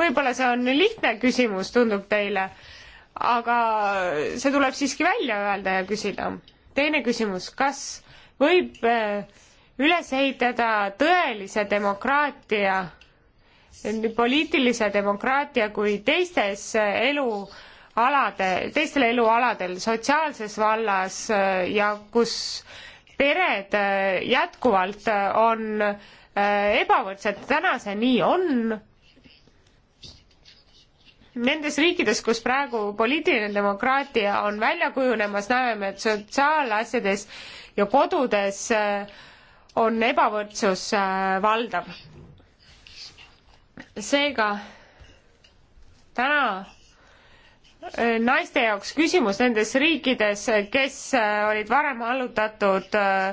võib-olla see on lihtne küsimus, tundub teile, aga see tuleb siiski välja öelda ja küsida. teine küsimus, kas võib eh, üles ehitada tõelise demokraatia, poliitilise demokraatia, kui teistes eh, elu äh, alade, teistel elualadel, sotsiaalses vallas äh, ja kus pered äh, jätkuvalt äh, on ebavõrdsed, täna see nii on. Nendes riikides, kus praegu poliitiline demokraatia on välja kujunemas, näeme, et sotsiaalasjades ja kodudes on ebavõrdsus valdav. seega täna Äh, naiste jaoks küsimus nendes riikides, kes äh, olid varem allutatud äh,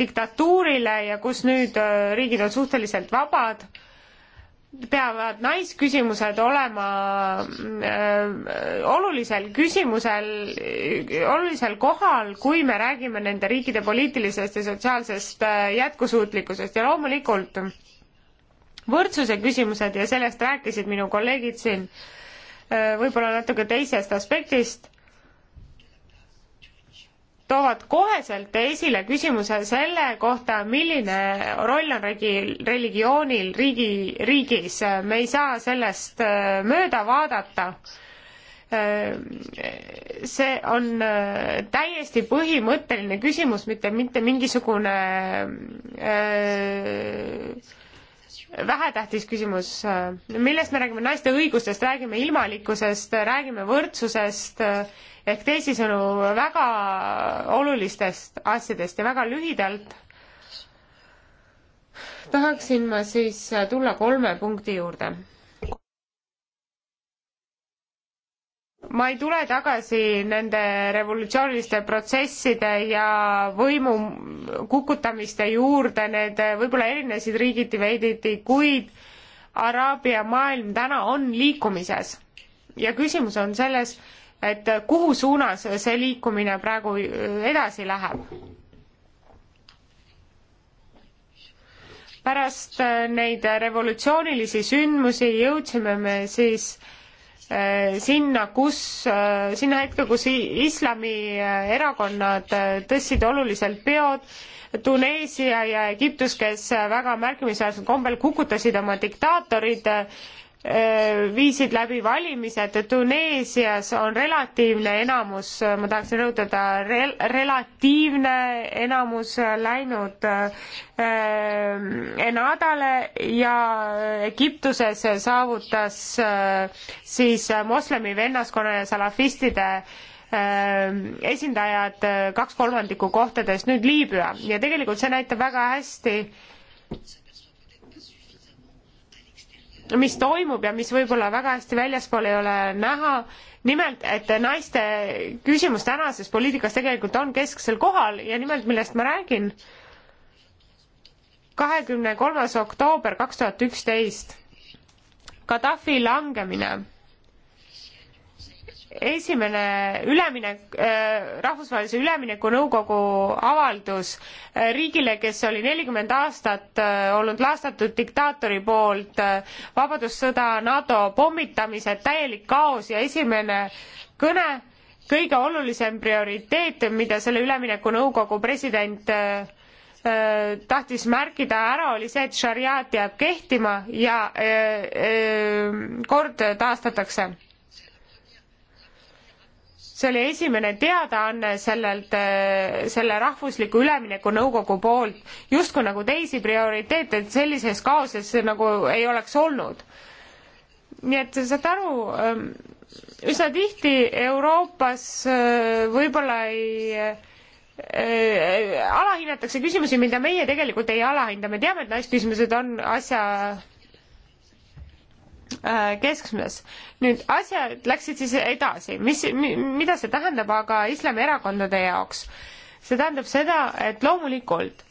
diktatuurile ja kus nüüd riigid on suhteliselt vabad, peavad naisküsimused olema olulisel küsimusel, olulisel kohal, kui me räägime nende riikide poliitilisest ja sotsiaalsest jätkusuutlikkusest ja loomulikult võrdsuse küsimused ja sellest rääkisid minu kolleegid siin äh, võib-olla natuke teisest aspektist, toovad koheselt esile küsimuse selle kohta, milline roll on regi-, religioonil riigi, riigis. me ei saa sellest äh, mööda vaadata. Äh, see on äh, täiesti põhimõtteline küsimus, mitte, mitte mingisugune öö, vähetähtis küsimus, äh, millest me räägime, naiste õigustest, räägime ilmalikkusest, räägime võrdsusest, äh, ehk teisisõnu väga olulistest asjadest ja väga lühidalt tahaksin ma siis äh, tulla kolme punkti juurde ma ei tule tagasi nende revolutsiooniliste protsesside ja võimu kukutamiste juurde, need äh, võib-olla erinesid riigiti veiditi, kuid Araabia maailm täna on liikumises ja küsimus on selles, et kuhu suunas see liikumine praegu äh, edasi läheb. pärast äh, neid revolutsioonilisi sündmusi jõudsime me siis äh, Eh, sinna, kus, eh, sinna hetke, kus islamierakonnad eh, tõstsid oluliselt peod, Tuneesia ja Egiptus, kes väga märkimisväärsel kombel kukutasid oma diktaatorid, Äh, viisid läbi valimised, Tuneesias on relatiivne enamus, äh, ma tahaksin rõhutada rel,, relatiivne enamus läinud äh, Enadale ja Egiptuses saavutas äh, siis moslemi vennaskonna ja salafistide äh, esindajad äh, kaks kolmandikku kohtadest, nüüd Liibüa ja tegelikult see näitab väga hästi, mis toimub ja mis võib-olla väga hästi väljaspool ei ole näha, nimelt, et naiste küsimus tänases poliitikas tegelikult on kesksel kohal ja nimelt, millest ma räägin, kahekümne kolmas oktoober kaks tuhat üksteist, Gaddafi langemine esimene üleminek äh,, rahvusvahelise ülemineku nõukogu avaldus äh, riigile, kes oli nelikümmend aastat äh, olnud laastatud diktaatori poolt, äh, vabadussõda, NATO pommitamised, täielik kaos ja esimene kõne, kõige olulisem prioriteet, mida selle ülemineku nõukogu president äh, äh, tahtis märkida ära, oli see, et šariaat jääb kehtima ja kord taastatakse see oli esimene teadaanne sellelt, selle rahvusliku üleminekunõukogu poolt, justkui nagu teisi prioriteete sellises kaoses nagu ei oleks olnud. nii et saad aru, ähm, üsna tihti Euroopas äh, võib-olla ei äh, äh, alahinnatakse küsimusi, mida meie tegelikult ei alahinda, me teame, et naisküsimused on asja Äh, keskmes. nüüd asjad läksid siis edasi, mis, mida see tähendab aga islamierakondade jaoks? see tähendab seda, et loomulikult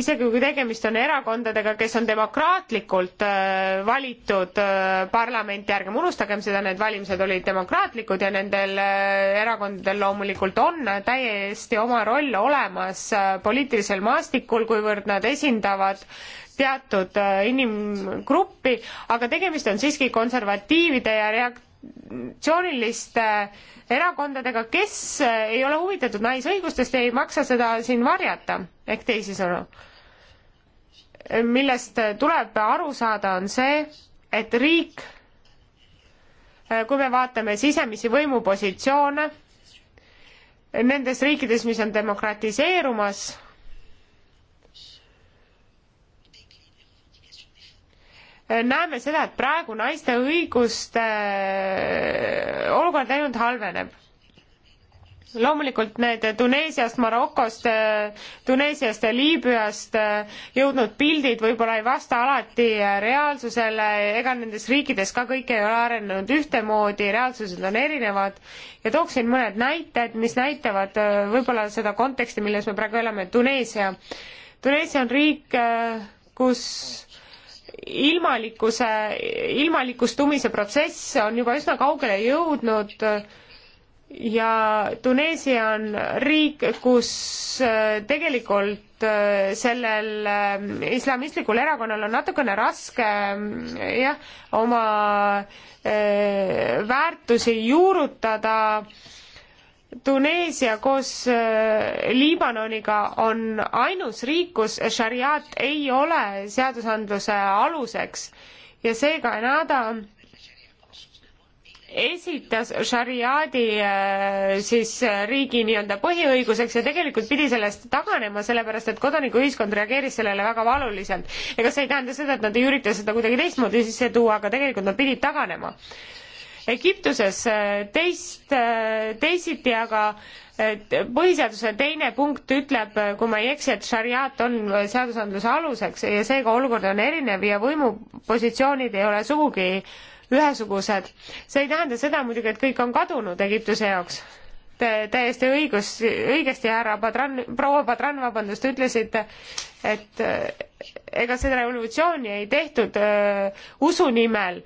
isegi kui tegemist on erakondadega, kes on demokraatlikult äh, valitud äh, parlamenti, ärgem unustagem seda, need valimised olid demokraatlikud ja nendel erakondadel loomulikult on täiesti oma roll olemas poliitilisel maastikul, kuivõrd nad esindavad teatud äh, inimgruppi, aga tegemist on siiski konservatiivide ja reaktsiooniliste äh, erakondadega, kes äh, ei ole huvitatud naisõigustest ja ei maksa seda siin varjata, ehk teisisõnu. millest tuleb aru saada, on see, et riik kui me vaatame sisemisi võimupositsioone nendes riikides, mis on demokratiseerumas, Äh, näeme seda, et praegu naiste õiguste äh, olukord ainult halveneb. loomulikult need Tuneesiast, Marokost, äh, Tuneesiast ja Liibüast jõudnud pildid võib-olla ei vasta alati reaalsusele, ega nendes riikides ka kõik ei ole arenenud ühtemoodi, reaalsused on erinevad ja tooksin mõned näited, mis näitavad võib-olla seda konteksti, milles me praegu elame, Tuneesia. Tuneesia on riik, kus ilmalikkuse, ilmalikustumise protsess on juba üsna kaugele jõudnud ja Tuneesia on riik, kus äh, tegelikult äh, sellel äh, islamistlikul erakonnal on natukene raske jah, oma väärtusi juurutada äh, Tuneesia koos äh, Liibanoniga on ainus riik, kus šariaat ei ole seadusandluse aluseks ja seega Enada esitas šariaadi äh, siis äh, riigi nii-öelda põhiõiguseks ja tegelikult pidi sellest taganema, sellepärast et kodanikuühiskond reageeris sellele väga valuliselt. ega see ei tähenda seda, et nad ei ürita seda kuidagi teistmoodi sisse tuua, aga tegelikult nad pidid taganema Egiptuses äh, teist, äh, teisiti, aga äh, põhiseaduse teine punkt ütleb, kui ma ei eksi, et šariaat on seadusandluse aluseks ja seega olukord on erinev ja võimupositsioonid ei ole sugugi ühesugused. see ei tähenda seda muidugi, et kõik on kadunud Egiptuse jaoks. Te täiesti õigus, õigesti härra Padran, proua Padran, vabandust, ütlesite, et ega seda revolutsiooni ei tehtud öö, usu nimel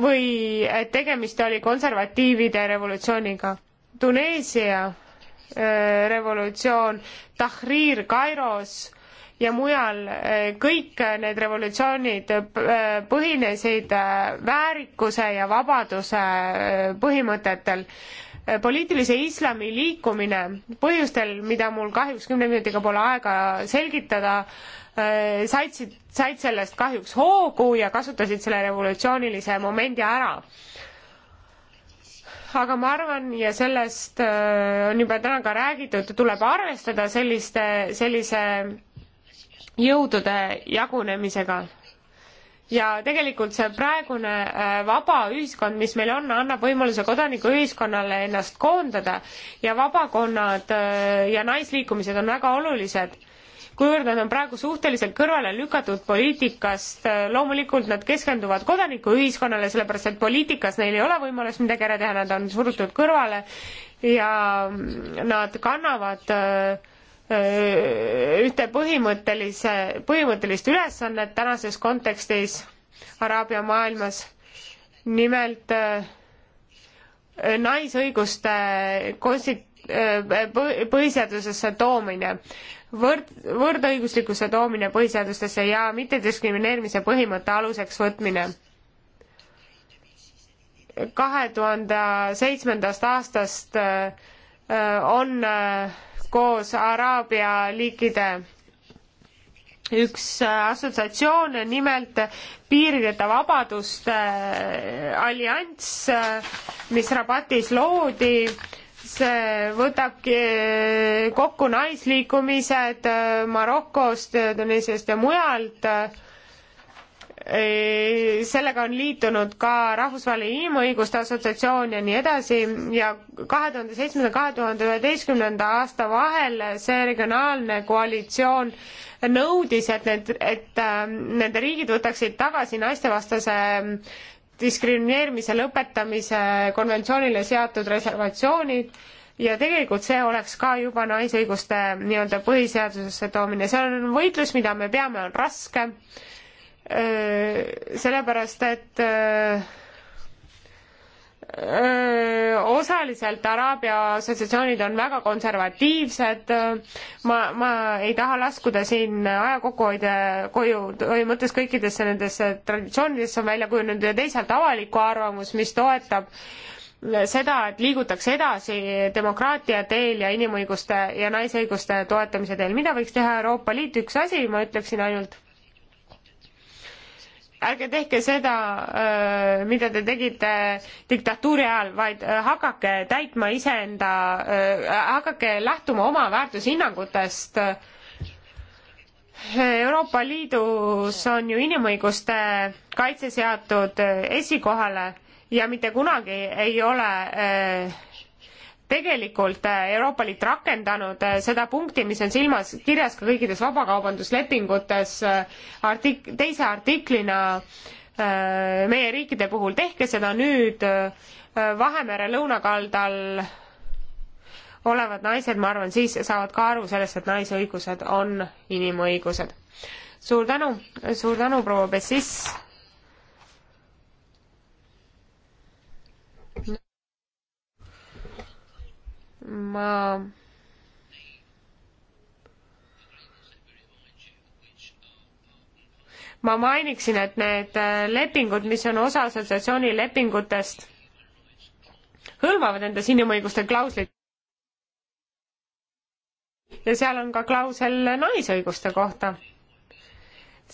või et tegemist oli konservatiivide revolutsiooniga. Tuneesia äh, revolutsioon, Tahrir Kairos ja mujal, äh, kõik need revolutsioonid äh, põhinesid väärikuse ja vabaduse põhimõtetel. poliitilise islami liikumine põhjustel, mida mul kahjuks kümne minutiga pole aega selgitada, Äh, said, said sellest kahjuks hoogu ja kasutasid selle revolutsioonilise momendi ära aga ma arvan ja sellest äh, on juba täna ka räägitud, tuleb arvestada selliste, sellise jõudude jagunemisega. ja tegelikult see praegune äh, vaba ühiskond, mis meil on, annab võimaluse kodanikuühiskonnale ennast koondada ja vabakonnad ja naisliikumised on väga olulised kuivõrd nad on praegu suhteliselt kõrvale lükatud poliitikast, äh, loomulikult nad keskenduvad kodanikuühiskonnale, sellepärast et poliitikas neil ei ole võimalust midagi ära teha, nad on surutud kõrvale ja nad kannavad äh, äh, ühte põhimõttelise, põhimõttelist ülesannet tänases kontekstis Araabia maailmas, nimelt naisõiguste konstit-, Äh, põhiseadusesse toomine, võrd, võrdõiguslikkuse toomine põhiseadustesse ja mittediskrimineerimise põhimõtte aluseks võtmine. kahe tuhande seitsmendast aastast äh, on äh, koos Araabia liikide üks assotsiatsioon, nimelt Piirideta Vabaduste Allianss, mis Rabatis loodi Äh, võtabki äh, kokku naisliikumised äh, Marokost, Tunisiast ja mujalt. sellega on liitunud ka Rahvusvaheline Inimõiguste Assotsiatsioon ja nii edasi ja kahe tuhande seitsmenda, kahe tuhande üheteistkümnenda aasta vahel see regionaalne koalitsioon nõudis, et need, et nende riigid võtaksid tagasi naistevastase diskrimineerimise lõpetamise konventsioonile seatud reservatsioonid ja tegelikult see oleks ka juba naisõiguste nii-öelda põhiseadusesse toomine, see on võitlus, mida me peame, on raske, äh, sellepärast et öö, äh, osaliselt Araabia assotsiatsioonid on väga konservatiivsed, ma, ma ei taha laskuda siin aja kokkuhoide, koju, või mõttes kõikidesse nendesse traditsioonidesse on välja kujunenud ja teisalt avalikku arvamus, mis toetab seda, et liigutakse edasi demokraatia teel ja inimõiguste ja naisõiguste toetamise teel. mida võiks teha Euroopa Liit, üks asi, ma ütleksin ainult ärge tehke seda, mida te tegite diktatuuri ajal, vaid hakake täitma iseenda, hakake lähtuma oma väärtushinnangutest. Euroopa Liidus on ju inimõiguste kaitse seatud esikohale ja mitte kunagi ei ole tegelikult äh, Euroopa Liit rakendanud äh, seda punkti, mis on silmas kirjas ka kõikides vabakaubanduslepingutes äh, artik-, teise artiklina meie riikide puhul, tehke seda nüüd Vahemere lõunakaldal olevad naised, ma arvan, siis saavad ka aru sellest, et naise õigused on inimõigused. suur tänu, suur tänu, proua Bessis ma ma mainiksin, et need äh, lepingud, mis on osa assotsiatsioonilepingutest, hõlmavad endas inimõiguste klauslit. ja seal on ka klausel naisõiguste kohta.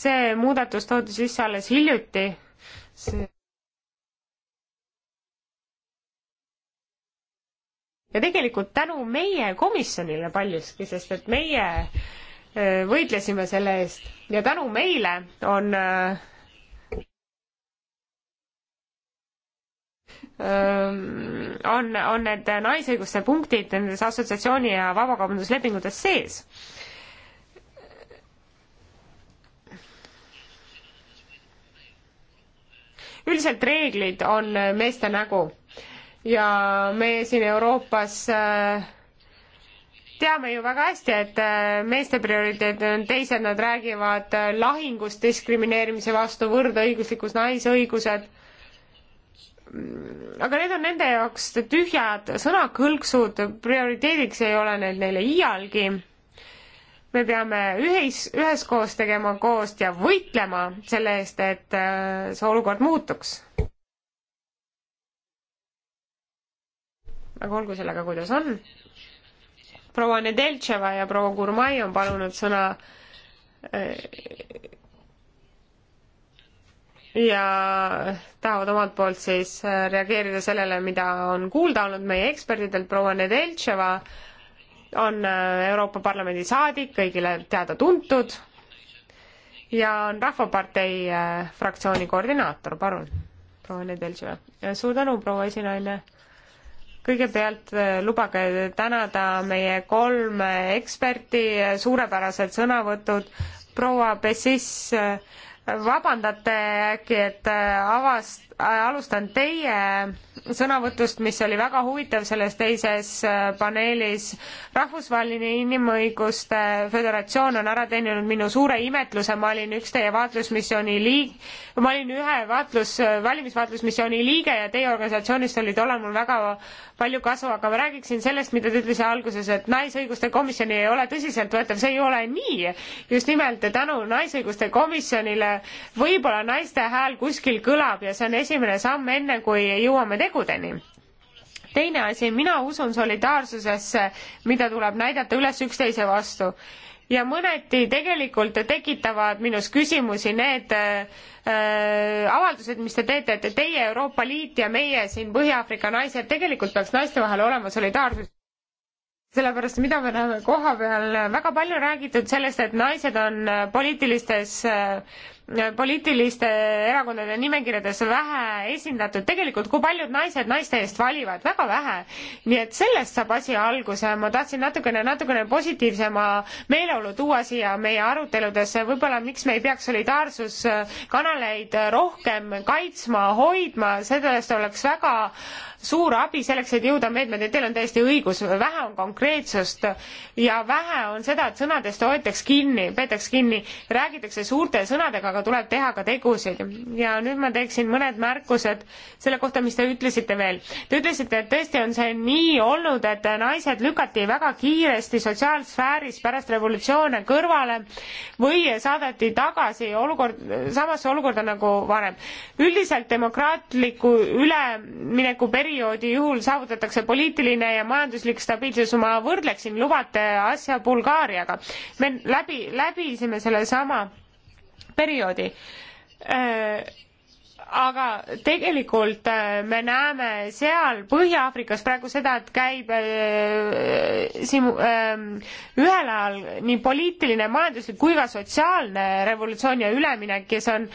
see muudatus toodi sisse alles hiljuti see.... ja tegelikult tänu meie komisjonile paljuski, sest et meie äh, võitlesime selle eest ja tänu meile on äh, on, on need naisõiguste punktid nendes assotsiatsiooni ja vabakaubanduslepingutes sees. üldiselt reeglid on meeste nägu ja meie siin Euroopas äh, teame ju väga hästi, et äh, meeste prioriteedid on teised, nad räägivad äh, lahingust diskrimineerimise vastu, võrdõiguslikkus, naisõigused. aga need on nende jaoks tühjad sõnakõlksud, prioriteediks ei ole need neile iialgi. me peame ühis, üheskoos tegema koost ja võitlema selle eest, et see olukord muutuks. aga olgu sellega, kuidas on. proua Nedeltševa ja proua Gurmai on palunud sõna äh, ja tahavad omalt poolt siis äh, reageerida sellele, mida on kuulda olnud meie ekspertidelt, proua Nedeltševa on äh, Euroopa Parlamendi saadik, kõigile teada-tuntud ja on Rahvapartei fraktsiooni koordinaator, palun, proua Nedeltševa. suur tänu, proua esinaine kõigepealt eh, lubage tänada meie kolme eksperti, eh, suurepärased sõnavõtud, proua Bessis, eh, vabandate äkki, et avast Äh, alustan teie sõnavõtust, mis oli väga huvitav selles teises äh, paneelis. rahvusvaheline Inimõiguste Föderatsioon on ära teeninud minu suure imetluse, ma olin üks teie vaatlusmissiooni liig-, ma olin ühe vaatlus, valimisvaatlusmissiooni liige ja teie organisatsioonist oli tollal mul väga palju kasu, aga ma räägiksin sellest, mida te ütlesite alguses, et Naisõiguste Komisjoni ei ole tõsiseltvõetav, see ei ole nii. just nimelt tänu Naisõiguste Komisjonile võib-olla naiste hääl kuskil kõlab ja see on esimene samm, enne kui jõuame tegudeni teine asi, mina usun solidaarsusesse, mida tuleb näidata üles üksteise vastu. ja mõneti tegelikult tekitavad minus küsimusi need äh, äh avaldused, mis te teete, et teie Euroopa Liit ja meie siin Põhja-Aafrika naised, tegelikult peaks naiste vahel olema solidaarsus sellepärast, mida me näeme koha peal, väga palju räägitud sellest, et naised on poliitilistes poliitiliste erakondade nimekirjades vähe esindatud, tegelikult kui paljud naised naiste eest valivad, väga vähe. nii et sellest saab asi alguse, ma tahtsin natukene, natukene positiivsema meeleolu tuua siia meie aruteludesse, võib-olla miks me ei peaks solidaarsuskanaleid rohkem kaitsma, hoidma, sellest oleks väga suur abi selleks, et jõuda meetmeteni, teil on täiesti õigus, vähe on konkreetsust ja vähe on seda, et sõnadest hoitaks kinni, peetaks kinni, räägitakse suurte sõnadega, aga tuleb teha ka tegusid. ja nüüd ma teeksin mõned märkused selle kohta, mis te ütlesite veel. Te ütlesite, et tõesti on see nii olnud, et naised lükati väga kiiresti sotsiaalsfääris pärast revolutsioone kõrvale või saadeti tagasi olukord, samasse olukorda nagu varem. üldiselt demokraatliku üleminekuperioodi perioodi juhul saavutatakse poliitiline ja majanduslik stabiilsus, ma võrdleksin, lubate asja Bulgaariaga. me läbi, läbisime sellesama perioodi öö, äh, aga tegelikult äh, me näeme seal Põhja-Aafrikas praegu seda, et käib äh, simu, äh, ühel ajal nii poliitiline, majanduslik kui ka sotsiaalne revolutsioon ja üleminek ja see on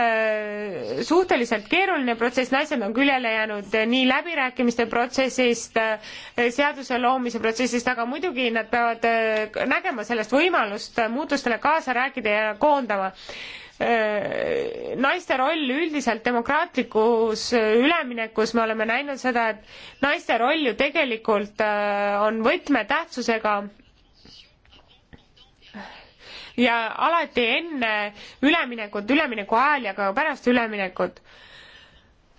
äh, suhteliselt keeruline protsess, naised on küljele jäänud äh, nii läbirääkimiste protsessist äh,, seaduse loomise protsessist, aga muidugi nad peavad äh, nägema sellest võimalust äh, muutustele kaasa rääkida ja koondama äh, Äh, naiste roll üldiselt demokraatlikus äh, üleminekus, me oleme näinud seda, et naiste roll ju tegelikult äh, on võtmetähtsusega ja alati enne üleminekut, ülemineku ajal ja ka pärast üleminekut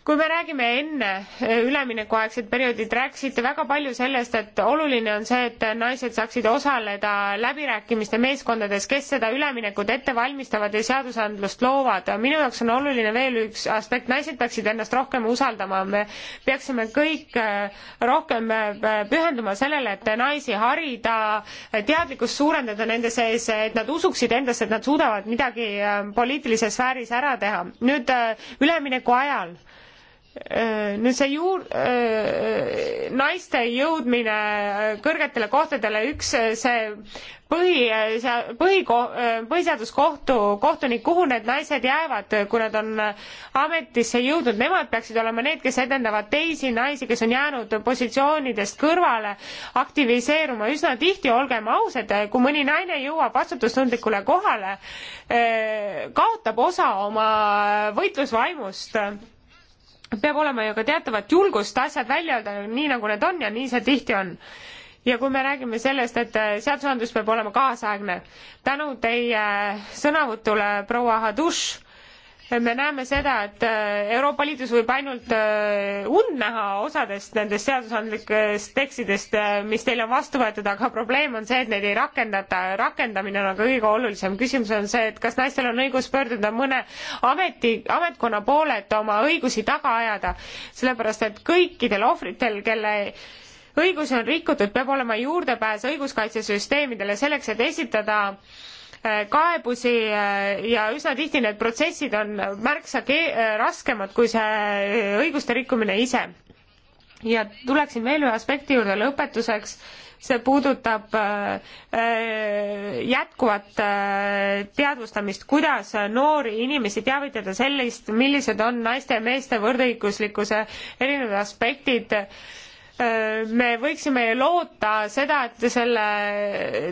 kui me räägime enne äh, üleminekuaegset perioodit, rääkisite väga palju sellest, et oluline on see, et naised saaksid osaleda läbirääkimiste meeskondades, kes seda üleminekut ette valmistavad ja seadusandlust loovad. minu jaoks on oluline veel üks aspekt, naised peaksid ennast rohkem usaldama, me peaksime kõik äh, rohkem äh, pühenduma sellele, et naisi harida, teadlikkust suurendada nende sees, et nad usuksid endasse, et nad suudavad midagi poliitilises sfääris ära teha. nüüd ülemineku ajal Äh, nüüd see juur-, äh, naiste jõudmine äh, kõrgetele kohtadele, üks see põhi, see põhiko-, põhiseaduskohtu kohtunik, kuhu need naised jäävad, kui nad on ametisse jõudnud, nemad peaksid olema need, kes edendavad teisi naisi, kes on jäänud positsioonidest kõrvale, aktiviseeruma üsna tihti, olgem ausad, kui mõni naine jõuab vastutustundlikule kohale, kaotab osa oma võitlusvaimust peab olema ju ka teatavat julgust asjad välja öelda nii, nagu need on ja nii see tihti on. ja kui me räägime sellest, et äh, seadusandlus peab olema kaasaegne, tänu teie äh, sõnavõtule, proua Hadush, me näeme seda, et äh, Euroopa Liidus võib ainult äh, und näha osadest nendest seadusandlikest tekstidest, äh, mis teil on vastu võetud, aga probleem on see, et neid ei rakendata. rakendamine on aga kõige olulisem. küsimus on see, et kas naistel on õigus pöörduda mõne ameti, ametkonna poole, et oma õigusi taga ajada, sellepärast et kõikidel ohvritel, kelle õigusi on rikutud, peab olema juurdepääs õiguskaitsesüsteemidele selleks, et esitada äh, Äh, kaebusi äh, ja üsna tihti need protsessid on märksa äh, raskemad kui see õiguste rikkumine ise. ja tuleksin veel ühe aspekti juurde lõpetuseks see puudutab jätkuvat teadvustamist, kuidas noori inimesi teavitada sellist, millised on naiste ja meeste võrdõiguslikkuse erinevad aspektid Äh, me võiksime ju loota seda, et selle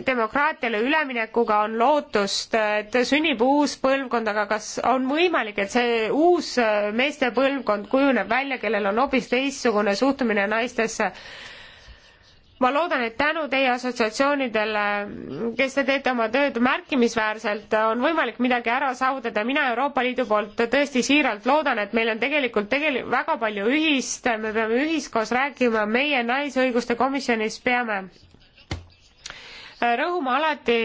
demokraatiale üleminekuga on lootust, et sünnib uus põlvkond, aga kas on võimalik, et see uus meeste põlvkond kujuneb välja, kellel on hoopis teistsugune suhtumine naistesse? ma loodan, et tänu teie assotsiatsioonidele, kes te teete oma tööd märkimisväärselt, on võimalik midagi ära saavutada. mina Euroopa Liidu poolt tõesti siiralt loodan, et meil on tegelikult tegelikult väga palju ühist, me peame ühiskoos rääkima, meie naisõiguste komisjonis peame rõhume alati,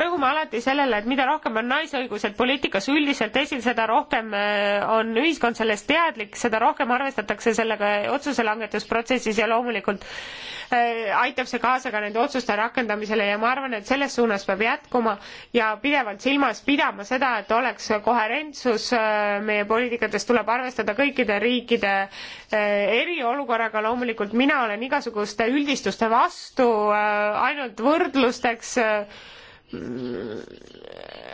rõhume alati sellele, et mida rohkem on naisõigused poliitikas üldiselt esil, seda rohkem äh, on ühiskond sellest teadlik, seda rohkem arvestatakse sellega otsuse langetusprotsessis ja loomulikult äh, aitab see kaasa ka nende otsuste rakendamisele ja ma arvan, et selles suunas peab jätkuma ja pidevalt silmas pidama seda, et oleks koherentsus äh, meie poliitikates, tuleb arvestada kõikide riikide eriolukorraga, loomulikult mina olen igasuguste üldistuste vastu, ainult võrd-, võrdlusteks äh,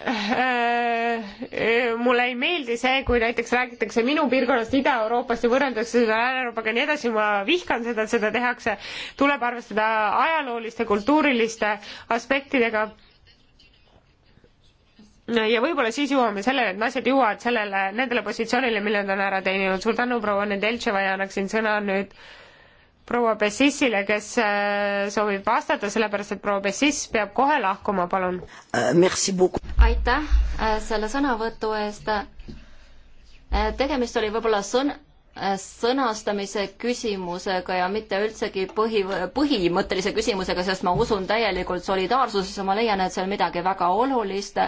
äh, mulle ei meeldi see, kui näiteks räägitakse minu piirkonnast Ida-Euroopast ja võrreldakse seda Lääne-Euroopaga ja nii edasi, ma vihkan seda, et seda tehakse. tuleb arvestada ajalooliste, kultuuriliste aspektidega. ja võib-olla siis jõuame sellele, et naised jõuavad sellele, nendele positsioonile, mille nad on ära teeninud. suur tänu, proua Nedeltševa ja annaksin sõna nüüd äh, proua Bessissile, kes äh, soovib vastata, sellepärast et proua Bessiss peab kohe lahkuma, palun. Äh, aitäh äh, selle sõnavõtu eest. tegemist oli võib-olla sõn-, sõnastamise küsimusega ja mitte üldsegi põhi, põhimõttelise küsimusega, sest ma usun täielikult solidaarsusesse, ma leian, et see on midagi väga olulist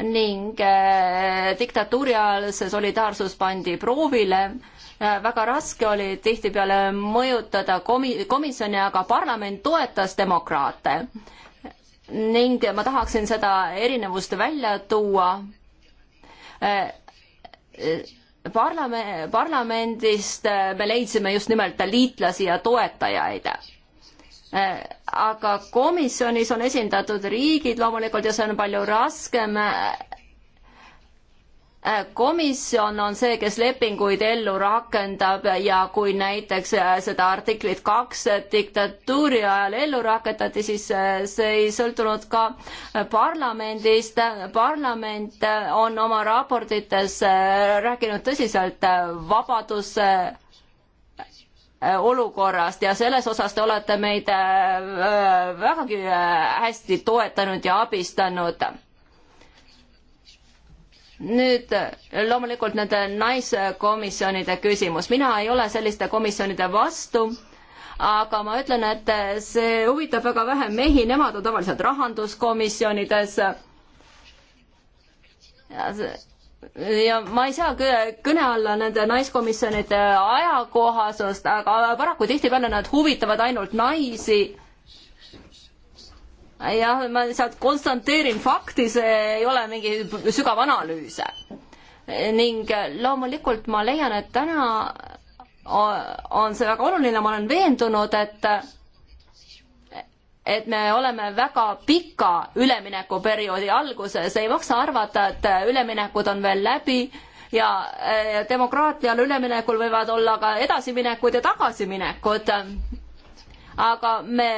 ning äh, diktatuuri ajal see solidaarsus pandi proovile äh, väga raske oli tihtipeale mõjutada komi-, komisjoni, aga parlament toetas demokraate. ning ma tahaksin seda erinevust välja tuua. Äh, parlame-, parlamendist me leidsime just nimelt liitlasi ja toetajaid Äh, aga komisjonis on esindatud riigid loomulikult ja see on palju raskem. Äh, komisjon on see, kes lepinguid ellu rakendab ja kui näiteks äh, seda artiklit kaks diktatuuri ajal ellu rakendati, siis see ei sõltunud ka parlamendist. parlament on oma raportites rääkinud tõsiselt vabaduse Äh, olukorrast ja selles osas te olete meid äh, äh, vägagi hästi toetanud ja abistanud. nüüd loomulikult nende naiskomisjonide küsimus, mina ei ole selliste komisjonide vastu, aga ma ütlen, et see huvitab väga vähe mehi, nemad on tavaliselt rahanduskomisjonides ja ma ei saa kõne alla nende naiskomisjonide ajakohasust, aga paraku tihtipeale nad huvitavad ainult naisi. jah, ma lihtsalt konstanteerin fakti, see ei ole mingi sügav analüüs. ning loomulikult ma leian, et täna on see väga oluline, ma olen veendunud, et et me oleme väga pika üleminekuperioodi alguses, ei maksa arvata, et üleminekud on veel läbi ja demokraatiale üleminekul võivad olla ka edasiminekud ja tagasiminekud. aga me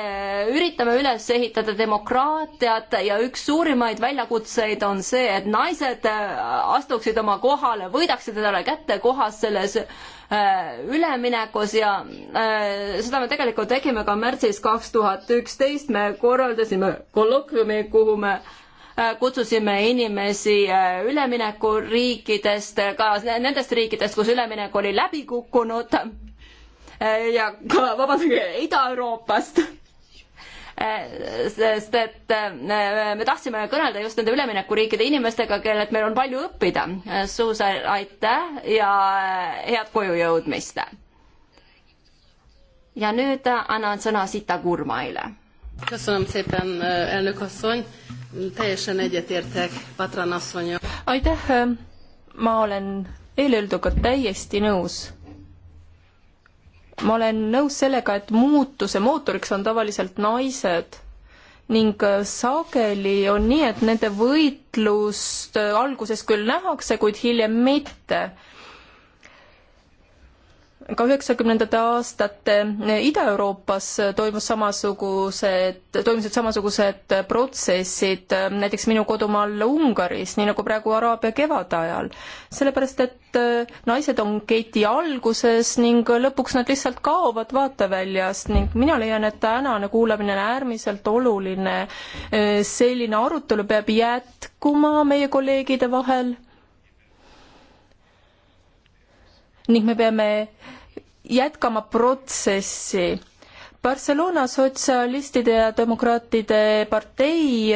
üritame üles ehitada demokraatiat ja üks suurimaid väljakutseid on see, et naised astuksid oma kohale, võidaksid endale kätte kohas selles Äh, üleminekus ja äh, seda me tegelikult tegime ka märtsis kaks tuhat üksteist, me korraldasime kolokviumi, kuhu me äh, kutsusime inimesi üleminekuriikidest, ka nendest riikidest, kus üleminek oli läbi kukkunud ja ka, vabandage, Ida-Euroopast sest et äh, me tahtsime kõnelda just nende üleminekuriikide inimestega, kellelt meil on palju õppida. Suusel aitäh ja äh, head koju jõudmist. ja nüüd annan sõna Sita Kurmaile. Äh, teljesen egyetértek Patran asszonyok. aitäh, ma olen eelöelduga täiesti nõus ma olen nõus sellega, et muutuse mootoriks on tavaliselt naised ning äh, sageli on nii, et nende võitlust äh, alguses küll nähakse, kuid hiljem mitte ka üheksakümnendate aastate Ida-Euroopas toimus samasugused, toimusid samasugused protsessid näiteks minu kodumaal Ungaris, nii nagu praegu Araabia kevade ajal. sellepärast, et äh, naised on geti alguses ning lõpuks nad lihtsalt kaovad vaateväljast ning mina leian, et tänane kuulamine on äärmiselt oluline. Äh, selline arutelu peab jätkuma meie kolleegide vahel ning me peame jätkama protsessi. Barcelona sotsialistide ja demokraatide partei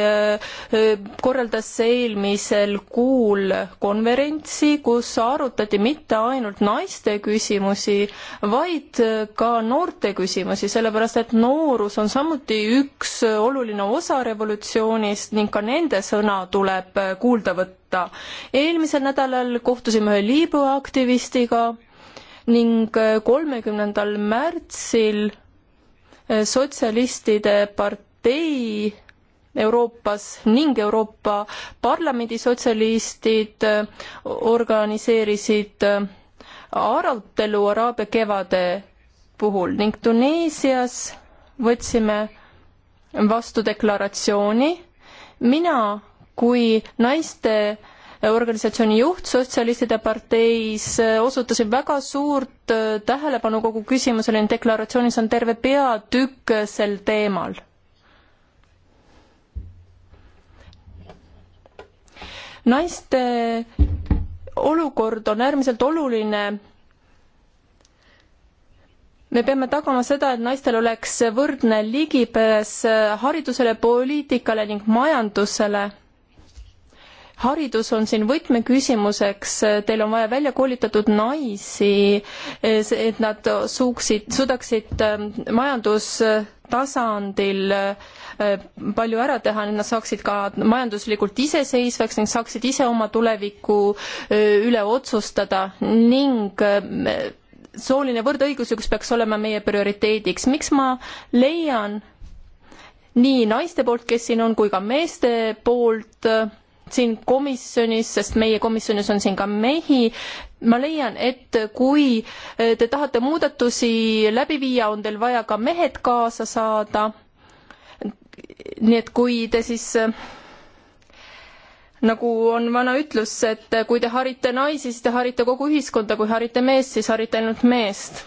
korraldas eelmisel kuul konverentsi, kus arutati mitte ainult naiste küsimusi, vaid ka noorte küsimusi, sellepärast et noorus on samuti üks oluline osa revolutsioonist ning ka nende sõna tuleb kuulda võtta võtta. eelmisel nädalal kohtusime ühe Liibüa aktivistiga ning äh, kolmekümnendal märtsil äh, sotsialistide partei Euroopas ning Euroopa Parlamendi sotsialistid äh, organiseerisid arutelu Araabia kevade puhul ning Tuneesias võtsime vastu deklaratsiooni. mina kui naiste organisatsiooni juht Sotsialistide parteis äh, osutasin väga suurt äh, tähelepanu kogu küsimusele, deklaratsioonis on terve peatükk äh, sel teemal. naiste olukord on äärmiselt oluline me peame tagama seda, et naistel oleks võrdne ligipääs haridusele, poliitikale ning majandusele haridus on siin võtmeküsimuseks, teil on vaja välja koolitatud naisi, et nad suuksid, suudaksid ähm, majandustasandil äh, palju ära teha, et nad saaksid ka majanduslikult iseseisvaks ning saaksid ise oma tuleviku äh, üle otsustada ning äh, sooline võrdõiguslikkus peaks olema meie prioriteediks. miks ma leian nii naiste poolt, kes siin on, kui ka meeste poolt, siin komisjonis, sest meie komisjonis on siin ka mehi, ma leian, et kui e, te tahate muudatusi läbi viia, on teil vaja ka mehed kaasa saada. nii et kui te siis e, nagu on vana ütlus, et kui te harite naisi, siis te harite kogu ühiskonda, kui harite meest, siis harite ainult meest.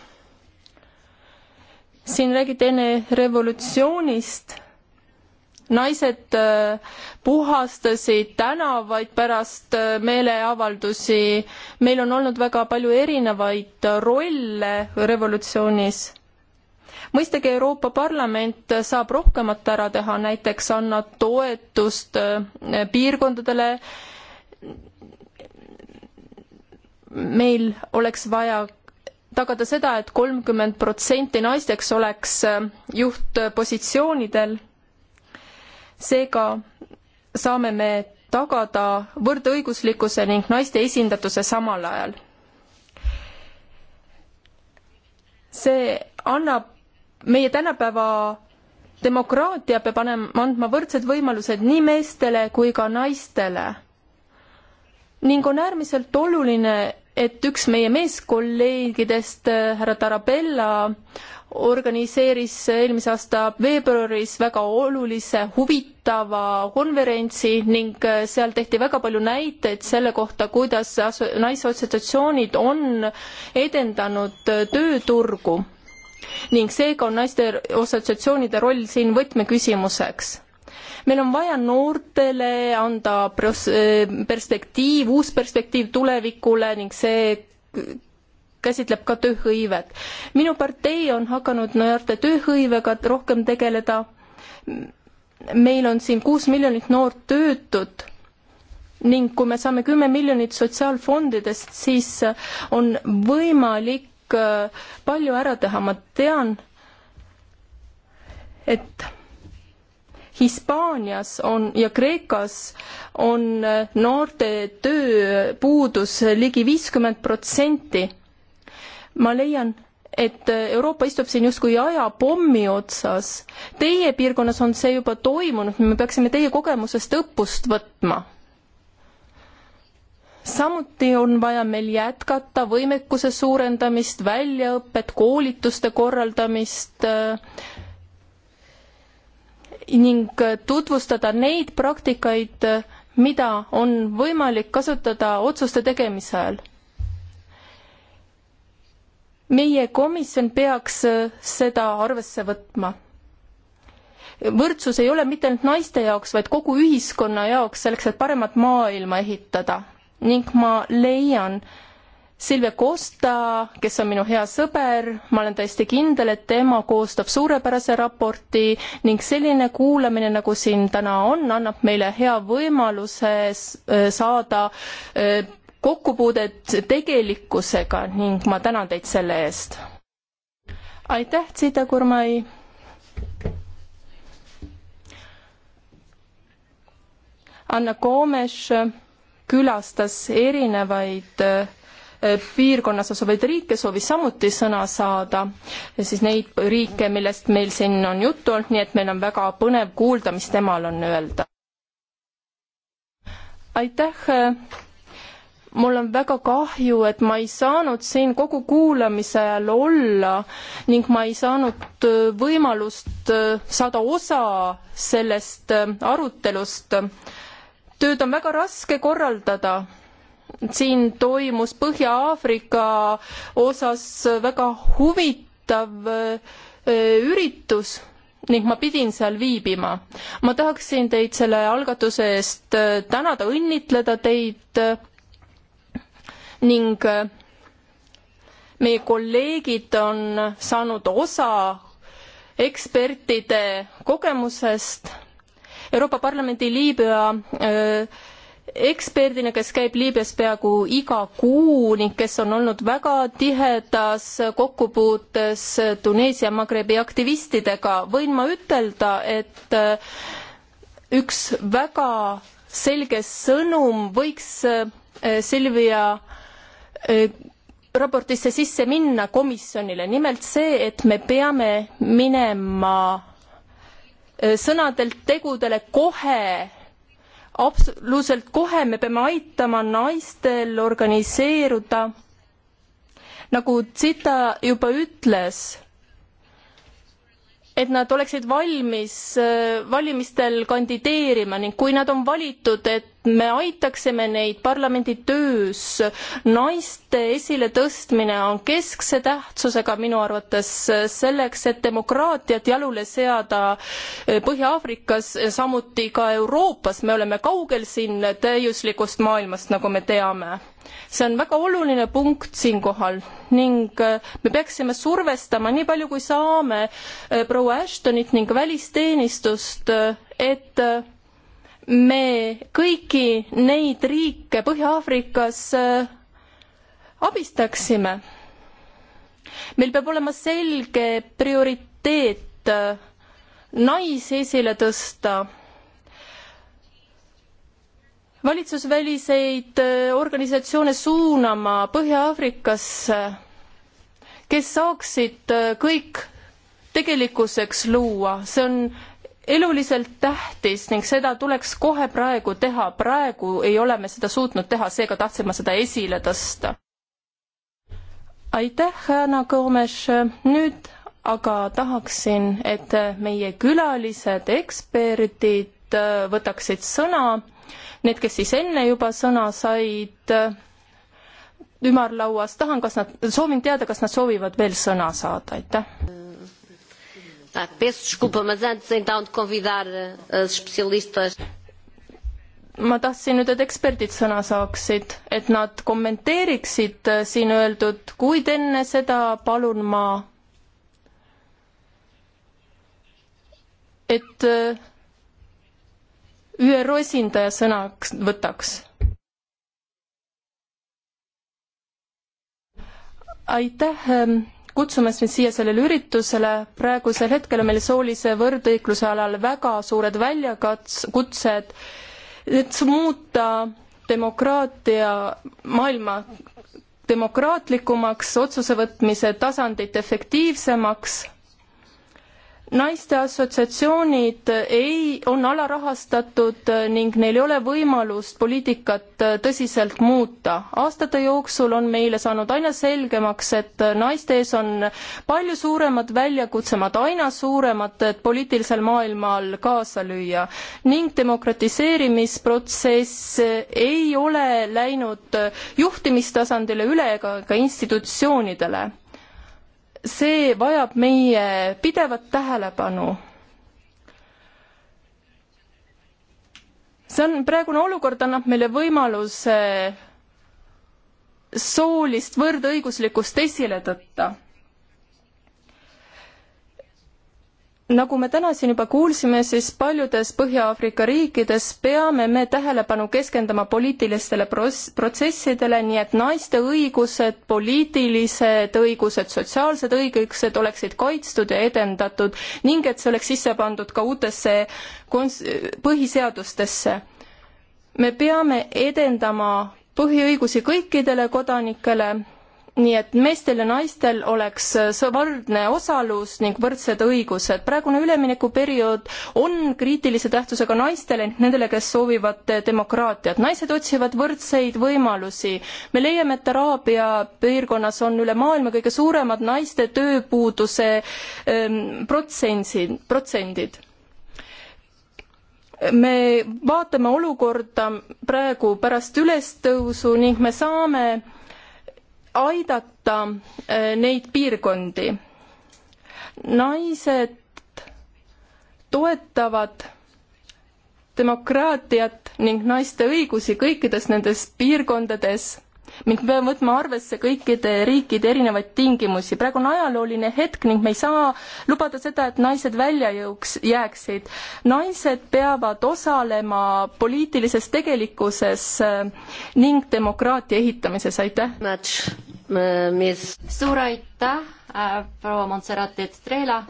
siin räägiti enne revolutsioonist naised äh, puhastasid tänavaid pärast äh, meeleavaldusi. meil on olnud väga palju erinevaid rolle revolutsioonis mõistagi Euroopa Parlament saab rohkemat ära teha, näiteks annab toetust äh, piirkondadele, meil oleks vaja tagada seda et, et kolmkümmend protsenti naisteks oleks juhtpositsioonidel seega saame me tagada võrdõiguslikkuse ning naiste esindatuse samal ajal. see annab meie tänapäeva demokraatia peab anema, andma võrdsed võimalused nii meestele kui ka naistele. ning on äärmiselt oluline, et üks meie meeskolleegidest, härra Tarabella, organiseeris eelmise aasta veebruaris väga olulise huvitava konverentsi ning äh, seal tehti väga palju näiteid selle kohta, kuidas naisassotsiatsioonid on edendanud äh, tööturgu. ning seega on naiste assotsiatsioonide roll siin võtmeküsimuseks meil on vaja noortele anda äh, perspektiiv, uus perspektiiv tulevikule ning see käsitleb ka tööhõivet. minu partei on hakanud noorte tööhõivega rohkem tegeleda. meil on siin kuus miljonit noort töötut ning kui me saame kümme miljonit sotsiaalfondidest, siis on võimalik äh, palju ära teha, ma tean, et Hispaanias on ja Kreekas on äh, noorte tööpuudus ligi viiskümmend protsenti ma leian, et Euroopa istub siin justkui ajapommi otsas. Teie piirkonnas on see juba toimunud, me peaksime teie kogemusest õppust võtma. samuti on vaja meil jätkata võimekuse suurendamist, väljaõpet, koolituste korraldamist äh, ning tutvustada neid praktikaid, mida on võimalik kasutada otsuste tegemise ajal meie komisjon peaks äh, seda arvesse võtma. võrdsus ei ole mitte ainult naiste jaoks, vaid kogu ühiskonna jaoks, selleks et paremat maailma ehitada. ning ma leian, Silvia Costa, kes on minu hea sõber, ma olen täiesti kindel, et tema koostab suurepärase raporti ning selline kuulamine, nagu siin täna on, annab meile hea võimaluse äh, saada äh, kokkupuudet tegelikkusega ning ma tänan teid selle eest. aitäh, Zita Kurmai. Anna Koomes külastas erinevaid äh, piirkonnas asuvaid riike soovis samuti sõna saada, siis neid riike, millest meil siin on juttu olnud, nii et meil on väga põnev kuulda, mis temal on öelda. aitäh äh, mul on väga kahju, et ma ei saanud siin kogu kuulamise ajal olla ning ma ei saanud äh, võimalust äh, saada osa sellest äh, arutelust. tööd on väga raske korraldada siin toimus Põhja-Aafrika osas väga huvitav üritus ning ma pidin seal viibima. ma tahaksin teid selle algatuse eest tänada, õnnitleda teid ning äh, meie kolleegid on saanud osa ekspertide kogemusest. Euroopa Parlamendi Liibüa äh, eksperdina, kes käib Liibüas peaaegu iga kuu ning kes on olnud väga tihedas kokkupuutes Tuneesia Magrebi aktivistidega, võin ma ütelda, et äh, üks väga selge sõnum võiks Silvia raportisse sisse minna komisjonile, nimelt see, et me peame minema sõnadelt tegudele kohe, absoluutselt kohe, me peame aitama naistel organiseeruda. nagu Zita juba ütles, et nad oleksid valmis valimistel kandideerima ning kui nad on valitud, et me aitaksime neid parlamendi töös. naiste esiletõstmine on keskse tähtsusega minu arvates selleks, et demokraatiat jalule seada Põhja-Aafrikas, samuti ka Euroopas, me oleme kaugel siin täiuslikust maailmast, nagu me teame see on väga oluline punkt siinkohal ning me peaksime survestama nii palju, kui saame proua Ashtonit ning välisteenistust, et me kõiki neid riike Põhja-Aafrikas äh, abistaksime. meil peab olema selge prioriteet äh, naisi esile tõsta valitsusväliseid äh, organisatsioone suunama Põhja-Aafrikasse, kes saaksid kõik tegelikkuseks luua, see on eluliselt tähtis ning seda tuleks kohe praegu teha, praegu ei ole me seda suutnud teha, seega tahtsin ma seda esile tõsta. aitäh, Hanna Gomes, nüüd aga tahaksin, et meie külalised, eksperdid võtaksid sõna, need, kes siis enne juba sõna said ümarlauas, tahan, kas nad, soovin teada, kas nad soovivad veel sõna saada, aitäh Ah, peço desculpa, mas antes então de convidar eh, as especialistas. ma tahtsin nüüd, et eksperdid sõna saaksid, et nad kommenteeriksid eh, siin öeldud, kuid enne seda palun ma, et eh, ÜRO esindaja sõnaks võtaks aitäh ehm, kutsume sind siia sellele üritusele, praegusel hetkel on meil soolise võrdõigluse alal väga suured väljakutsed, et muuta demokraatia maailma demokraatlikumaks, otsuse võtmise tasandit efektiivsemaks naiste assotsiatsioonid ei, on alarahastatud ning neil ei ole võimalust poliitikat tõsiselt muuta. aastate jooksul on meile saanud aina selgemaks, et naiste ees on palju suuremad väljakutsemad, aina suuremad, et poliitilisel maailmal kaasa lüüa. ning demokratiseerimisprotsess ei ole läinud juhtimistasandile üle ega ka institutsioonidele see vajab meie pidevat tähelepanu. see on, praegune olukord annab meile võimaluse soolist võrdõiguslikkust esile tõtta nagu me täna siin juba kuulsime, siis paljudes Põhja-Aafrika riikides peame me tähelepanu keskenduma poliitilistele pros-, protsessidele, nii et naiste õigused, poliitilised õigused, sotsiaalsed õigused oleksid kaitstud ja edendatud ning et see oleks sisse pandud ka uutesse kons-, põhiseadustesse. me peame edendama põhiõigusi kõikidele kodanikele nii et meestel ja naistel oleks äh, võrdne osalus ning võrdsed õigused. praegune üleminekuperiood on kriitilise tähtsusega naistele, nendele, kes soovivad äh, demokraatiat. naised otsivad võrdseid võimalusi. me leiame, et Araabia piirkonnas on üle maailma kõige suuremad naiste tööpuuduse ähm, protsentsid, protsendid me vaatame olukorda praegu pärast ülestõusu ning me saame aidata äh, neid piirkondi. naised toetavad demokraatiat ning naiste õigusi kõikides nendes piirkondades ning me peame võtma arvesse kõikide riikide erinevaid tingimusi. praegu on ajalooline hetk ning me ei saa lubada seda, et naised välja jõuks, jääksid. naised peavad osalema poliitilises tegelikkuses äh, ning demokraatia ehitamises, aitäh! Äh, suur aitäh, äh, proua Montserrat Estrela!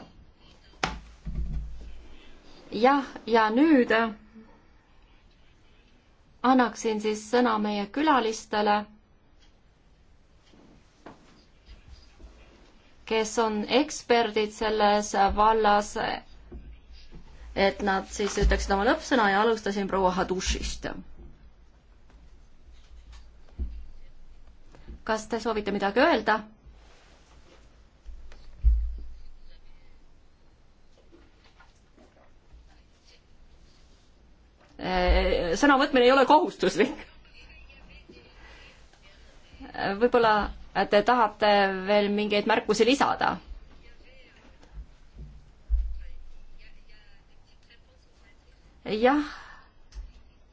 jah, ja nüüd annaksin siis sõna meie külalistele kes on eksperdid selles vallas, et nad siis ütleksid oma lõppsõna ja alustasin proua Hadushist. kas te soovite midagi öelda? sõnavõtmine ei ole kohustuslik. võib-olla Te tahate veel mingeid märkusi lisada? jah,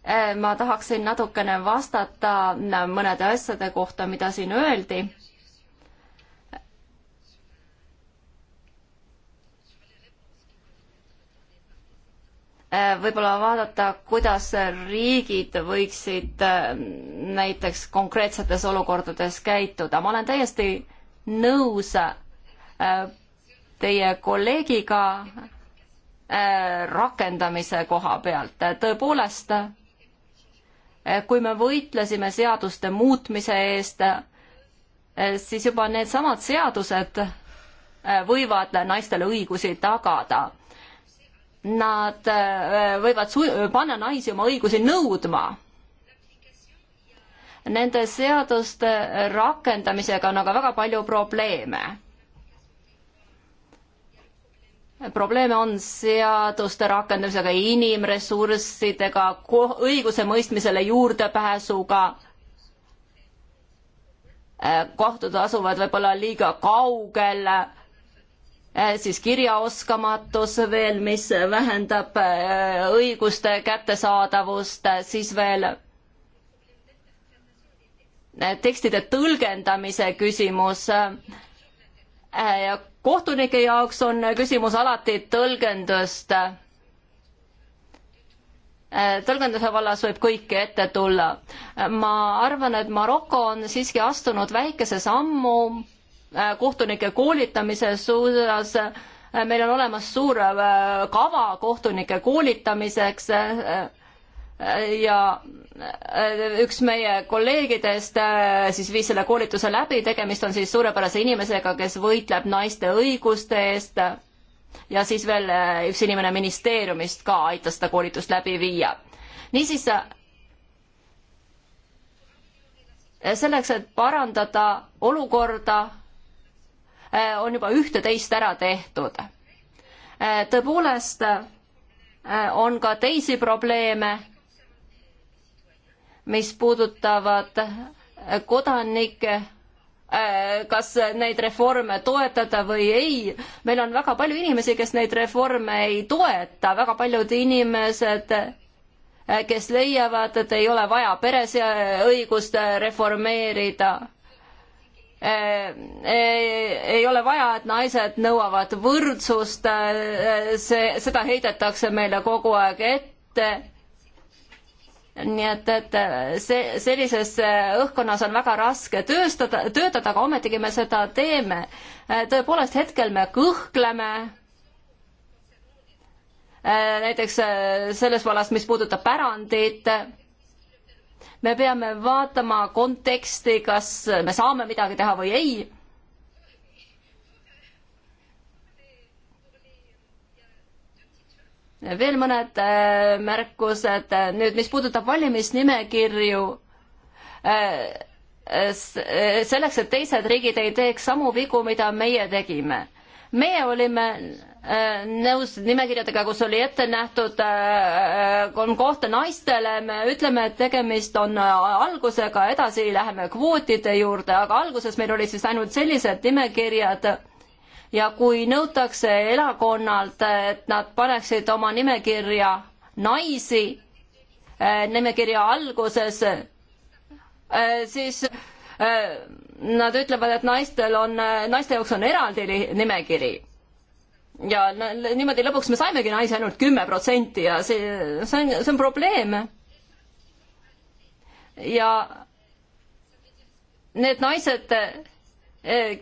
eh, ma tahaksin natukene vastata mõnede asjade kohta, mida siin öeldi Äh, võib-olla vaadata, kuidas riigid võiksid äh, näiteks konkreetsetes olukordades käituda. ma olen täiesti nõus äh, teie kolleegiga rakendamise koha pealt. tõepoolest, kui me võitlesime seaduste muutmise eest, siis juba needsamad seadused võivad naistele õigusi tagada nad äh, võivad panna naisi oma õigusi nõudma. Nende seaduste rakendamisega on aga väga palju probleeme. probleeme on seaduste rakendamisega, inimressurssidega, õigusemõistmisele juurdepääsuga äh, kohtud asuvad võib-olla liiga kaugel Äh, siis kirjaoskamatus veel, mis vähendab äh, õiguste kättesaadavust, äh, siis veel tekstide tõlgendamise küsimus. kohtunike jaoks on küsimus alati tõlgendust. tõlgenduse vallas võib kõike ette tulla. ma arvan, et Maroko on siiski astunud väikese sammu Äh, kohtunike koolitamise suunas. Äh, meil on olemas suur äh, kava kohtunike koolitamiseks ja üks meie kolleegidest siis viis selle koolituse läbi, tegemist on siis suurepärase inimesega, kes võitleb naiste õiguste eest ja siis veel üks inimene ministeeriumist ka aitas seda koolitust läbi viia. niisiis selleks, et parandada olukorda Äh, on juba ühte-teist ära tehtud. Äh, tõepoolest äh, on ka teisi probleeme, mis puudutavad kodanikke, kas neid reforme toetada või ei. meil on väga palju inimesi, kes neid reforme ei toeta, väga paljud inimesed kes leiavad, et ei ole vaja pereõigust reformeerida Äh, äh, ei ole vaja, et naised nõuavad võrdsust, äh, see, seda heidetakse meile kogu aeg ette. nii et, et see, sellises õhkkonnas on väga raske tööstada, töötada, aga ometigi me seda teeme. tõepoolest, hetkel me kõhkleme näiteks selles vallas, mis puudutab pärandit me peame vaatama konteksti, kas me saame midagi teha või ei veel mõned äh, märkused nüüd, mis puudutab valimisnimekirju. Äh, selleks, et teised riigid ei teeks samu vigu, mida meie tegime. meie olime nõus nimekirjadega, kus oli ette nähtud äh, äh, kolm kohta naistele, me ütleme, et tegemist on äh, algusega, edasi läheme kvootide juurde, aga alguses meil olid siis ainult sellised nimekirjad ja kui nõutakse erakonnalt, et nad paneksid oma nimekirja naisi nimekirja alguses, siis nad ütlevad, et naistel on, naiste jaoks on eraldi nimekiri ja niimoodi lõpuks me saimegi naisi ainult kümme protsenti ja see, see on, see on probleem. ja need naised,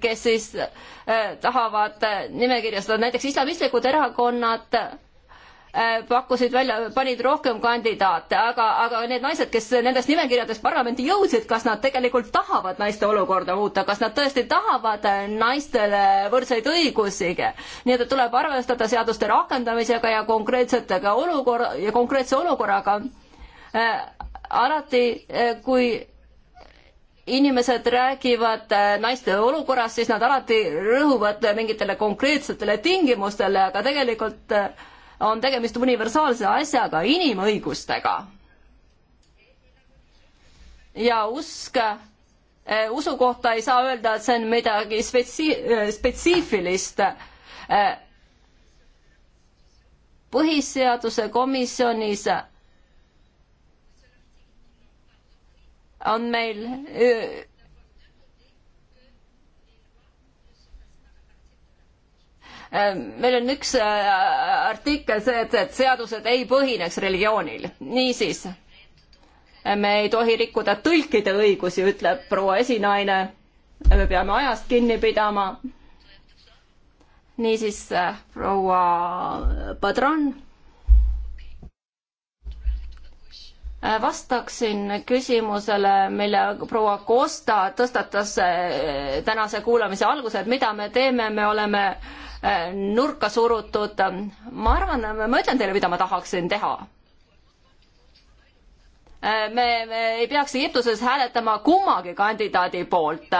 kes siis eh, tahavad eh, nimekirjastada näiteks islamistlikud erakonnad Äh, pakkusid välja, panid rohkem kandidaate, aga, aga need naised, kes nendest nimekirjadest parlamenti jõudsid, kas nad tegelikult tahavad naiste olukorda muuta, kas nad tõesti tahavad naistele võrdseid õigusi? nii et tuleb arvestada seaduste rakendamisega ja konkreetsetega olukorra ja konkreetse olukorraga. Äh, alati, äh, kui inimesed räägivad naiste olukorrast, siis nad alati rõhuvad mingitele konkreetsetele tingimustele, aga tegelikult äh, on tegemist universaalse asjaga, inimõigustega. ja usk, eh, usu kohta ei saa öelda, et see on midagi spetsi-, eh, spetsiifilist. Eh, põhiseaduse komisjonis on meil Ehm, meil on üks äh, artikkel see, et, et seadused ei põhineks religioonil. niisiis, me ei tohi rikkuda tõlkide õigusi, ütleb proua esinaine. me peame ajast kinni pidama. niisiis, äh, proua Padron äh, vastaksin küsimusele, mille proua Costa tõstatas tänase kuulamise alguses, et mida me teeme, me oleme nurka surutud. ma arvan, ma ütlen teile, mida ma tahaksin teha me, me ei peaks Egiptuses hääletama kummagi kandidaadi poolt.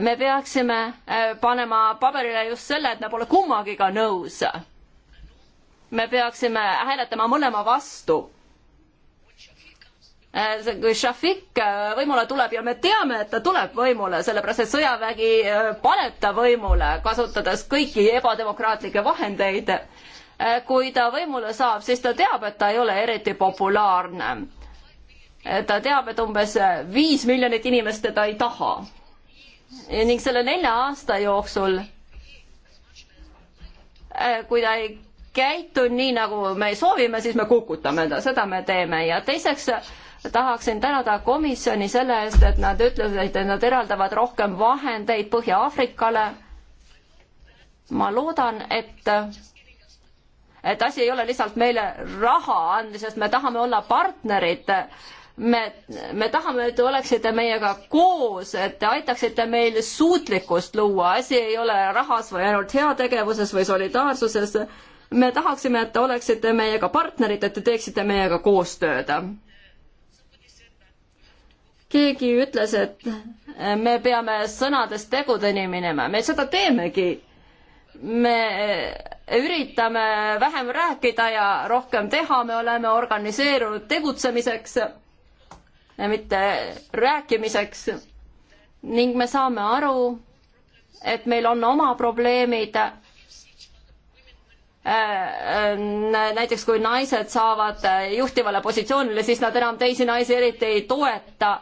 me peaksime eh, panema paberile just selle, et me pole kummagiga nõus. me peaksime hääletama mõlema vastu kui äh, Šafik äh, võimule tuleb ja me teame, et ta tuleb võimule, sellepärast et sõjavägi äh, paneb ta võimule, kasutades kõiki ebademokraatlikke vahendeid. kui ta võimule saab, siis ta teab, et ta ei ole eriti populaarne. ta teab, et umbes viis miljonit inimest teda ei taha. ning selle nelja aasta jooksul, kui ta ei käitu nii, nagu me soovime, siis me kukutame ta, seda me teeme ja teiseks tahaksin tänada komisjoni selle eest, et nad ütlesid, et nad eraldavad rohkem vahendeid Põhja-Aafrikale. ma loodan, et, et asi ei ole lihtsalt meile raha andmisest, me tahame olla partnerid. me, me tahame, et te oleksite meiega koos, et te aitaksite meil suutlikkust luua, asi ei ole rahas või ainult heategevuses või solidaarsuses me tahaksime, et te oleksite meiega partnerid, et te teeksite meiega koostööd keegi ütles, et äh, me peame sõnadest tegudeni minema, me seda teemegi. me äh, üritame vähem rääkida ja rohkem teha, me oleme organiseerunud tegutsemiseks, äh, mitte rääkimiseks. ning me saame aru, et meil on oma probleemid näiteks kui naised saavad juhtivale positsioonile, siis nad enam teisi naisi eriti ei toeta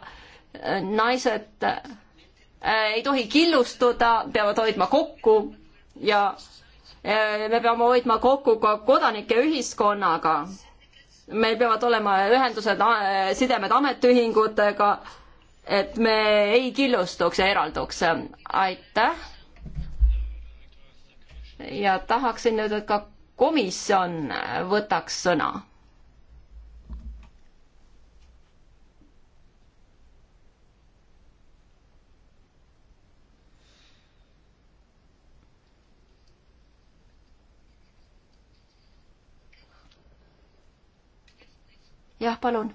naised äh, ei tohi killustuda, peavad hoidma kokku ja äh, me peame hoidma kokku ka kodanike ühiskonnaga. meil peavad olema ühendused, äh, sidemed ametiühingutega, et me ei killustuks ja eralduks. aitäh. ja tahaksin nüüd, et ka komisjon võtaks sõna jah, palun